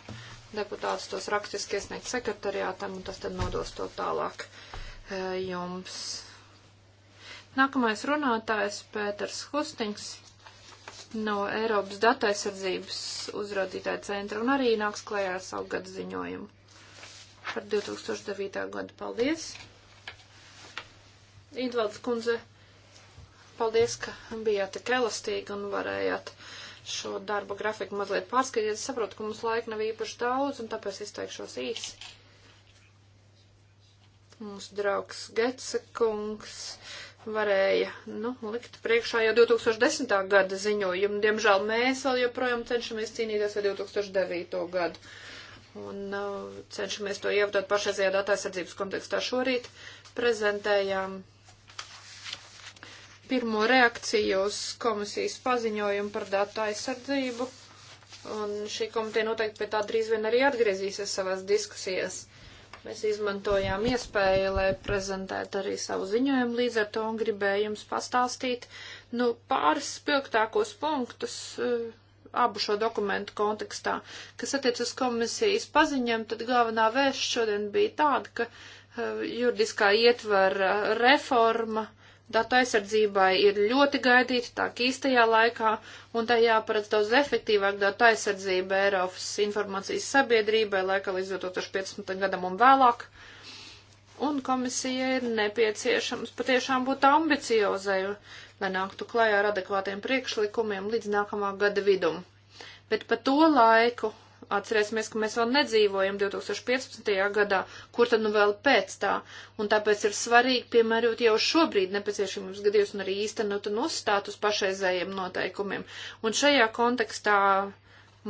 deputātus tos rakstiski iesniegt sekretariātam un tas tad nodos to tālāk. Eh, jums. Nākamais runātājs Pēters Hustings no Eiropas dataizsardzības uzraudzītāja centra un arī nāks klajā ar savu gadu ziņojumu par 2009. gadu. Paldies! Idvalds kundze, paldies, ka bijāt tik elastīgi un varējāt šo darba grafiku mazliet pārskatīties. Saprotu, ka mums laika nav īpaši daudz un tāpēc izteikšos īsi mūsu draugs Getsa kungs varēja, nu, likt priekšā jau 2010. gada ziņojumu. Diemžēl mēs vēl joprojām cenšamies cīnīties ar 2009. gadu. Un uh, cenšamies to ievadot pašreizajā datu aizsardzības kontekstā. Šorīt prezentējām pirmo reakciju uz komisijas paziņojumu par datu aizsardzību. Un šī komiteja noteikti pie tā drīz vien arī atgriezīsies savās diskusijās. Uh, Mēs izmantojām iespēju, lai prezentētu arī savu ziņojumu, līdz ar to gribēju jums pastāstīt nu, pāris spilgtākos punktus uh, abu šo dokumentu kontekstā. Kas attiec uz komisijas paziņam, tad galvenā vēsts šodien bija tāda, ka uh, juridiskā ietvara reforma Datu aizsardzībai ir ļoti gaidīta tā īstajā laikā, un tā jāparedz daudz efektīvāk datu aizsardzība Eiropas informācijas sabiedrībai laika līdz 2015. gadam un vēlāk. Un komisija ir nepieciešams patiešām būt ambiciozai, lai nāktu klajā ar adekvātiem priekšlikumiem līdz nākamā gada vidum. Bet pa to laiku Atcerēsimies, ka mēs vēl nedzīvojam 2015. gadā, kur tad nu vēl pēc tā, un tāpēc ir svarīgi piemērot jau šobrīd nepieciešamības gadījus un arī īstenot un uzstāt uz pašreizējiem noteikumiem. Un šajā kontekstā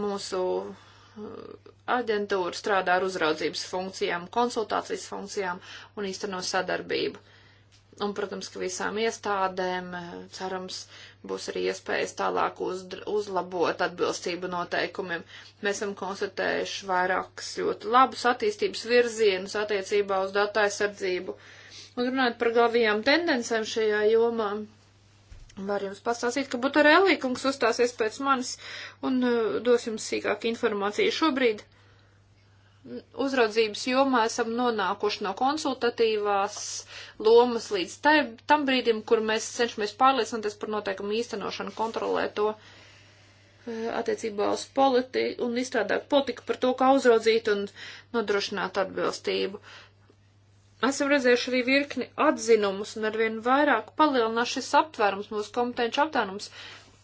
mūsu uh, aģentūra strādā ar uzraudzības funkcijām, konsultācijas funkcijām un īsteno sadarbību. Un, protams, ka visām iestādēm, e, cerams, būs arī iespējas tālāk uz, uzlabot atbilstību noteikumiem. Mēs esam konstatējuši vairākas ļoti labus attīstības virzienus attiecībā uz datu aizsardzību. Un runājot par galvijām tendencēm šajā jomā, var jums pastāstīt, ka Butarelī kungs uzstāsies pēc manis un uh, dos jums sīkāk informāciju šobrīd. Uh, uzraudzības jomā esam nonākuši no konsultatīvās lomas līdz tai, tam brīdim, kur mēs cenšamies pārliecināties par noteikumu īstenošanu, kontrolēt to e, attiecībā uz politiku un izstrādāt politiku par to, kā uzraudzīt un nodrošināt atbilstību. Esam redzējuši arī virkni atzinumus un arvien vairāk palielinās šis aptvērums, mūsu kompetenci aptvērums,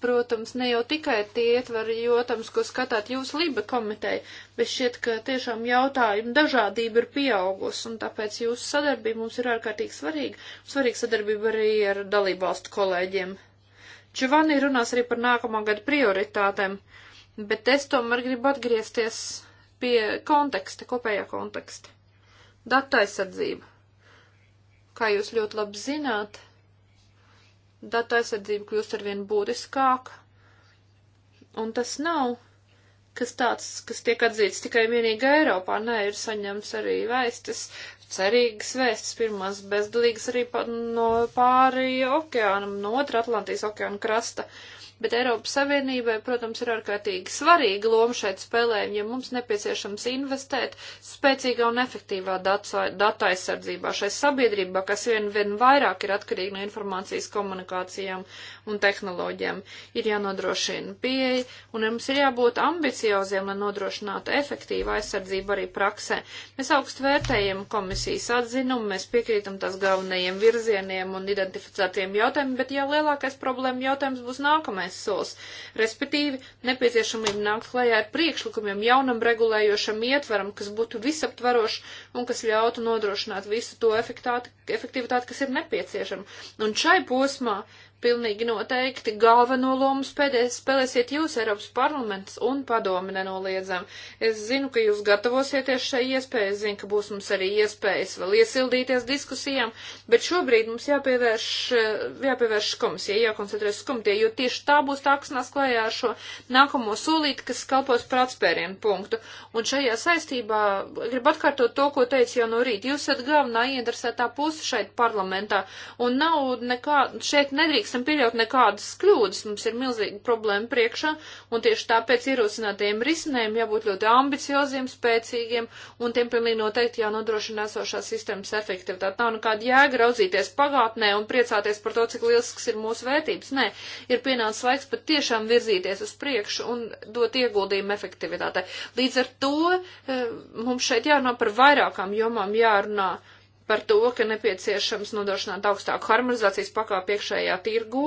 protams, ne jau tikai tie ietvari jautājums, ko skatāt jūs Liba komiteja, bet šķiet, ka tiešām jautājumu dažādība ir pieaugusi, un tāpēc jūsu sadarbība mums ir ārkārtīgi svarīga. Svarīga sadarbība arī ar dalībvalstu kolēģiem. Čivani runās arī par nākamā gada prioritātēm, bet es tomēr gribu atgriezties pie konteksta, kopējā konteksta. Data aizsardzība. Kā jūs ļoti labi zināt, datu aizsardzība kļūst arvien būtiskāka, un tas nav kas tāds, kas tiek atzīts tikai vienīgi Eiropā, nē, ir saņemts arī vēstis, cerīgas vēstis pirmās bezdalīgas arī pa, no pāri okeānam, no otra Atlantijas okeāna krasta. Uh, bet Eiropas Savienībai, protams, ir ārkārtīgi svarīga loma šeit spēlējuma, ja mums nepieciešams investēt spēcīgā un efektīvā datu aizsardzībā šai sabiedrībā, kas vien, vien vairāk ir atkarīga no informācijas komunikācijām un tehnoloģiem. Ir jānodrošina pieeja, un mums ir jābūt ambicioziem, lai nodrošinātu efektīvu aizsardzību arī praksē. Mēs augstu vērtējam komisijas atzinumu, mēs piekrītam tās galvenajiem virzieniem un identificētiem jautājumiem, bet jau lielākais problēma jautājums būs nākamais solis, respektīvi nepieciešamība nākt klajā ar priekšlikumiem jaunam regulējošam ietveram, kas būtu visaptvarošs un kas ļautu nodrošināt visu to efektivitāti, kas ir nepieciešama. Un šai posmā Pilnīgi noteikti galveno lomu spēlēsiet jūs, Eiropas parlaments un padomi nenoliedzam. Es zinu, ka jūs gatavosieties šai iespēju, es zinu, ka būs mums arī iespējas vēl iesildīties diskusijām, bet šobrīd mums jāpievērš, jāpievērš komisijai, jākoncentrēs komitē, jo tieši tā būs tā, kas nāks klājā ar šo nākamo solīti, kas kalpos par atspērienu punktu. Un šajā saistībā gribu atkārtot to, ko teicu jau no rīta. Jūs esat galvenā ieinteresētā puse šeit parlamentā, un nav nekā, šeit nedrīkst nedrīkstam pieļaut nekādas kļūdas, mums ir milzīga problēma priekšā, un tieši tāpēc ierosinātajiem risinājumiem jābūt ļoti ambicioziem, spēcīgiem, un tiem pilnīgi noteikti jānodrošina esošās sistēmas efektivitāte. Nav nekāda jēga raudzīties pagātnē un priecāties par to, cik liels ir mūsu vērtības. Nē, ir pienācis laiks pat tiešām virzīties uz priekšu un dot ieguldījumu efektivitātei. Līdz ar to eh, mums šeit jārunā par vairākām jomām jārunā. Uh, par to, ka nepieciešams nodrošināt augstāku harmonizācijas pakāpi iekšējā tirgu,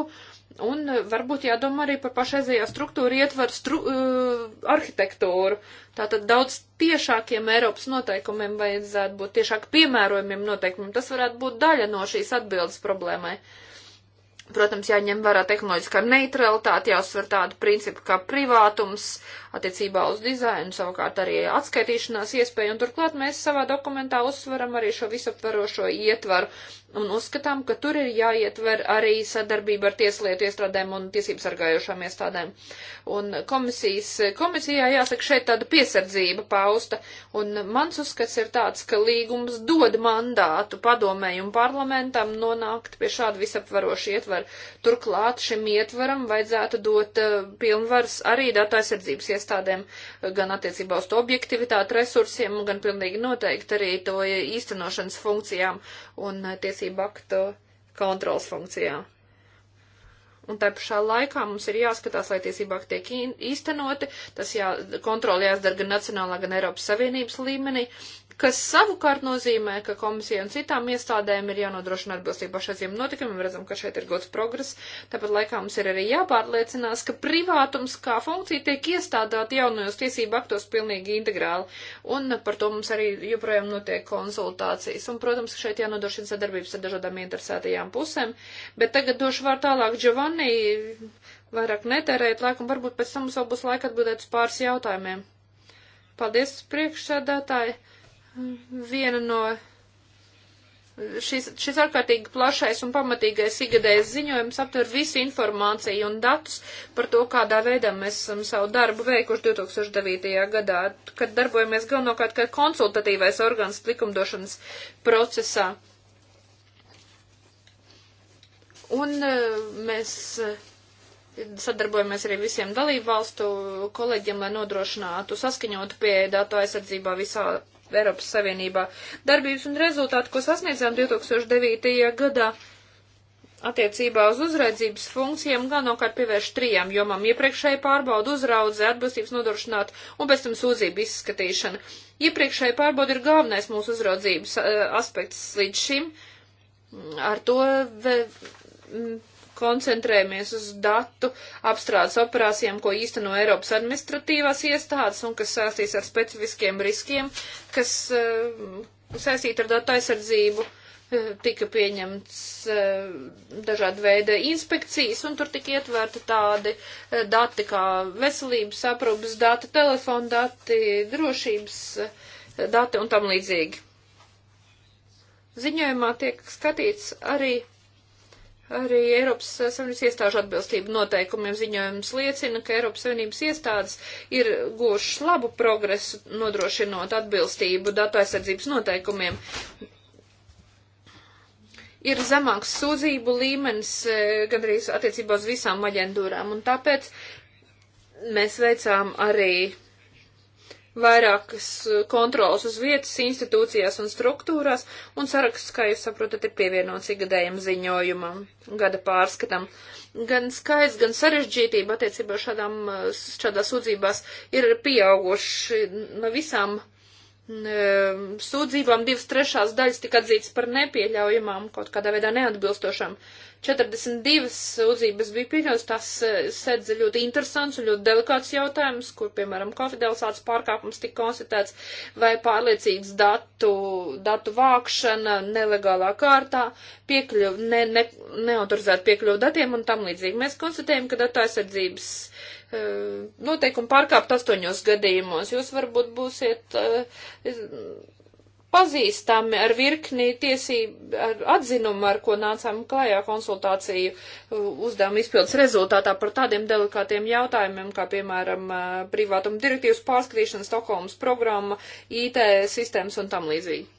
un e, varbūt jādomā arī par pašreizējā struktūra ietvaru stru, uh, arhitektūru. Tātad daudz tiešākiem Eiropas noteikumiem vajadzētu būt tiešāk piemērojumiem noteikumiem. Tas varētu būt daļa no šīs atbildes problēmai. Uh, Protams, jāņem vērā tehnoloģiskā neutralitāte, jāuzsver tādu principu kā privātums attiecībā uz dizainu, savukārt arī atskaitīšanās iespēju, un turklāt mēs savā dokumentā uzsveram arī šo visaptvarošo ietvaru, un uzskatām, ka tur ir jāietver arī sadarbība ar tieslietu iestrādēm un tiesību sargājošām iestādēm. Un komisijas, komisijā jāsaka šeit tāda piesardzība pausta, un mans uzskats ir tāds, ka līgums dod mandātu padomēju un parlamentam nonākt pie šāda visaptvaroša ietvera. Turklāt šim ietveram vajadzētu dot eh, pilnvars arī datu aizsardzības iestādēm, eh, gan attiecībā uz to objektivitāti resursiem, gan pilnīgi noteikti arī to eh, īstenošanas funkcijām un tiesību tiesību aktu kontrols funkcijā. Un tā pašā laikā mums ir jāskatās, lai tiesība akti tiek īstenoti, tas jā, kontroli jāizdara gan nacionālā, gan Eiropas Savienības līmenī, kas savukārt nozīmē, ka komisija un citām iestādēm ir jānodrošina atbilstība pašreiziem notikumiem. Redzam, ka šeit ir gods progress. Tāpat laikā mums ir arī jāpārliecinās, ka privātums kā funkcija tiek iestādāt jaunajos tiesību aktos pilnīgi integrāli. Un par to mums arī joprojām notiek konsultācijas. Un, protams, šeit jānodrošina sadarbības ar dažādām interesētajām pusēm. Bet tagad došu vārdu tālāk Giovanni vairāk netērēt laiku, un varbūt pēc tam mums vēl būs laika atbildēt uz pāris jautājumiem. Paldies, priekšsēdētāji! Viena no šis, šis ārkārtīgi plašais un pamatīgais ikgadējais ziņojums aptver visu informāciju un datus par to, kādā veidā mēs esam savu darbu veikuši 2009. gadā, kad darbojamies galvenokārt kā konsultatīvais organs likumdošanas procesā. Un e, mēs e, sadarbojamies arī visiem dalību valstu kolēģiem, lai nodrošinātu saskaņotu pieeja datu aizsardzībā visā Eiropas Savienībā. Darbības un rezultāti, ko sasniedzām 2009. gadā attiecībā uz uzraidzības funkcijām, galvenokārt pievērš trijām jomām - iepriekšēja pārbauda, uzraudze, atbilstības nodrošināt un pēc tam sūdzību izskatīšana. Iepriekšēja pārbauda ir galvenais mūsu uzraudzības uh, aspekts līdz šim. Ar to ve, m, koncentrējamies uz datu apstrādes operācijām, ko īsteno Eiropas administratīvās iestādes un kas sāstīs ar specifiskiem riskiem, kas eh, saistīti ar datu aizsardzību. Eh, tika pieņemts eh, dažādi veidi inspekcijas, un tur tika ietverti tādi dati kā veselības aprūpas dati, telefona dati, drošības dati un tam līdzīgi. Ziņojumā tiek skatīts arī Arī Eiropas Savienības iestāžu atbilstība noteikumiem ziņojums liecina, ka Eiropas Savienības iestādes ir guvušas labu progresu nodrošinot atbilstību datu aizsardzības noteikumiem. Ir zemāks sūdzību līmenis e, gandrīz attiecībā uz visām aģentūrām, un tāpēc mēs veicām arī vairākas eh, kontrolas uz vietas institūcijās un struktūrās, un saraksts, kā jūs saprotat, ir pievienots ikgadējam ziņojumam, gada pārskatam. Gan skaits, gan sarežģītība attiecībā šādām, eh, šādās sūdzībās ir pieauguši no visām Ehm, sūdzībām divas trešās daļas tika atzītas par nepieļaujamām, kaut kādā veidā neatbilstošām. 42 sūdzības bija pieļauts, tas e, sedza ļoti interesants un ļoti delikāts jautājums, kur, piemēram, konfidenciāls pārkāpums tika konstatēts vai pārliecības datu, datu vākšana nelegālā kārtā, piekļuv, ne, ne, neautorizēta piekļuva datiem un tam līdzīgi. Mēs konstatējam, ka datu aizsardzības Eh, noteikumu pārkāpt astoņos gadījumos. Jūs varbūt būsiet eh, pazīstami ar virkni tiesību, ar atzinumu, ar ko nācām klājā konsultāciju eh, uzdevuma izpildes rezultātā par tādiem delikātiem jautājumiem, kā piemēram privātuma direktīvas pārskatīšana, Stokholmas programma, IT sistēmas un tam līdzīgi.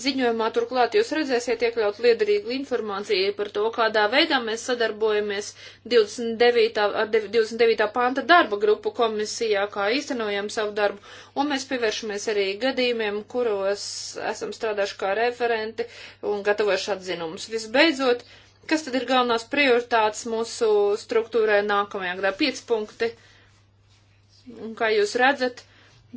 Ziņojumā turklāt jūs redzēsiet iekļaut liederīgu informāciju par to, kādā veidā mēs sadarbojamies 29. ar 29. panta darba grupu komisijā, kā īstenojam savu darbu, un mēs pievēršamies arī gadījumiem, kuros esam strādājuši kā referenti un gatavojuši atzinumus. Visbeidzot, kas tad ir galvenās prioritātes mūsu struktūrē nākamajā gadā? Pieci punkti. Un kā jūs redzat,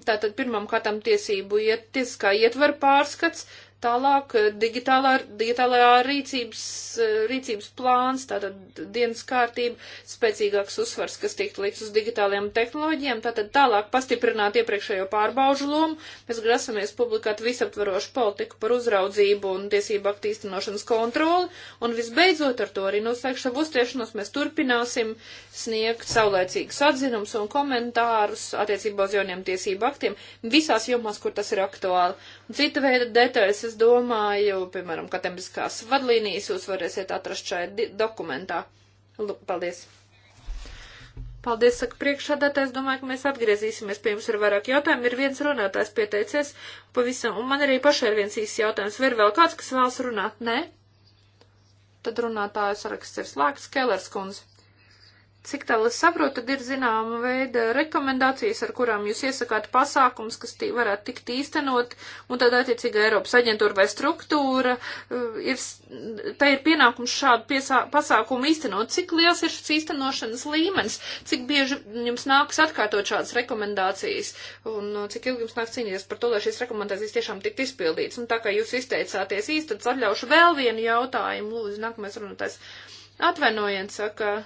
Tātad pirmām kārtām tiesību iet, tiesiskā ietvara pārskats, Tālāk eh, digitālā, digitālajā rīcības, eh, rīcības plāns, tātad dienas kārtība, spēcīgāks uzsvars, kas tiek liks uz digitālajām tehnoloģijām, tātad tālāk pastiprināt iepriekšējo pārbaužu lomu. Mēs grasamies publikāt visaptvarošu politiku par uzraudzību un tiesību aktīstinošanas kontroli. Un visbeidzot ar to arī noslēgšu savu uztiešanos, mēs turpināsim sniegt saulēcīgus atzinums un komentārus attiecībā uz jauniem tiesību aktiem visās jomās, kur tas ir aktuāli. Cita veida detaļas, es domāju, piemēram, katemiskās vadlīnijas jūs varēsiet atrast šajā dokumentā. Lūk, paldies! Paldies, saka priekšādātājs. Domāju, ka mēs atgriezīsimies pie jums ar vairāk jautājumu. Ir viens runātājs pieteicies pavisam, un man arī pašai ir viens īsts jautājums. Vai ir vēl kāds, kas vēlas runāt? Nē? Tad runātājas saraksts ir slēgts. Kellers kundze. Cik tālu es saprotu, tad ir zināma veida rekomendācijas, ar kurām jūs iesakāt pasākums, kas tī, varētu tikt īstenot, un tad attiecīga Eiropas aģentūra vai struktūra, uh, ir, tā ir pienākums šādu piesā, pasākumu īstenot. Cik liels ir šis īstenošanas līmenis, cik bieži jums nāks atkārtot šādas rekomendācijas, un uh, cik ilgi jums nāks cīnīties par to, lai šīs rekomendācijas tiešām tikt izpildītas. Un tā kā jūs izteicāties īsti, tad atļaušu vēl vienu jautājumu, lūdzu, nākamais runātājs. Atvainojiet, saka.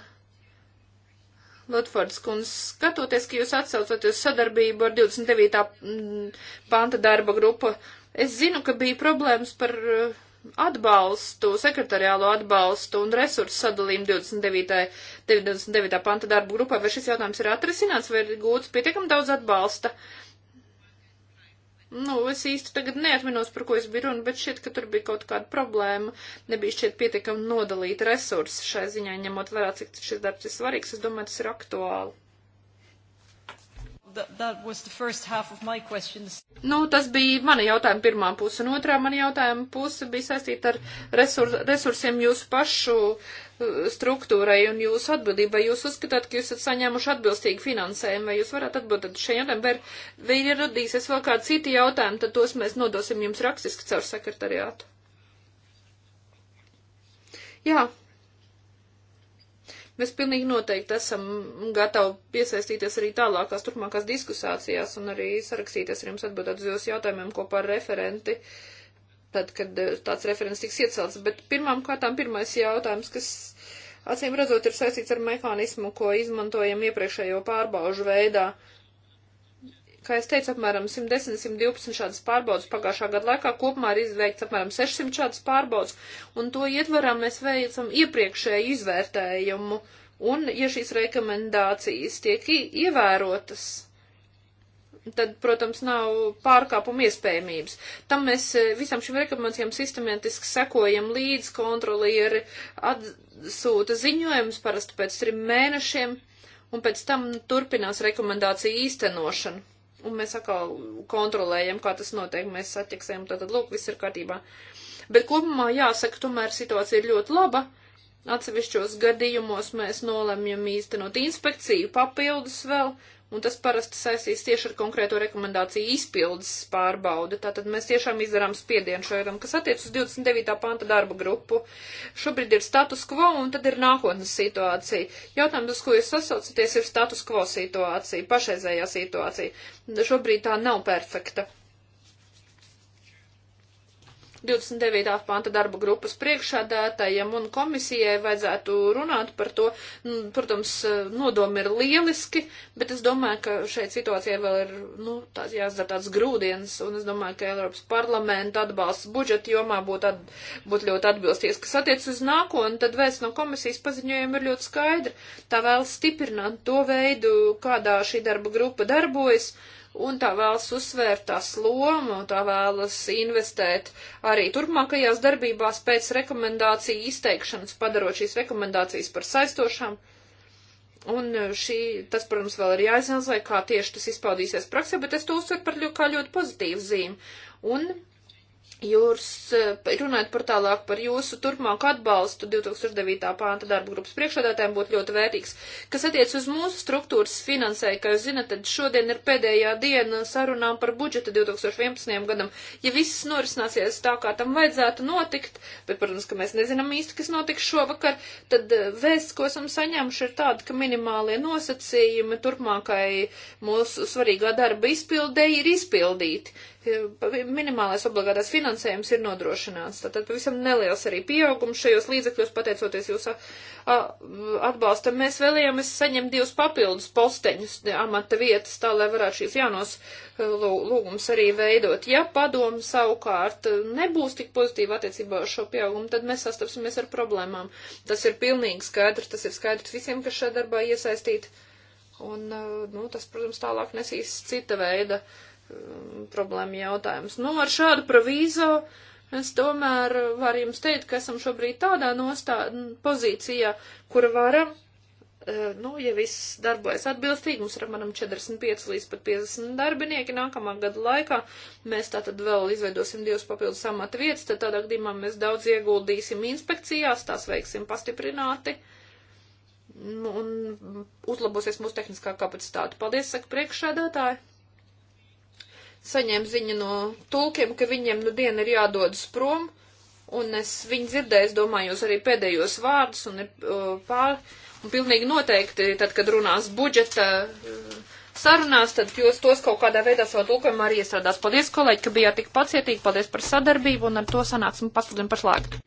Lotfords kundz, skatoties, ka jūs atsaucoties sadarbību ar 29. Mm, panta darba grupu, es zinu, ka bija problēmas par uh, atbalstu, sekretariālo atbalstu un resursu sadalījumu 29. 29. panta darba grupā. Vai šis jautājums ir atrisināts vai ir gūts pietiekam daudz atbalsta? Uh, Nu, es īsti tagad neatminos, par ko es biju runa, bet šķiet, ka tur bija kaut kāda problēma. Nebija šķiet pietiekami nodalīta resursi šai ziņā, ņemot vērā, cik šis darbs ir svarīgs. Es domāju, tas ir aktuāli that, that was the first half of my questions. Nu, tas bija mana jautājuma pirmā puse, un otrā mana jautājuma puse bija saistīta ar resurs, resursiem jūsu pašu uh, struktūrai un jūsu atbildību. Vai jūs uzskatāt, ka jūs esat saņēmuši atbilstīgu finansējumu, vai jūs varat atbildēt šiem jautājumiem, vai ir radīsies vēl kādi citi jautājumi, tad tos mēs nodosim jums rakstiski caur sekretariātu. Jā, Mēs pilnīgi noteikti esam gatavi piesaistīties arī tālākās turpmākās diskusācijās un arī sarakstīties ar jums atbildēt uz jūsu jautājumiem kopā ar referenti, tad, kad eh, tāds referents tiks iecelts. Bet pirmām kārtām pirmais jautājums, kas acīm redzot ir saistīts ar mehānismu, ko izmantojam iepriekšējo pārbaužu veidā. Uh, Kā es teicu, apmēram 110-112 šādas pārbaudas pagājušā gada laikā kopumā ir izveikts apmēram 600 šādas pārbaudas, un to ietvarā mēs veicam iepriekšēju izvērtējumu, un ja šīs rekomendācijas tiek ievērotas, tad, protams, nav pārkāpuma iespējamības. Tam mēs e, visam šim rekomendācijām sistematiski sekojam līdz kontrolieri atsūta ziņojums parasti pēc trim mēnešiem, un pēc tam turpinās rekomendāciju īstenošanu un mēs atkal kontrolējam, kā tas notiek, mēs saķeksējam, tātad, lūk, viss ir kārtībā. Bet kopumā jāsaka, tomēr situācija ir ļoti laba. Atsevišķos gadījumos mēs nolemjam īstenot inspekciju papildus vēl, un tas parasti saistīts tieši ar konkrēto rekomendāciju izpildes pārbaudi. Tātad mēs tiešām izdarām spiedienu šajam, kas attiec uz 29. panta darba grupu. Šobrīd ir status quo, un tad ir nākotnes situācija. Jautājums, uz ko jūs sasaucaties, ir status quo situācija, pašreizējā situācija. Šobrīd tā nav perfekta. 29. panta darba grupas priekšādātājiem un komisijai vajadzētu runāt par to. Nu, protams, nodomi ir lieliski, bet es domāju, ka šeit situācijai vēl ir, nu, tās jāsadzēr tāds grūdienas, un es domāju, ka Eiropas parlamenta atbalsts budžeta jomā būtu at, būt ļoti atbilsties. Kas attiec uz nākotni, tad vēsts no komisijas paziņojuma ir ļoti skaidra. Tā vēl stiprināt to veidu, kādā šī darba grupa darbojas. Uh, un tā vēlas uzsvērt tās lomu, un tā vēlas investēt arī turpmākajās darbībās pēc rekomendāciju izteikšanas, padarot šīs rekomendācijas par saistošām. Un e, šī, tas, protams, vēl ir jāizanalizē, kā tieši tas izpaudīsies praksē, bet es to uzsveru par ļoti, kā ļoti pozitīvu zīmi. Un Jūs eh, runājat par tālāk par jūsu turpmāku atbalstu 2009. pānta darba grupas priekšādātājiem būtu ļoti vērtīgs. Kas attiec uz mūsu struktūras finansēju, kā jūs zinat, tad šodien ir pēdējā diena sarunām par budžetu 2011. gadam. Ja viss norisināsies tā, kā tam vajadzētu notikt, bet, protams, ka mēs nezinām īsti, kas notiks šovakar, tad eh, vēsts, ko esam saņēmuši, ir tāda, ka minimālie nosacījumi turpmākai mūsu svarīgā darba izpildēji ir izpildīti minimālais obligātās finansējums ir nodrošināts. Tātad pavisam neliels arī pieaugums šajos līdzekļos, pateicoties jūsu atbalstam. Mēs vēlējāmies saņemt divus papildus posteņus amata vietas, tā lai varētu šīs jaunos lūgums arī veidot. Ja padomu savukārt nebūs tik pozitīva attiecībā uz šo pieaugumu, tad mēs sastapsimies ar problēmām. Tas ir pilnīgi skaidrs, tas ir skaidrs visiem, kas šajā darbā iesaistīti. Un, nu, tas, protams, tālāk nesīs cita veida uh, Um, problēma jautājums. Nu, ar šādu provīzo es tomēr varu jums teikt, ka esam šobrīd tādā nostā, pozīcijā, kura varam, uh, nu, ja viss darbojas atbilstīgi, mums ir apmēram 45 līdz pat 50 darbinieki nākamā gada laikā, mēs tātad vēl izveidosim divas papildus amata vietas, tad tādā gadījumā mēs daudz ieguldīsim inspekcijās, tās veiksim pastiprināti nu, un uzlabosies mūsu tehniskā kapacitāte. Paldies, saka priekšsēdētāji! saņēmu ziņu no tulkiem, ka viņiem nu diena ir jādodas prom, un es viņu dzirdēju, es domāju, jūs arī pēdējos vārdus, un ir uh, pār, un pilnīgi noteikti, tad, kad runās budžeta uh, sarunās, tad jūs tos kaut kādā veidā savā tulkojumā arī iestrādās. Paldies, kolēģi, ka bijāt tik pacietīgi, paldies par sadarbību, un ar to sanāksim pasludinu pašlaik.